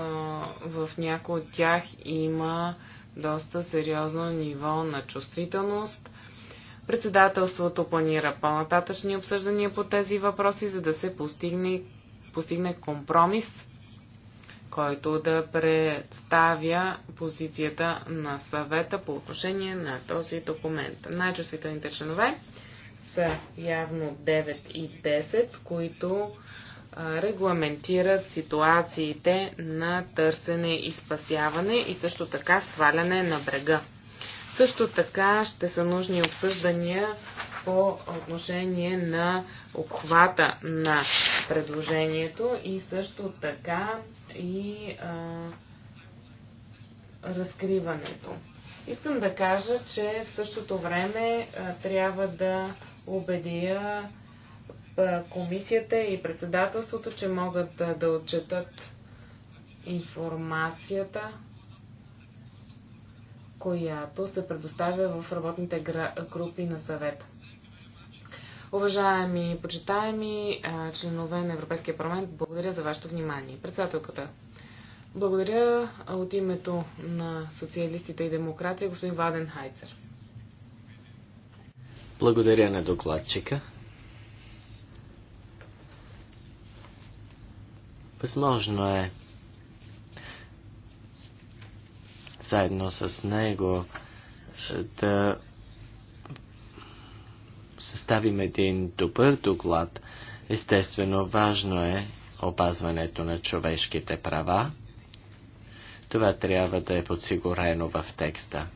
Speaker 4: в някои от тях има доста сериозно ниво на чувствителност. Председателството планира по-нататъчни обсъждания по тези въпроси, за да се постигне, постигне компромис, който да представя позицията на съвета по отношение на този документ. Най-чувствителните членове са явно 9 и 10, които регламентират ситуациите на търсене и спасяване и също така сваляне на брега. Също така ще са нужни обсъждания по отношение на обхвата на предложението и също така и а, разкриването. Искам да кажа, че в същото време а, трябва да убедия е, комисията и председателството, че могат да отчетат информацията, която се предоставя в работните групи на съвета. Уважаеми, почитаеми е, членове на Европейския парламент, благодаря за вашето внимание. Председателката, благодаря от името на социалистите и демократи, господин Ваден Хайцер.
Speaker 2: Благодаря на докладчика. Възможно е заедно с него е, да съставим един добър доклад. Естествено, важно е опазването на човешките права. Това трябва да е подсигурено в текста.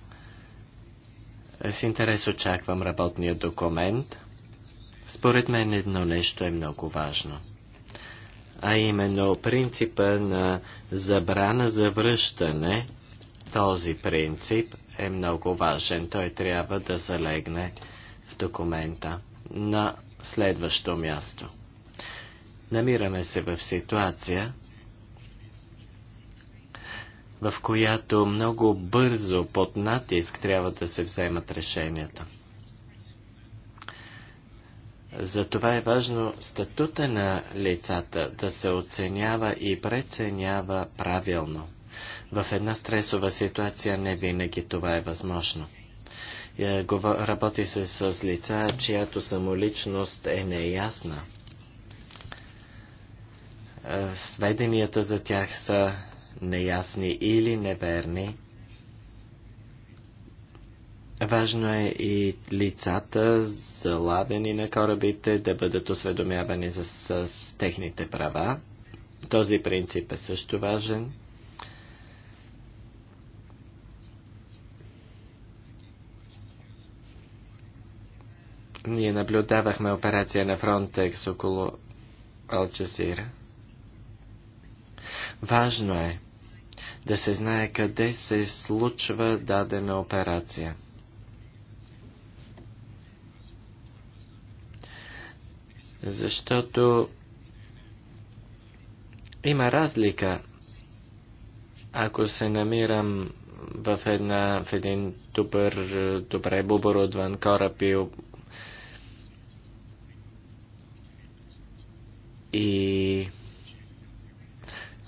Speaker 2: С интерес очаквам работния документ. Според мен едно нещо е много важно – а именно принципа на забрана за връщане. Този принцип е много важен. Той трябва да залегне в документа. На следващо място. Намираме се в ситуация, в която много бързо под натиск трябва да се вземат решенията. Затова е важно статута на лицата да се оценява и преценява правилно. В една стресова ситуация не винаги това е възможно. Е, работи се с лица, чиято самоличност е неясна. Е, сведенията за тях са неясни или неверни – Важно е и лицата, залавени на корабите, да бъдат осведомявани за, с, с техните права. Този принцип е също важен. Ние наблюдавахме операция на Фронтекс около Алчасира. Важно е да се знае къде се случва дадена операция – Защото има разлика, ако се намирам в, една, в един добър, добре оборудван кораб и, и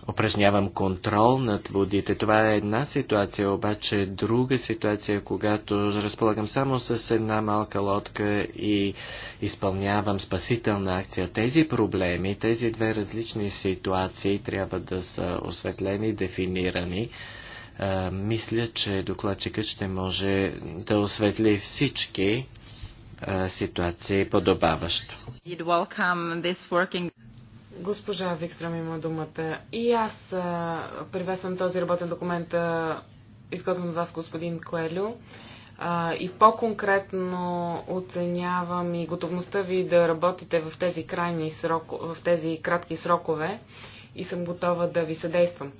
Speaker 2: упражнявам контрол над водите. Това е една ситуация, обаче е друга ситуация, когато разполагам само с една малка лодка и изпълнявам спасителна акция. Тези проблеми, тези две различни ситуации трябва да са осветлени, дефинирани. А, мисля, че докладчикът ще може да осветли всички ситуации подобаващо.
Speaker 4: Госпожа Викстрам има думата. И аз приветствам този работен документ, изготвен от вас, господин Коелю. и по-конкретно оценявам и готовността ви да работите в тези, крайни срок, в тези кратки срокове и съм готова да ви съдействам.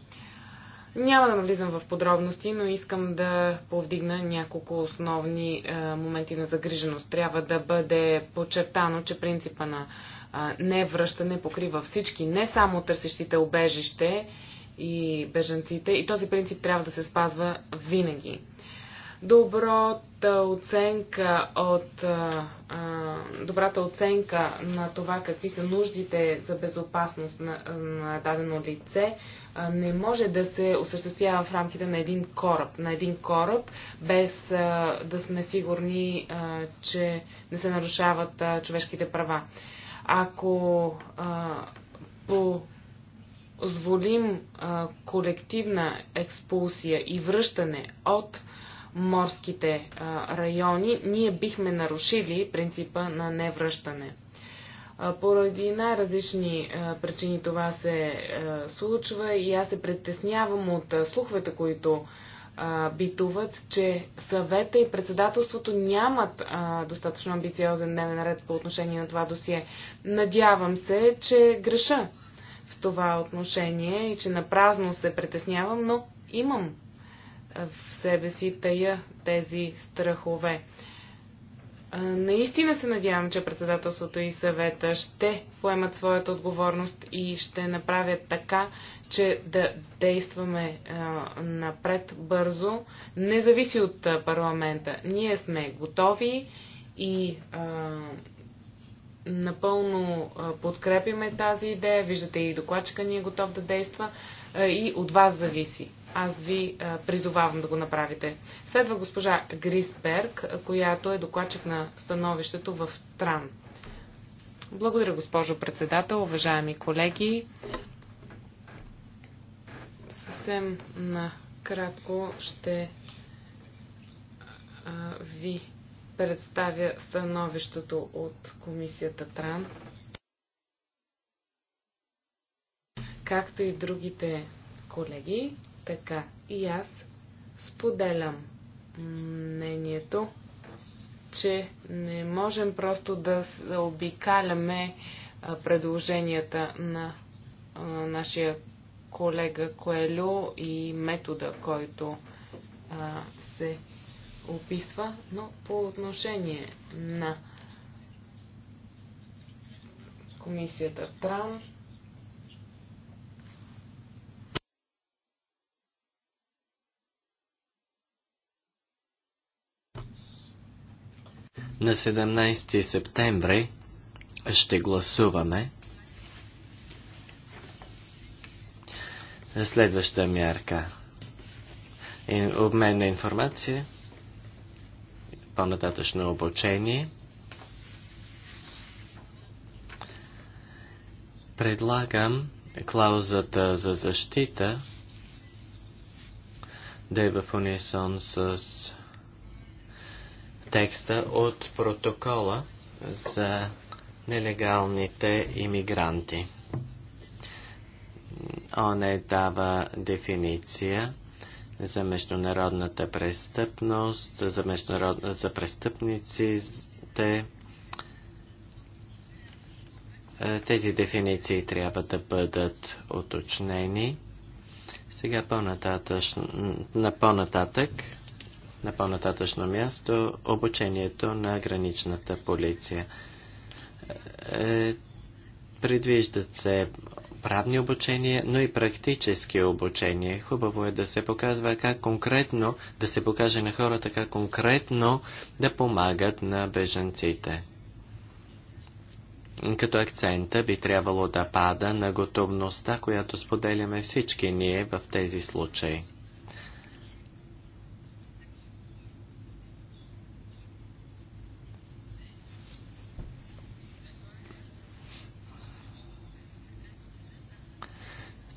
Speaker 4: Няма да навлизам в подробности, но искам да повдигна няколко основни моменти на загриженост. Трябва да бъде подчертано, че принципа на не връщане покрива всички, не само търсещите обежище и бежанците. И този принцип трябва да се спазва винаги. Доброта оценка от, а, добрата оценка на това какви са нуждите за безопасност на, на дадено лице а, не може да се осъществява в рамките на един кораб. На един кораб, без а, да сме сигурни, а, че не се нарушават а, човешките права. Ако а, позволим а, колективна експулсия и връщане от морските а, райони, ние бихме нарушили принципа на невръщане. Поради най-различни причини това се случва и аз се притеснявам от слуховете, които битуват, че съвета и председателството нямат а, достатъчно амбициозен дневен ред по отношение на това досие. Надявам се, че греша в това отношение и че напразно се притеснявам, но имам в себе си тая тези страхове. Наистина се надявам, че председателството и съвета ще поемат своята отговорност и ще направят така, че да действаме напред бързо, не зависи от парламента. Ние сме готови и напълно подкрепиме тази идея. Виждате и докладчика ни е готов да действа и от вас зависи. Аз ви призовавам да го направите. Следва госпожа Грисберг, която е докладчик на становището в Тран. Благодаря, госпожо председател, уважаеми колеги. Съвсем накратко ще ви представя становището от комисията Тран. Както и другите колеги, така и аз споделям мнението, че не можем просто да обикаляме предложенията на нашия колега Коелю и метода, който се описва, но по отношение на комисията Тран
Speaker 2: На 17 септември ще гласуваме следваща мярка. Обмен на информация, по-нататъчно обучение. Предлагам клаузата за защита да е в унисон с текста от протокола за нелегалните иммигранти. ОНЕ дава дефиниция за международната престъпност, за, международ... за престъпниците. Е, тези дефиниции трябва да бъдат уточнени. Сега по-нататък, на по-нататък на по-нататъчно място обучението на граничната полиция. Е, предвиждат се правни обучения, но и практически обучения. Хубаво е да се показва как конкретно, да се покаже на хората как конкретно да помагат на бежанците. Като акцента би трябвало да пада на готовността, която споделяме всички ние в тези случаи.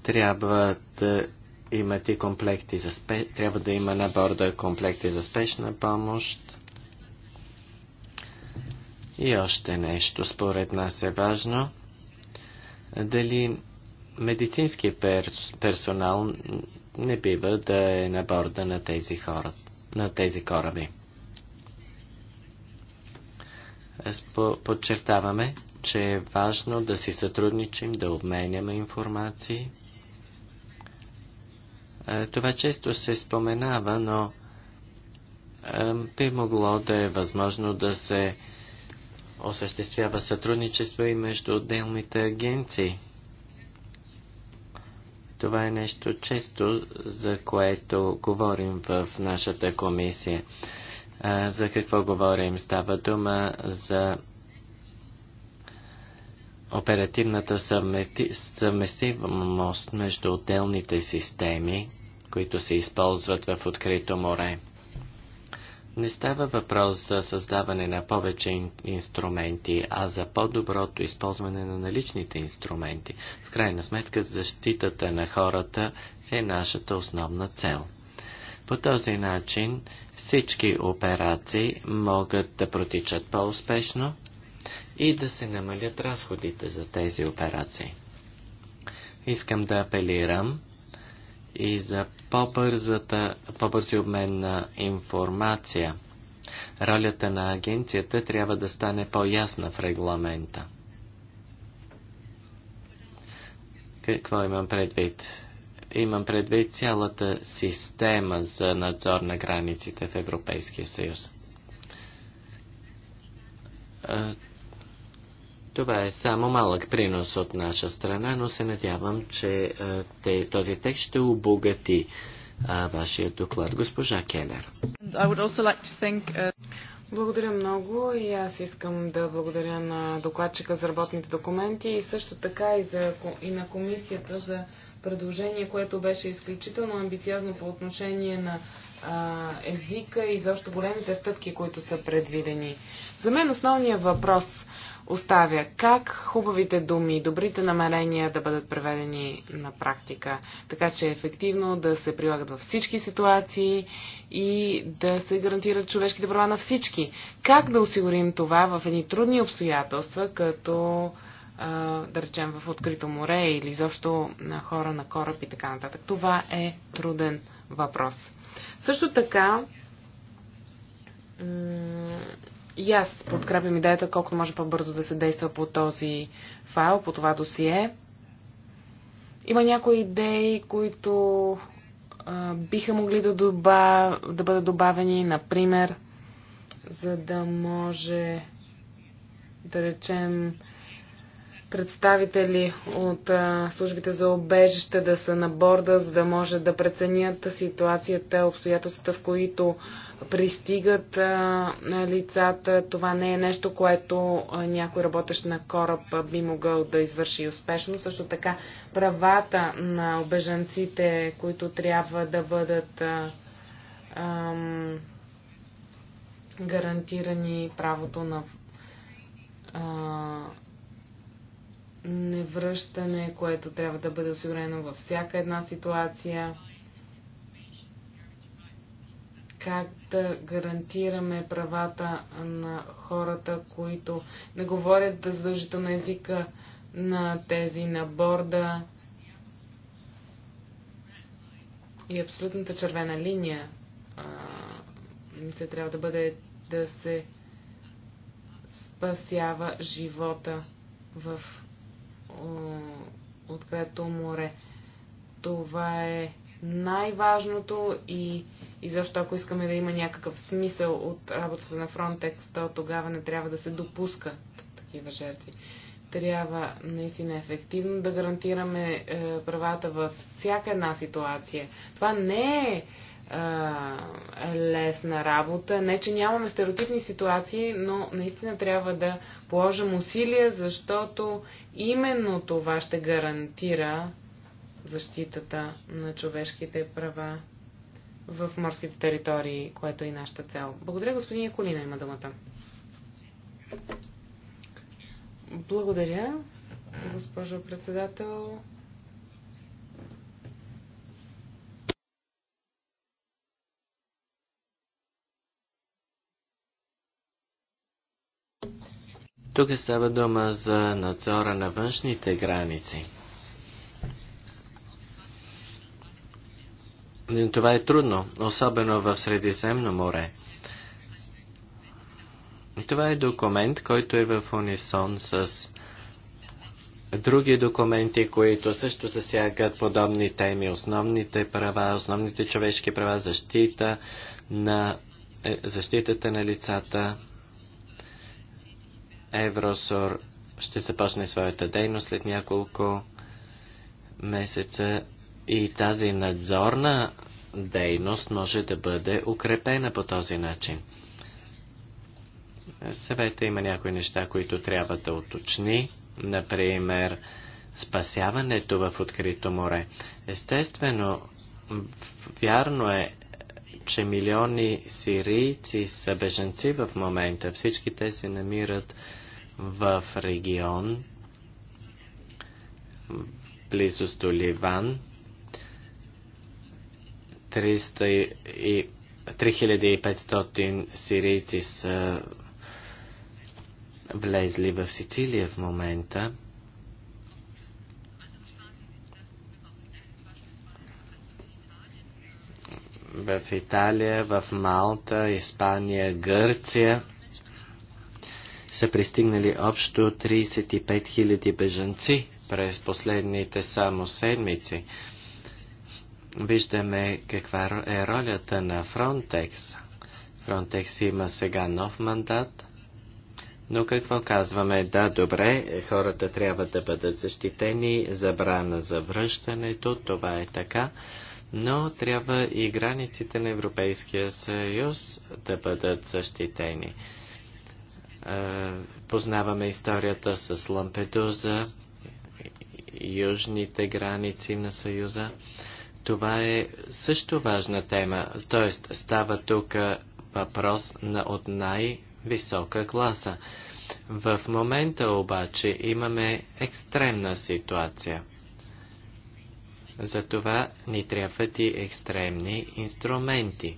Speaker 2: трябва да имат комплекти за спе... трябва да има на борда комплекти за спешна помощ. И още нещо според нас е важно. Дали медицински перс... персонал не бива да е на борда на тези, хора... на тези кораби. По- Подчертаваме, че е важно да си сътрудничим, да обменяме информации това често се споменава, но би могло да е възможно да се осъществява сътрудничество и между отделните агенции. Това е нещо често, за което говорим в нашата комисия. За какво говорим? Става дума за оперативната съвместимост между отделните системи които се използват в открито море. Не става въпрос за създаване на повече инструменти, а за по-доброто използване на наличните инструменти. В крайна сметка защитата на хората е нашата основна цел. По този начин всички операции могат да протичат по-успешно и да се намалят разходите за тези операции. Искам да апелирам и за по-бързата, по-бързи обмен на информация. Ролята на агенцията трябва да стане по-ясна в регламента. Какво имам предвид? Имам предвид цялата система за надзор на границите в Европейския съюз е, това е само малък принос от наша страна, но се надявам, че те, този текст ще обогати вашия доклад, госпожа Келер.
Speaker 4: Like thank, uh... Благодаря много и аз искам да благодаря на докладчика за работните документи и също така и, за, и на комисията за предложение, което беше изключително амбициозно по отношение на езика и защо големите стъпки, които са предвидени. За мен основният въпрос оставя как хубавите думи, добрите намерения да бъдат преведени на практика, така че е ефективно да се прилагат във всички ситуации и да се гарантират човешките права на всички. Как да осигурим това в едни трудни обстоятелства, като да речем в открито море или изобщо на хора на кораб и така нататък. Това е труден въпрос. Също така, и аз подкрепям идеята колкото може по-бързо да се действа по този файл, по това досие. Има някои идеи, които а, биха могли да, добав, да бъдат добавени, например, за да може, да речем, представители от а, службите за обежище да са на борда, за да може да преценят ситуацията, обстоятелствата, в които пристигат а, лицата. Това не е нещо, което а, някой работещ на кораб би могъл да извърши успешно. Също така правата на обежанците, които трябва да бъдат ам, гарантирани правото на невръщане, което трябва да бъде осигурено във всяка една ситуация. Как да гарантираме правата на хората, които не говорят да задължително езика на тези на борда. И абсолютната червена линия се мисля, трябва да бъде да се спасява живота в открито море. Това е най-важното и, и защо ако искаме да има някакъв смисъл от работата на Frontex, то тогава не трябва да се допуска такива жертви. Трябва наистина ефективно да гарантираме е, правата във всяка една ситуация. Това не е е лесна работа. Не, че нямаме стереотипни ситуации, но наистина трябва да положим усилия, защото именно това ще гарантира защитата на човешките права в морските територии, което е и нашата цел. Благодаря, господин Яколина има думата. Благодаря, госпожо председател.
Speaker 2: Тук става дума за надзора на външните граници. Това е трудно, особено в Средиземно море. Това е документ, който е в унисон с други документи, които също засягат подобни теми, основните права, основните човешки права, защита на, е, защитата на лицата, Евросор ще започне своята дейност след няколко месеца и тази надзорна дейност може да бъде укрепена по този начин. Съвета има някои неща, които трябва да уточни, например спасяването в открито море. Естествено, вярно е, че милиони сирийци са беженци в момента. Всички те се намират в регион близо до Ливан. 3500 сирийци са влезли в Сицилия в момента. В Италия, в Малта, Испания, Гърция – са пристигнали общо 35 000 бежанци през последните само седмици. Виждаме каква е ролята на Фронтекс. Фронтекс има сега нов мандат, но какво казваме? Да, добре, хората трябва да бъдат защитени, забрана за връщането, това е така, но трябва и границите на Европейския съюз да бъдат защитени. Познаваме историята с Лампедуза, южните граници на Съюза. Това е също важна тема, т.е. става тук въпрос на от най-висока класа. В момента обаче имаме екстремна ситуация. Затова ни трябват и екстремни инструменти.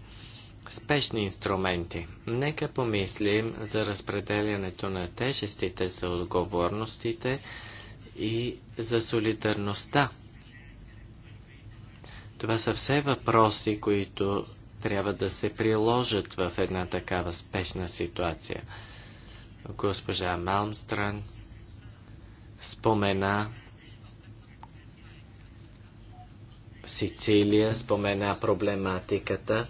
Speaker 2: Спешни инструменти. Нека помислим за разпределянето на тежестите, за отговорностите и за солидарността. Това са все въпроси, които трябва да се приложат в една такава спешна ситуация. Госпожа Малмстран спомена Сицилия, спомена проблематиката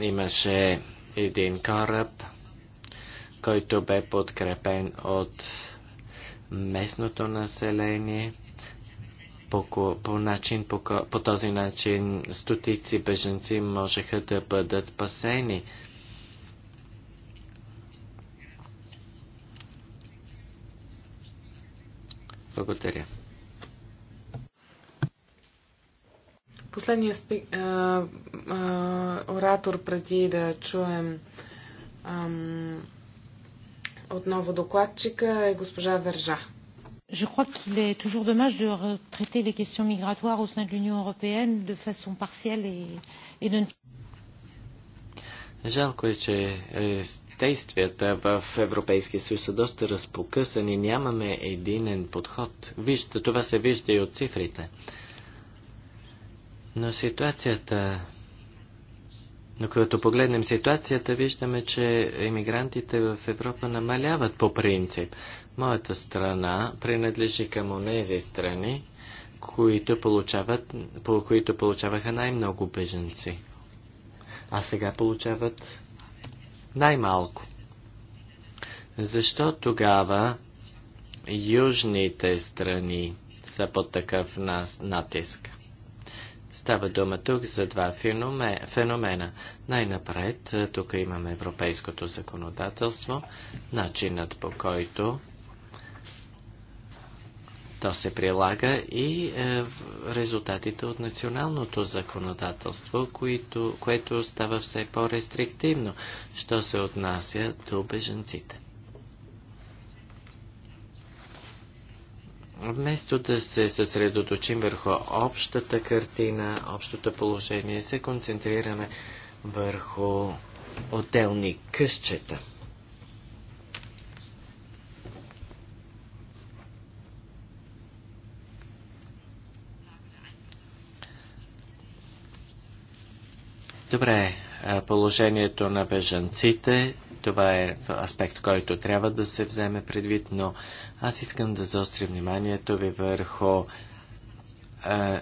Speaker 2: Имаше един кораб, който бе подкрепен от местното население. По, по, начин, по, по този начин стотици беженци можеха да бъдат спасени. Благодаря.
Speaker 3: Последният
Speaker 4: спи... а, а, оратор преди да чуем ам, отново докладчика е госпожа Вержа.
Speaker 3: Je crois qu'il est toujours dommage de traiter les questions migratoires au sein de l'Union européenne de façon partielle et, et de... ne
Speaker 2: Жалко е, че е, действията в Европейския съюз са доста разпокъсани, нямаме единен подход. Вижте, това се вижда и от цифрите. Но ситуацията, но като погледнем ситуацията, виждаме, че емигрантите в Европа намаляват по принцип. Моята страна принадлежи към тези страни, които, получават, по които получаваха най-много беженци. А сега получават най-малко. Защо тогава южните страни са под такъв натиск? Става дума тук за два феномена. Най-напред, е, тук имаме европейското законодателство, начинът по който то се прилага и е, резултатите от националното законодателство, което става все по-рестриктивно, що се отнася до беженците. Вместо да се съсредоточим върху общата картина, общото положение, се концентрираме върху отделни къщета. Добре, положението на бежанците това е аспект, който трябва да се вземе предвид, но аз искам да заостря вниманието ви върху е,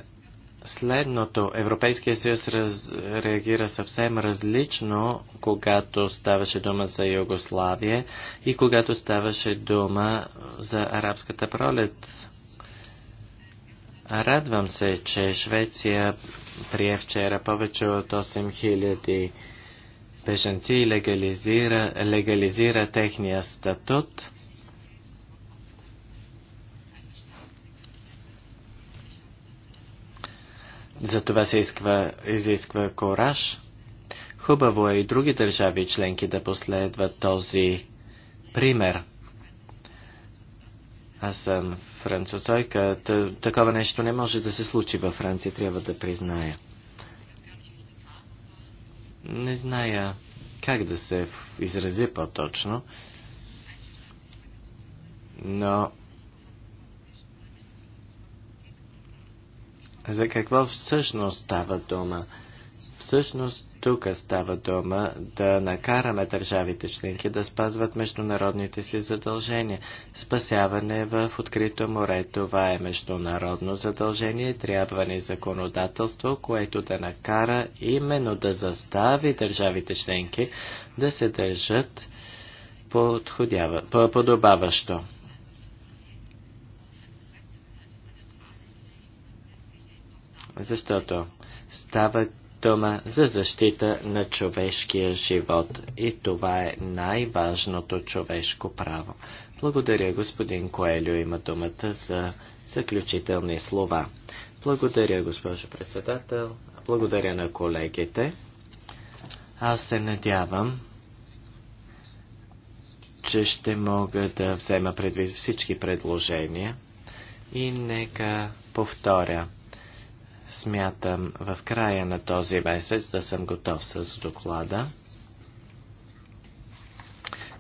Speaker 2: следното. Европейския съюз раз, реагира съвсем различно, когато ставаше дума за Югославия и когато ставаше дума за арабската пролет. Радвам се, че Швеция прие вчера повече от 8000 бежанци и легализира, легализира техния статут. За това се изисква, изисква кораж. Хубаво е и други държави членки да последват този пример. Аз съм французойка. Такова нещо не може да се случи във Франция, трябва да призная. Не зная как да се изрази по-точно, но за какво всъщност става дума? Всъщност тук става дума да накараме държавите членки да спазват международните си задължения. Спасяване в открито море, това е международно задължение, трябва ни законодателство, което да накара именно да застави държавите членки да се държат подобаващо. Защото става дума за защита на човешкия живот. И това е най-важното човешко право. Благодаря, господин Коелю има думата за заключителни слова. Благодаря, госпожо председател. Благодаря на колегите. Аз се надявам, че ще мога да взема предвид всички предложения и нека повторя. Смятам в края на този месец да съм готов с доклада,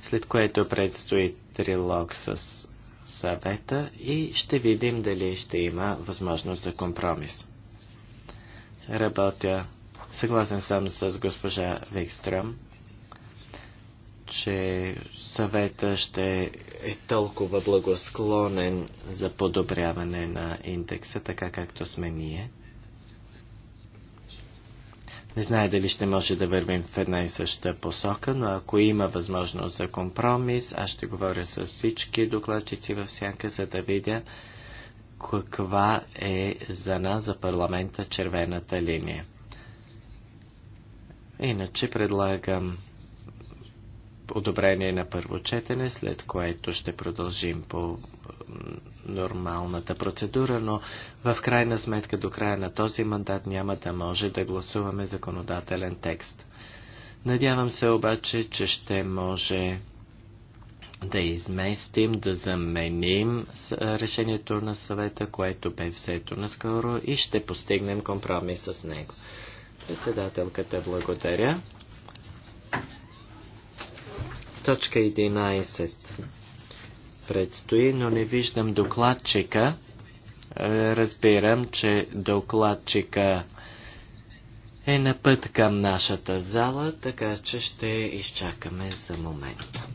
Speaker 2: след което предстои трилог с съвета и ще видим дали ще има възможност за компромис. Работя. Съгласен съм с госпожа Викстрам, че съвета ще е толкова благосклонен за подобряване на индекса, така както сме ние – не знае дали ще може да вървим в една и съща посока, но ако има възможност за компромис, аз ще говоря с всички докладчици в сянка, за да видя каква е за нас, за парламента, червената линия. Иначе предлагам одобрение на първо четене, след което ще продължим по нормалната процедура, но в крайна сметка до края на този мандат няма да може да гласуваме законодателен текст. Надявам се обаче, че ще може да изместим, да заменим решението на съвета, което бе взето наскоро и ще постигнем компромис с него. Председателката благодаря. Точка 11 предстои, но не виждам докладчика. Е, разбирам, че докладчика е на път към нашата зала, така че ще изчакаме за момента.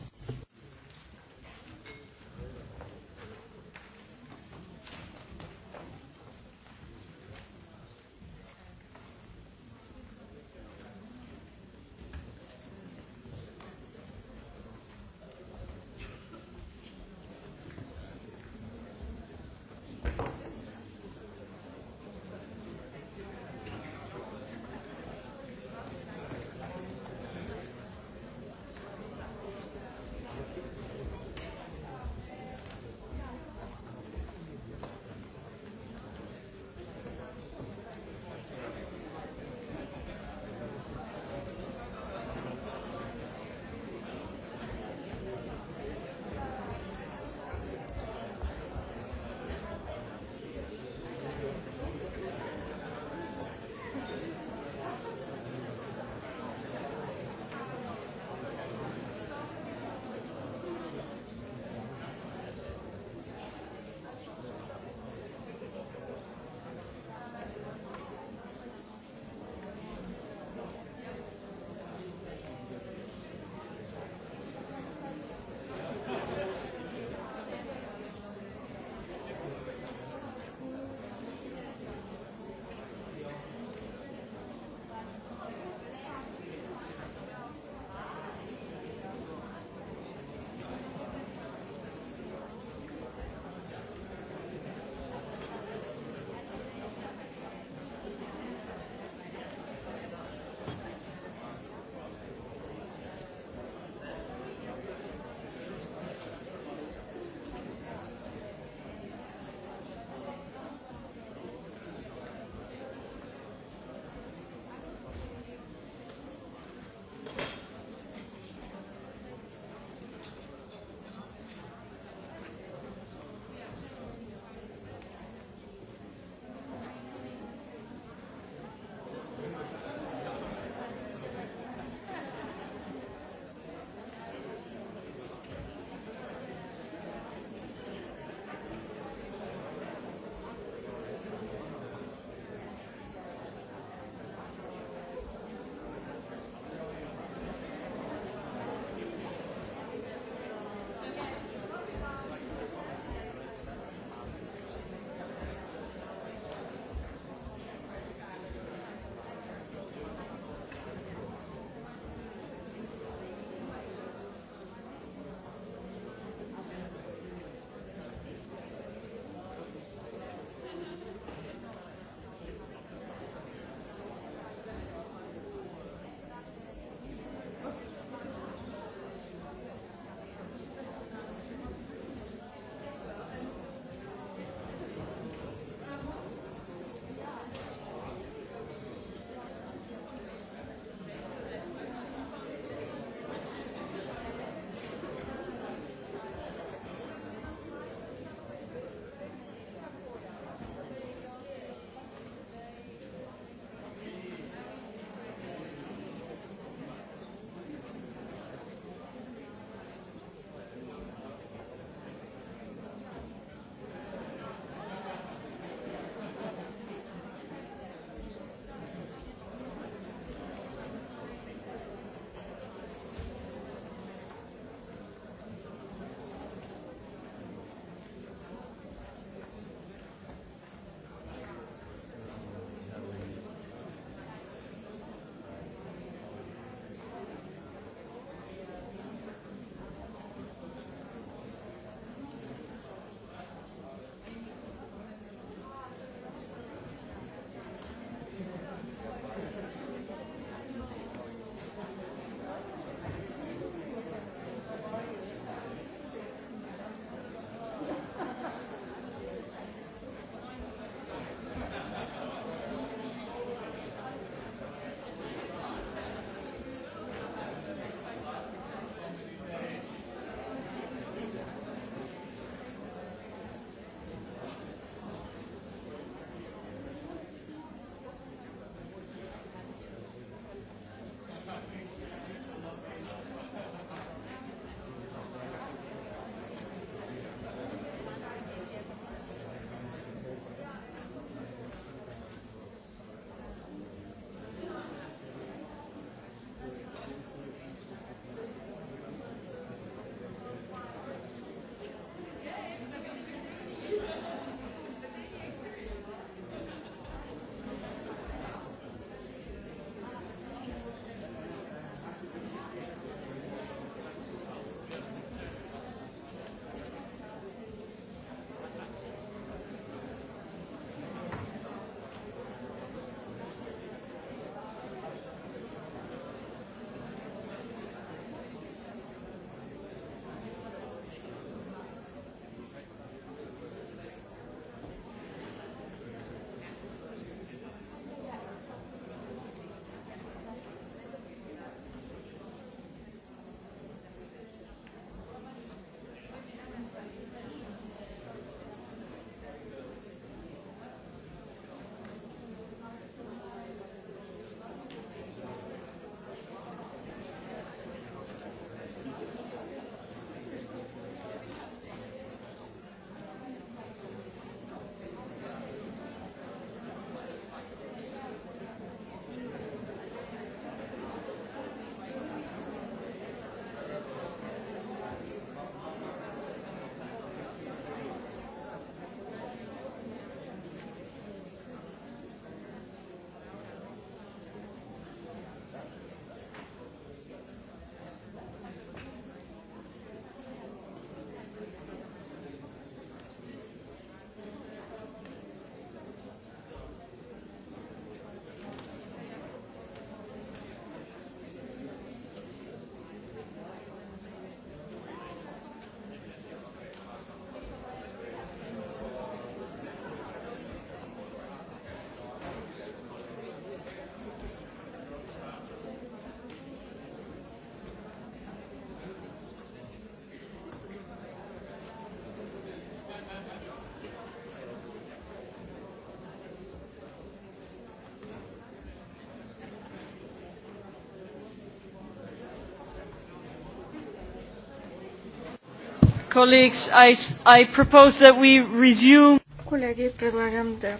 Speaker 1: Колеги, предлагам да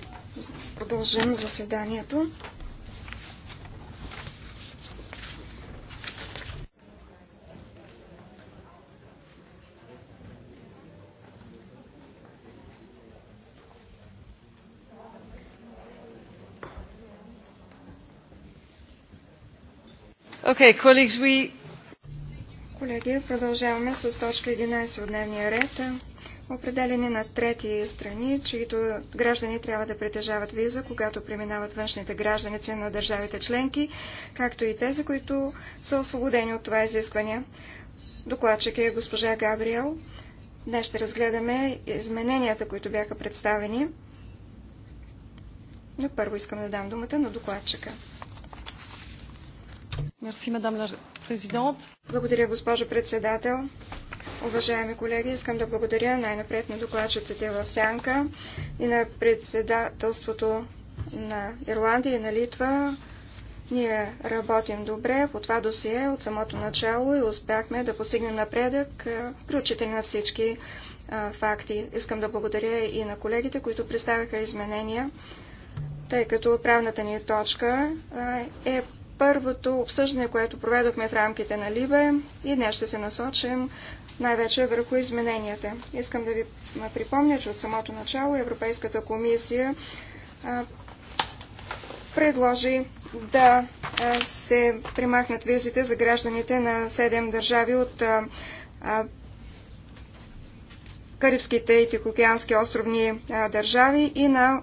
Speaker 1: продължим заседанието.
Speaker 3: Okay, colleagues, we
Speaker 1: Колеги, продължаваме с точка 11 от дневния ред. Определени на трети страни, чието граждани трябва да притежават виза, когато преминават външните гражданици на държавите членки, както и тези, които са освободени от това изискване. Докладчик е госпожа Габриел. Днес ще разгледаме измененията, които бяха представени. Но първо искам да дам думата на докладчика.
Speaker 3: Мерси, мадам благодаря,
Speaker 1: госпожо председател. Уважаеми колеги, искам да благодаря най-напред на докладчиците в Сянка и на председателството на Ирландия и на Литва. Ние работим добре по това досие от самото начало и успяхме да постигнем напредък при на всички факти. Искам да благодаря и на колегите, които представяха изменения, тъй като правната ни точка е първото обсъждане, което проведохме в рамките на Либе и днес ще се насочим най-вече върху измененията. Искам да ви припомня, че от самото начало Европейската комисия предложи да се примахнат визите за гражданите на 7 държави от Карибските и Тихоокеански островни държави и на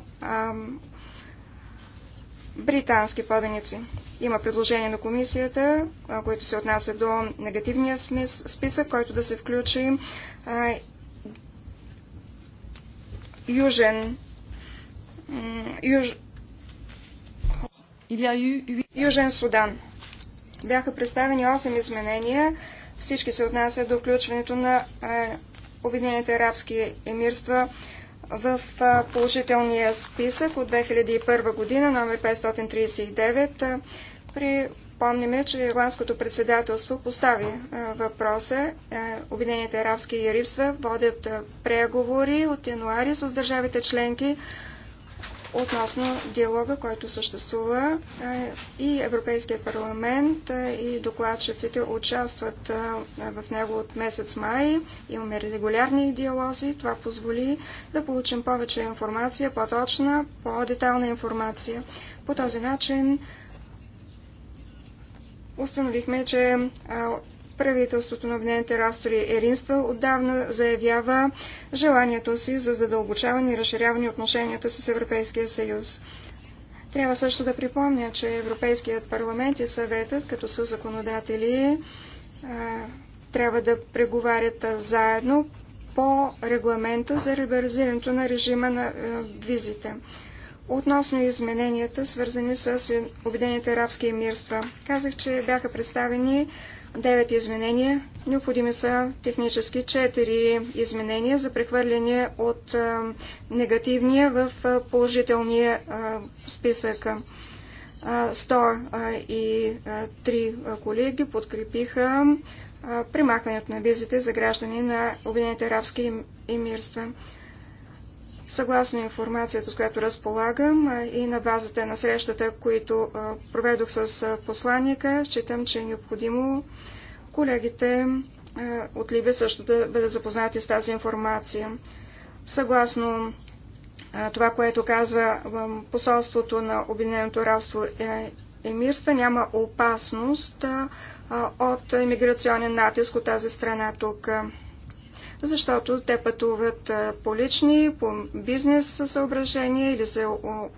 Speaker 1: британски поданици. Има предложение на комисията, което се отнася до негативния списък, който да се включи южен Южен Судан. Бяха представени 8 изменения. Всички се отнасят до включването на Обединените арабски емирства в положителния списък от 2001 година, номер 539. Припомняме, че Ирландското председателство постави въпроса. Е, Обединените арабски ярибства водят преговори от януари с държавите членки относно диалога, който съществува и Европейския парламент и докладчиците участват в него от месец май. Имаме регулярни диалози. Това позволи да получим повече информация, по-точна, по-детална информация. По този начин установихме, че правителството на Обединените растори Еринства отдавна заявява желанието си за задълбочаване и разширяване отношенията с Европейския съюз. Трябва също да припомня, че Европейският парламент и съветът, като са законодатели, трябва да преговарят заедно по регламента за реберзирането на режима на визите. Относно измененията, свързани с Обединените арабски емирства, казах, че бяха представени 9 изменения. Необходими са технически 4 изменения за прехвърляне от негативния в положителния списък. 103 колеги подкрепиха примахването на визите за граждани на Обединените арабски емирства. Съгласно информацията, с която разполагам и на базата на срещата, които проведох с посланника, считам, че е необходимо колегите от Либия също да бъдат запознати с тази информация. Съгласно това, което казва посолството на Обединеното равство е, емирства, няма опасност от иммиграционен натиск от тази страна тук защото те пътуват по лични, по бизнес съображения или за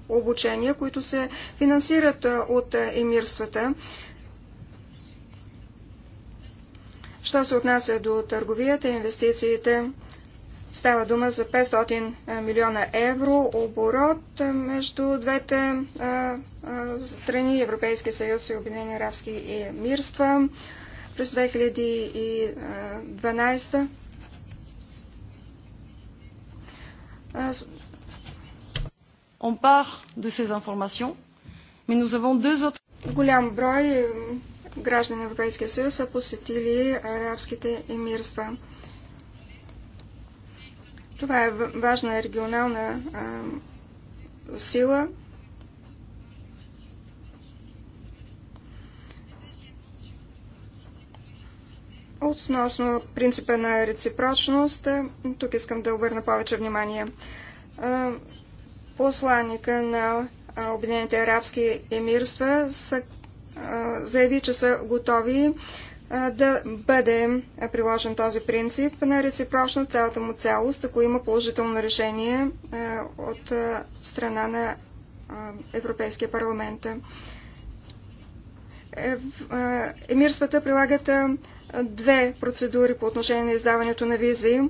Speaker 1: обучения, които се финансират от емирствата. Що се отнася до търговията и инвестициите, става дума за 500 милиона евро оборот между двете страни Европейския съюз и Обединени арабски емирства през 2012 Euh, on part de ces informations, mais nous avons deux autres... Голям брой граждани на Европейския съюз са посетили арабските емирства. Това е важна регионална а, сила, Относно принципа на реципрочност, тук искам да обърна повече внимание. Посланника на Обединените арабски емирства са, заяви, че са готови да бъде приложен този принцип на реципрочност в цялата му цялост, ако има положително решение от страна на Европейския парламент. Е, е, емирствата прилагат е, две процедури по отношение на издаването на визи.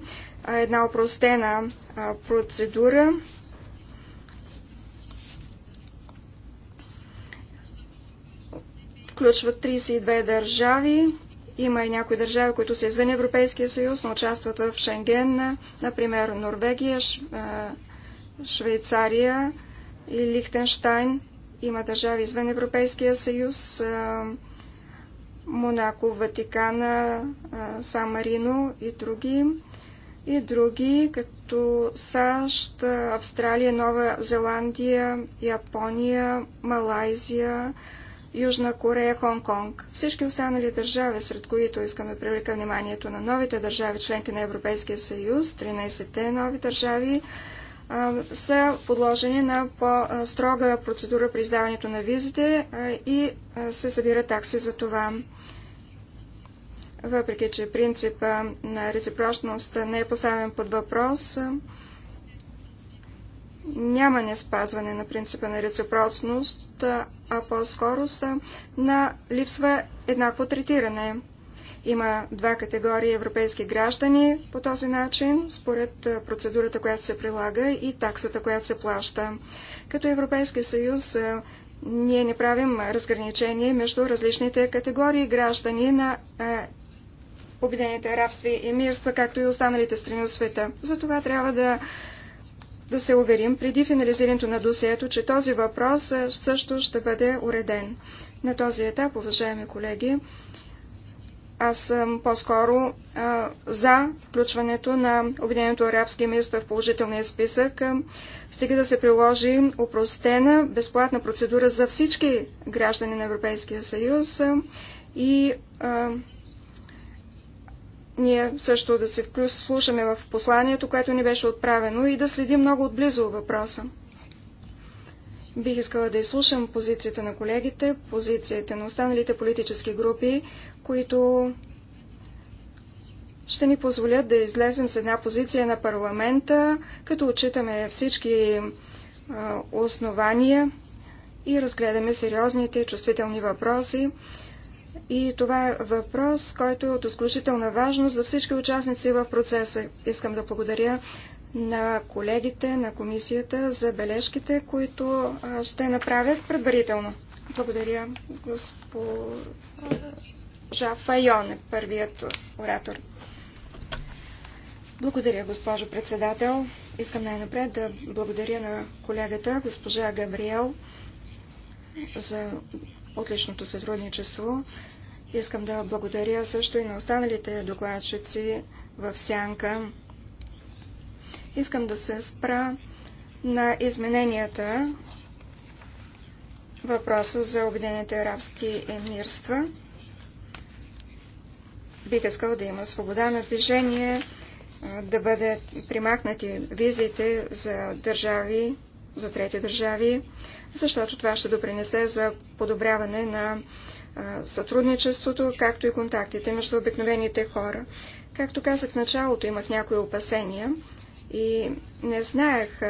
Speaker 1: Една опростена процедура. Включват 32 държави. Има и някои държави, които са извън Европейския съюз, но участват в Шенген, например Норвегия, Швейцария и Лихтенштайн. Има държави извън Европейския съюз, Монако, Ватикана, Сан Марино и други. И други, като САЩ, Австралия, Нова Зеландия, Япония, Малайзия, Южна Корея, Хонг-Конг. Всички останали държави, сред които искаме привлека вниманието на новите държави, членки на Европейския съюз, 13-те нови държави, са подложени на по-строга процедура при издаването на визите и се събира такси за това. Въпреки, че принципа на реципрочност не е поставен под въпрос, няма не спазване на принципа на реципрочност, а по-скоро на липсва еднакво третиране. Има два категории европейски граждани по този начин, според процедурата, която се прилага и таксата, която се плаща. Като Европейски съюз ние не правим разграничение между различните категории граждани на Обединените арабства и мирства, както и останалите страни от света. Затова трябва да, да се уверим преди финализирането на досието, че този въпрос също ще бъде уреден. На този етап, уважаеми колеги, аз съм по-скоро за включването на Обединеното арабски мирство в положителния списък, стига да се приложи упростена, безплатна процедура за всички граждани на Европейския съюз а, и а, ние също да се слушаме в посланието, което ни беше отправено и да следим много отблизо въпроса. Бих искала да изслушам позицията на колегите, позицията на останалите политически групи които ще ни позволят да излезем с една позиция на парламента, като отчитаме всички основания и разгледаме сериозните и чувствителни въпроси. И това е въпрос, който е от изключителна важност за всички участници в процеса. Искам да благодаря на колегите, на комисията за бележките, които ще направят предварително. Благодаря, господин госпожа Файон е първият оратор. Благодаря, госпожо председател. Искам най-напред да благодаря на колегата, госпожа Габриел, за отличното сътрудничество. Искам да благодаря също и на останалите докладчици в Сянка. Искам да се спра на измененията въпроса за Обединените арабски емирства. Бих искал да има свобода на движение, да бъдат примахнати визите за държави, за трети държави, защото това ще допринесе за подобряване на сътрудничеството, както и контактите между обикновените хора. Както казах в началото, имах някои опасения и не знаех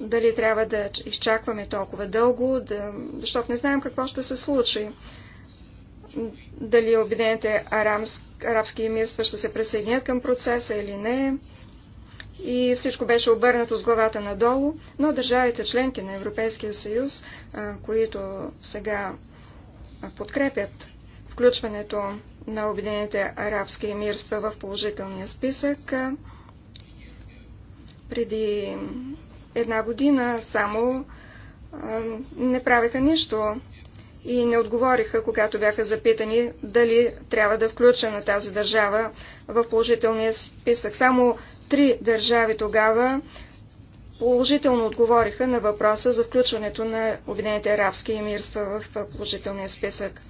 Speaker 1: дали трябва да изчакваме толкова дълго, да... защото не знаем какво ще се случи дали Обединените арабски емирства ще се присъединят към процеса или не. И всичко беше обърнато с главата надолу, но държавите членки на Европейския съюз, които сега подкрепят включването на Обединените арабски емирства в положителния списък, преди една година само не правиха нищо и не отговориха, когато бяха запитани дали трябва да включа на тази държава в положителния списък. Само три държави тогава положително отговориха на въпроса за включването на Обединените арабски емирства в положителния списък.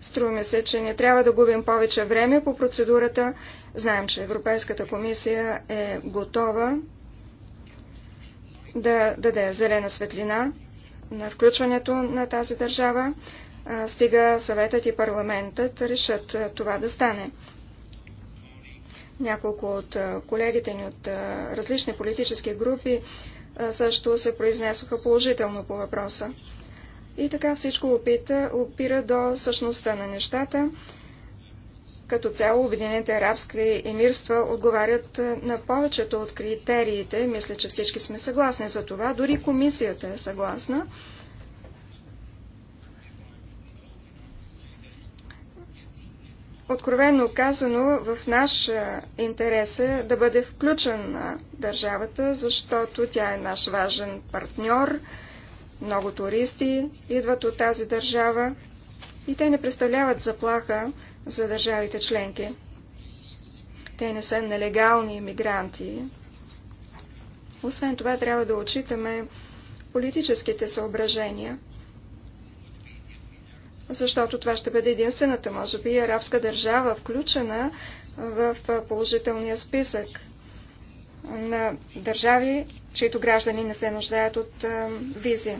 Speaker 1: Струваме се, че не трябва да губим повече време по процедурата. Знаем, че Европейската комисия е готова да даде зелена светлина на включването на тази държава, стига съветът и парламентът решат това да стане. Няколко от колегите ни от различни политически групи също се произнесоха положително по въпроса. И така всичко опита, опира до същността на нещата. Като цяло Обединените арабски емирства отговарят е, на повечето от критериите. Мисля, че всички сме съгласни за това. Дори комисията е съгласна. Откровенно казано, в наш е, интерес е да бъде включена е, държавата, защото тя е наш важен партньор. Много туристи идват от тази държава и те не представляват заплаха за държавите членки. Те не са нелегални иммигранти. Освен това, трябва да отчитаме политическите съображения, защото това ще бъде единствената, може би, арабска държава, включена в положителния списък на държави, чието граждани не се нуждаят от визи.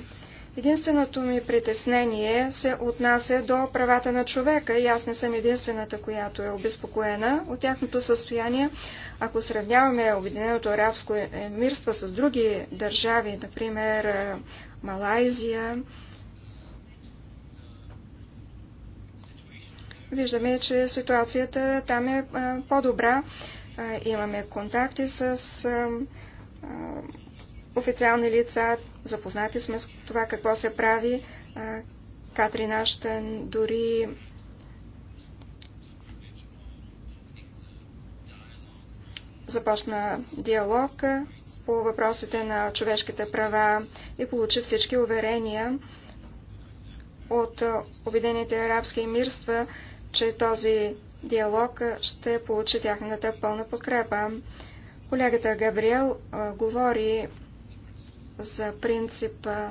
Speaker 1: Единственото ми притеснение се отнася до правата на човека и аз не съм единствената, която е обезпокоена от тяхното състояние. Ако сравняваме Обединеното арабско емирство с други държави, например е, Малайзия, виждаме, че ситуацията там е, е по-добра. Е, имаме контакти с официални лица, запознати сме с това какво се прави. Катрин Аштън дори започна диалог по въпросите на човешките права и получи всички уверения от Обединените арабски емирства, че този диалог ще получи тяхната пълна подкрепа. Колегата Габриел а, говори за принципа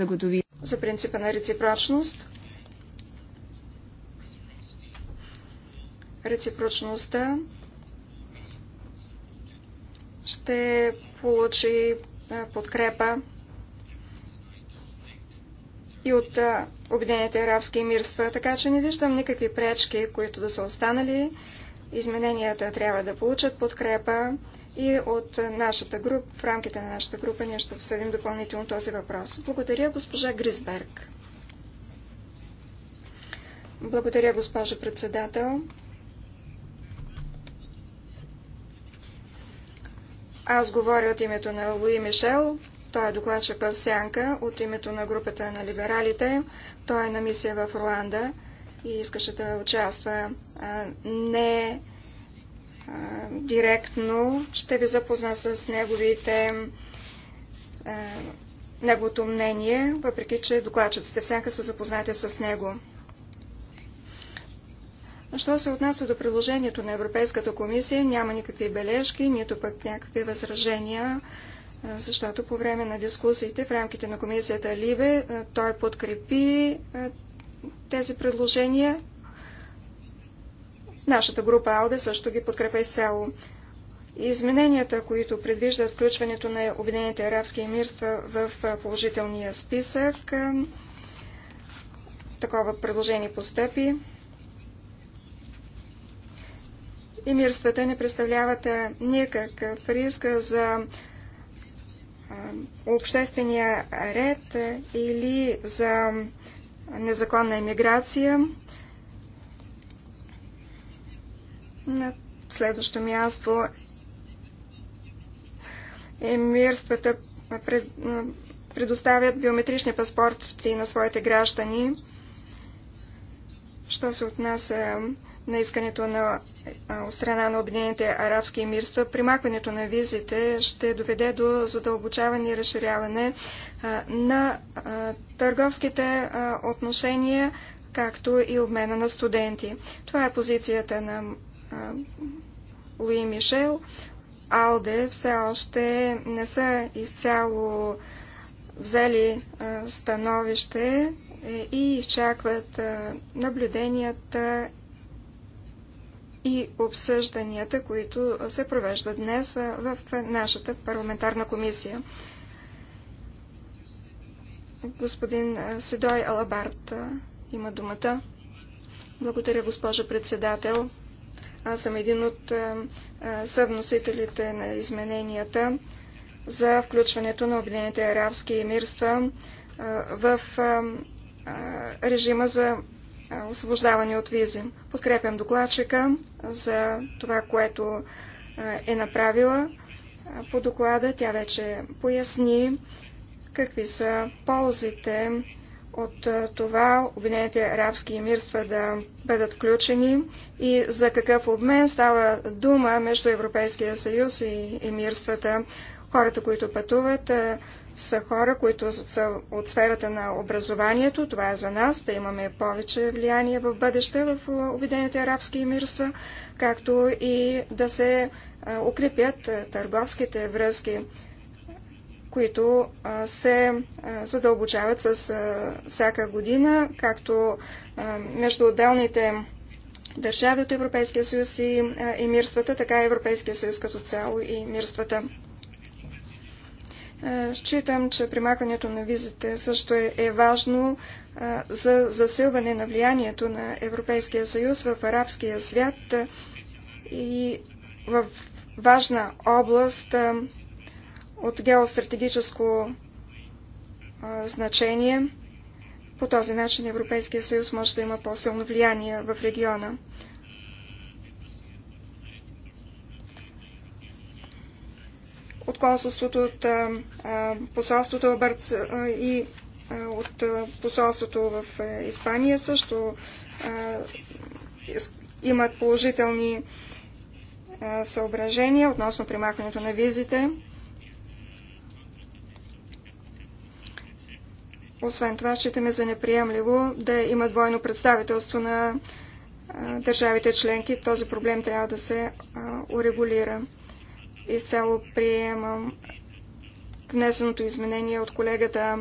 Speaker 1: готови... за принципа на реципрочност. Реципрочността ще получи подкрепа и от Обединените арабски мирства. така че не виждам никакви пречки, които да са останали Измененията трябва да получат подкрепа и от нашата група, в рамките на нашата група, ние ще обсъдим допълнително този въпрос. Благодаря, госпожа Гризберг. Благодаря, госпожа председател. Аз говоря от името на Луи Мишел. Той е докладчик в Сянка от името на групата на либералите. Той е на мисия в Руанда и искаше да участва не директно. Ще ви запозна с неговите неговото мнение, въпреки че докладчиците всяка са запознати с него. Що се отнася до приложението на Европейската комисия, няма никакви бележки, нито пък някакви възражения, защото по време на дискусиите в рамките на комисията Либе той подкрепи тези предложения. Нашата група АЛДЕ също ги подкрепя изцяло. Измененията, които предвиждат включването на Обединените арабски емирства в положителния списък, такова предложение постъпи. Емирствата не представляват никакъв риск за обществения ред или за незаконна емиграция. На следващо място емирствата пред, предоставят биометрични паспорти на своите граждани. Що се отнася на искането на от страна на Обединените арабски емирства, примахването на визите ще доведе до задълбочаване и разширяване на търговските отношения, както и обмена на студенти. Това е позицията на Луи Мишел. Алде все още не са изцяло взели становище е, и изчакват наблюденията и обсъжданията, които се провеждат днес в нашата парламентарна комисия. Господин Седой Алабарт има думата. Благодаря, госпожа председател. Аз съм един от съвносителите на измененията за включването на Обединените арабски емирства в режима за освобождаване от визи. Подкрепям докладчика за това, което е направила по доклада. Тя вече поясни какви са ползите от това Обединените арабски емирства да бъдат включени и за какъв обмен става дума между Европейския съюз и емирствата. Хората, които пътуват, са хора, които са от сферата на образованието. Това е за нас, да имаме повече влияние в бъдеще в Обединените арабски емирства, както и да се укрепят търговските връзки които се задълбочават с всяка година, както между отделните държави от Европейския съюз и емирствата, така и Европейския съюз като цяло и емирствата. Считам, че примахването на визите също е, е важно а, за засилване на влиянието на Европейския съюз в арабския свят и в важна област а, от геостратегическо а, значение. По този начин Европейския съюз може да има по-силно влияние в региона. От консулството, от а, посолството Бърц, а, и от посолството в Испания също имат положителни съображения относно примахването на визите. Освен това, считаме за неприемливо да има двойно представителство на държавите членки. Този проблем трябва да се урегулира. Изцяло приемам внесеното изменение от колегата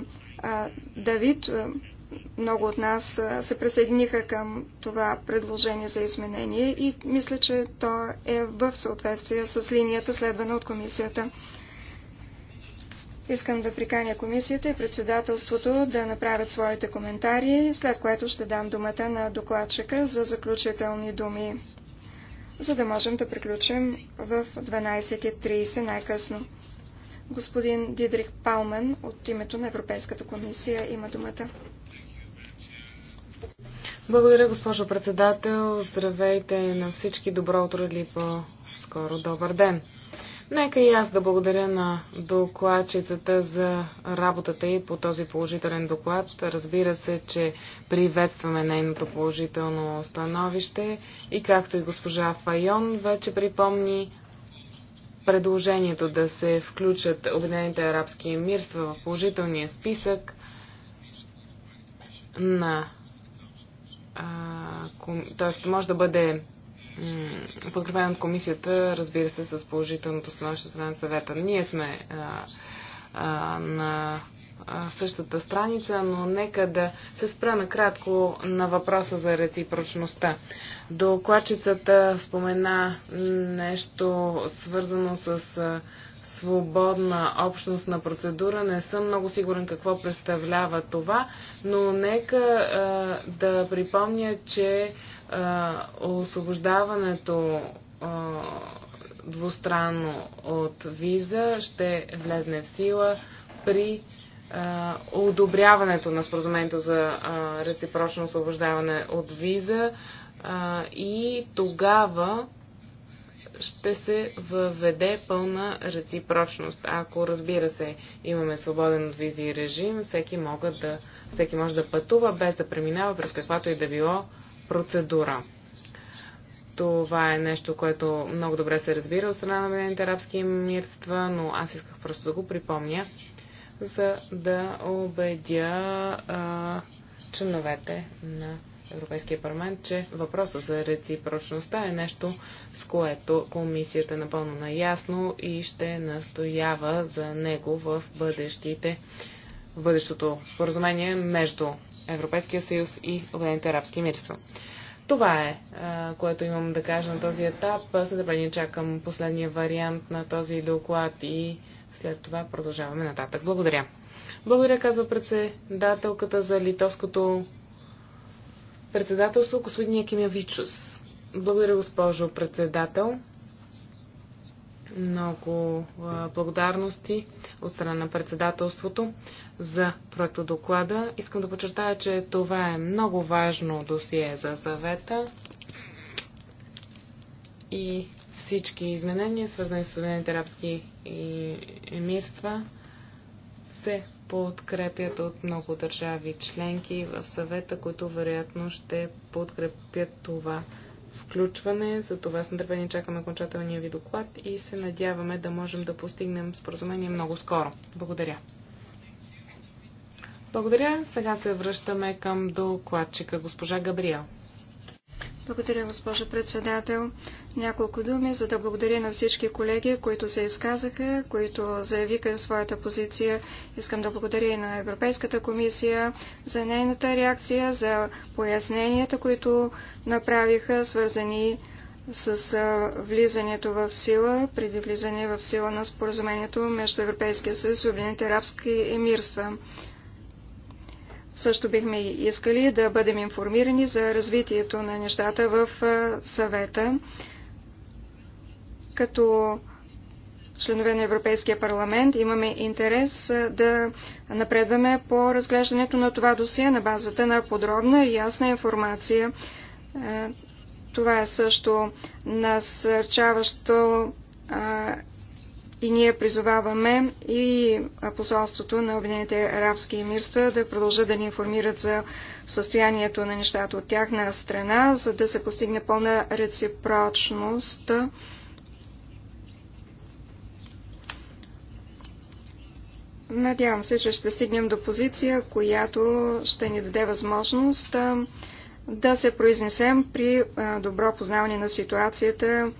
Speaker 1: Давид. Много от нас се присъединиха към това предложение за изменение и мисля, че то е в съответствие с линията следвана от комисията. Искам да приканя комисията и председателството да направят своите коментари, след което ще дам думата на докладчика за заключителни думи, за да можем да приключим в 12.30 най-късно. Господин Дидрих Палмен от името на Европейската комисия има думата.
Speaker 4: Благодаря, госпожо председател. Здравейте на всички. Добро утро или по-скоро добър ден. Нека и аз да благодаря на докладчицата за работата и по този положителен доклад. Разбира се, че приветстваме нейното положително становище и както и госпожа Файон вече припомни, предложението да се включат Обединените арабски емирства в положителния списък на т.е. може да бъде подкрепен от комисията, разбира се, с положителното становище страна на съвета. Ние сме а, а, на същата страница, но нека да се спра накратко на въпроса за реципрочността. Докладчицата спомена нещо свързано с свободна общностна процедура. Не съм много сигурен какво представлява това, но нека а, да припомня, че освобождаването двустранно от виза ще влезне в сила при одобряването на споразумението за реципрочно освобождаване от виза и тогава ще се въведе пълна реципрочност. Ако, разбира се, имаме свободен от визи режим, всеки, могат да, всеки може да пътува без да преминава през каквато и да било процедура. Това е нещо, което много добре се разбира от страна на Обединените арабски мирства, но аз исках просто да го припомня, за да убедя а, членовете на Европейския парламент, че въпросът за реципрочността е нещо, с което комисията е напълно наясно и ще настоява за него в бъдещите бъдещото споразумение между Европейския съюз и Обединените арабски емирства. Това е, което имам да кажа на този етап. С нетърпение чакам последния вариант на този доклад и след това продължаваме нататък. Благодаря. Благодаря, казва председателката за литовското председателство, господин Вичус. Благодаря, госпожо председател. Много благодарности от страна на председателството за доклада. Искам да подчертая, че това е много важно досие за съвета и всички изменения, свързани с Съединените арабски емирства, се подкрепят от много държави членки в съвета, които вероятно ще подкрепят това включване. За това с нетърпение чакаме окончателния ви доклад и се надяваме да можем да постигнем споразумение много скоро. Благодаря. Благодаря. Сега се връщаме към докладчика госпожа Габриел.
Speaker 1: Благодаря, госпожа председател. Няколко думи, за да благодаря на всички колеги, които се изказаха, които заявиха своята позиция. Искам да благодаря и на Европейската комисия за нейната реакция, за поясненията, които направиха, свързани с влизането в сила, преди влизане в сила на споразумението между Европейския съюз и Обединените арабски емирства. Също бихме искали да бъдем информирани за развитието на нещата в съвета. Като членове на Европейския парламент имаме интерес да напредваме по разглеждането на това досие на базата на подробна и ясна информация. Това е също насърчаващо и ние призоваваме и посолството на Обединените арабски емирства да продължат да ни информират за състоянието на нещата от тяхна страна, за да се постигне пълна реципрочност. Надявам се, че ще стигнем до позиция, която ще ни даде възможност да се произнесем при добро познаване на ситуацията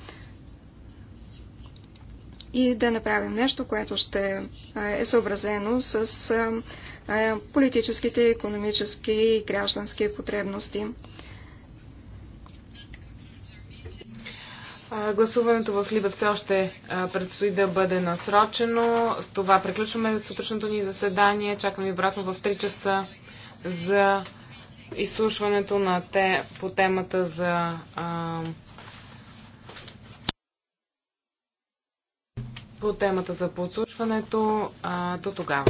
Speaker 1: и да направим нещо, което ще е съобразено с политическите, економически и граждански потребности.
Speaker 4: Гласуването в Либе все още предстои да бъде насрочено. С това приключваме сутрешното ни заседание. Чакам ви обратно в 3 часа за изслушването на те, по темата за а, по темата за подслушването а, до тогава.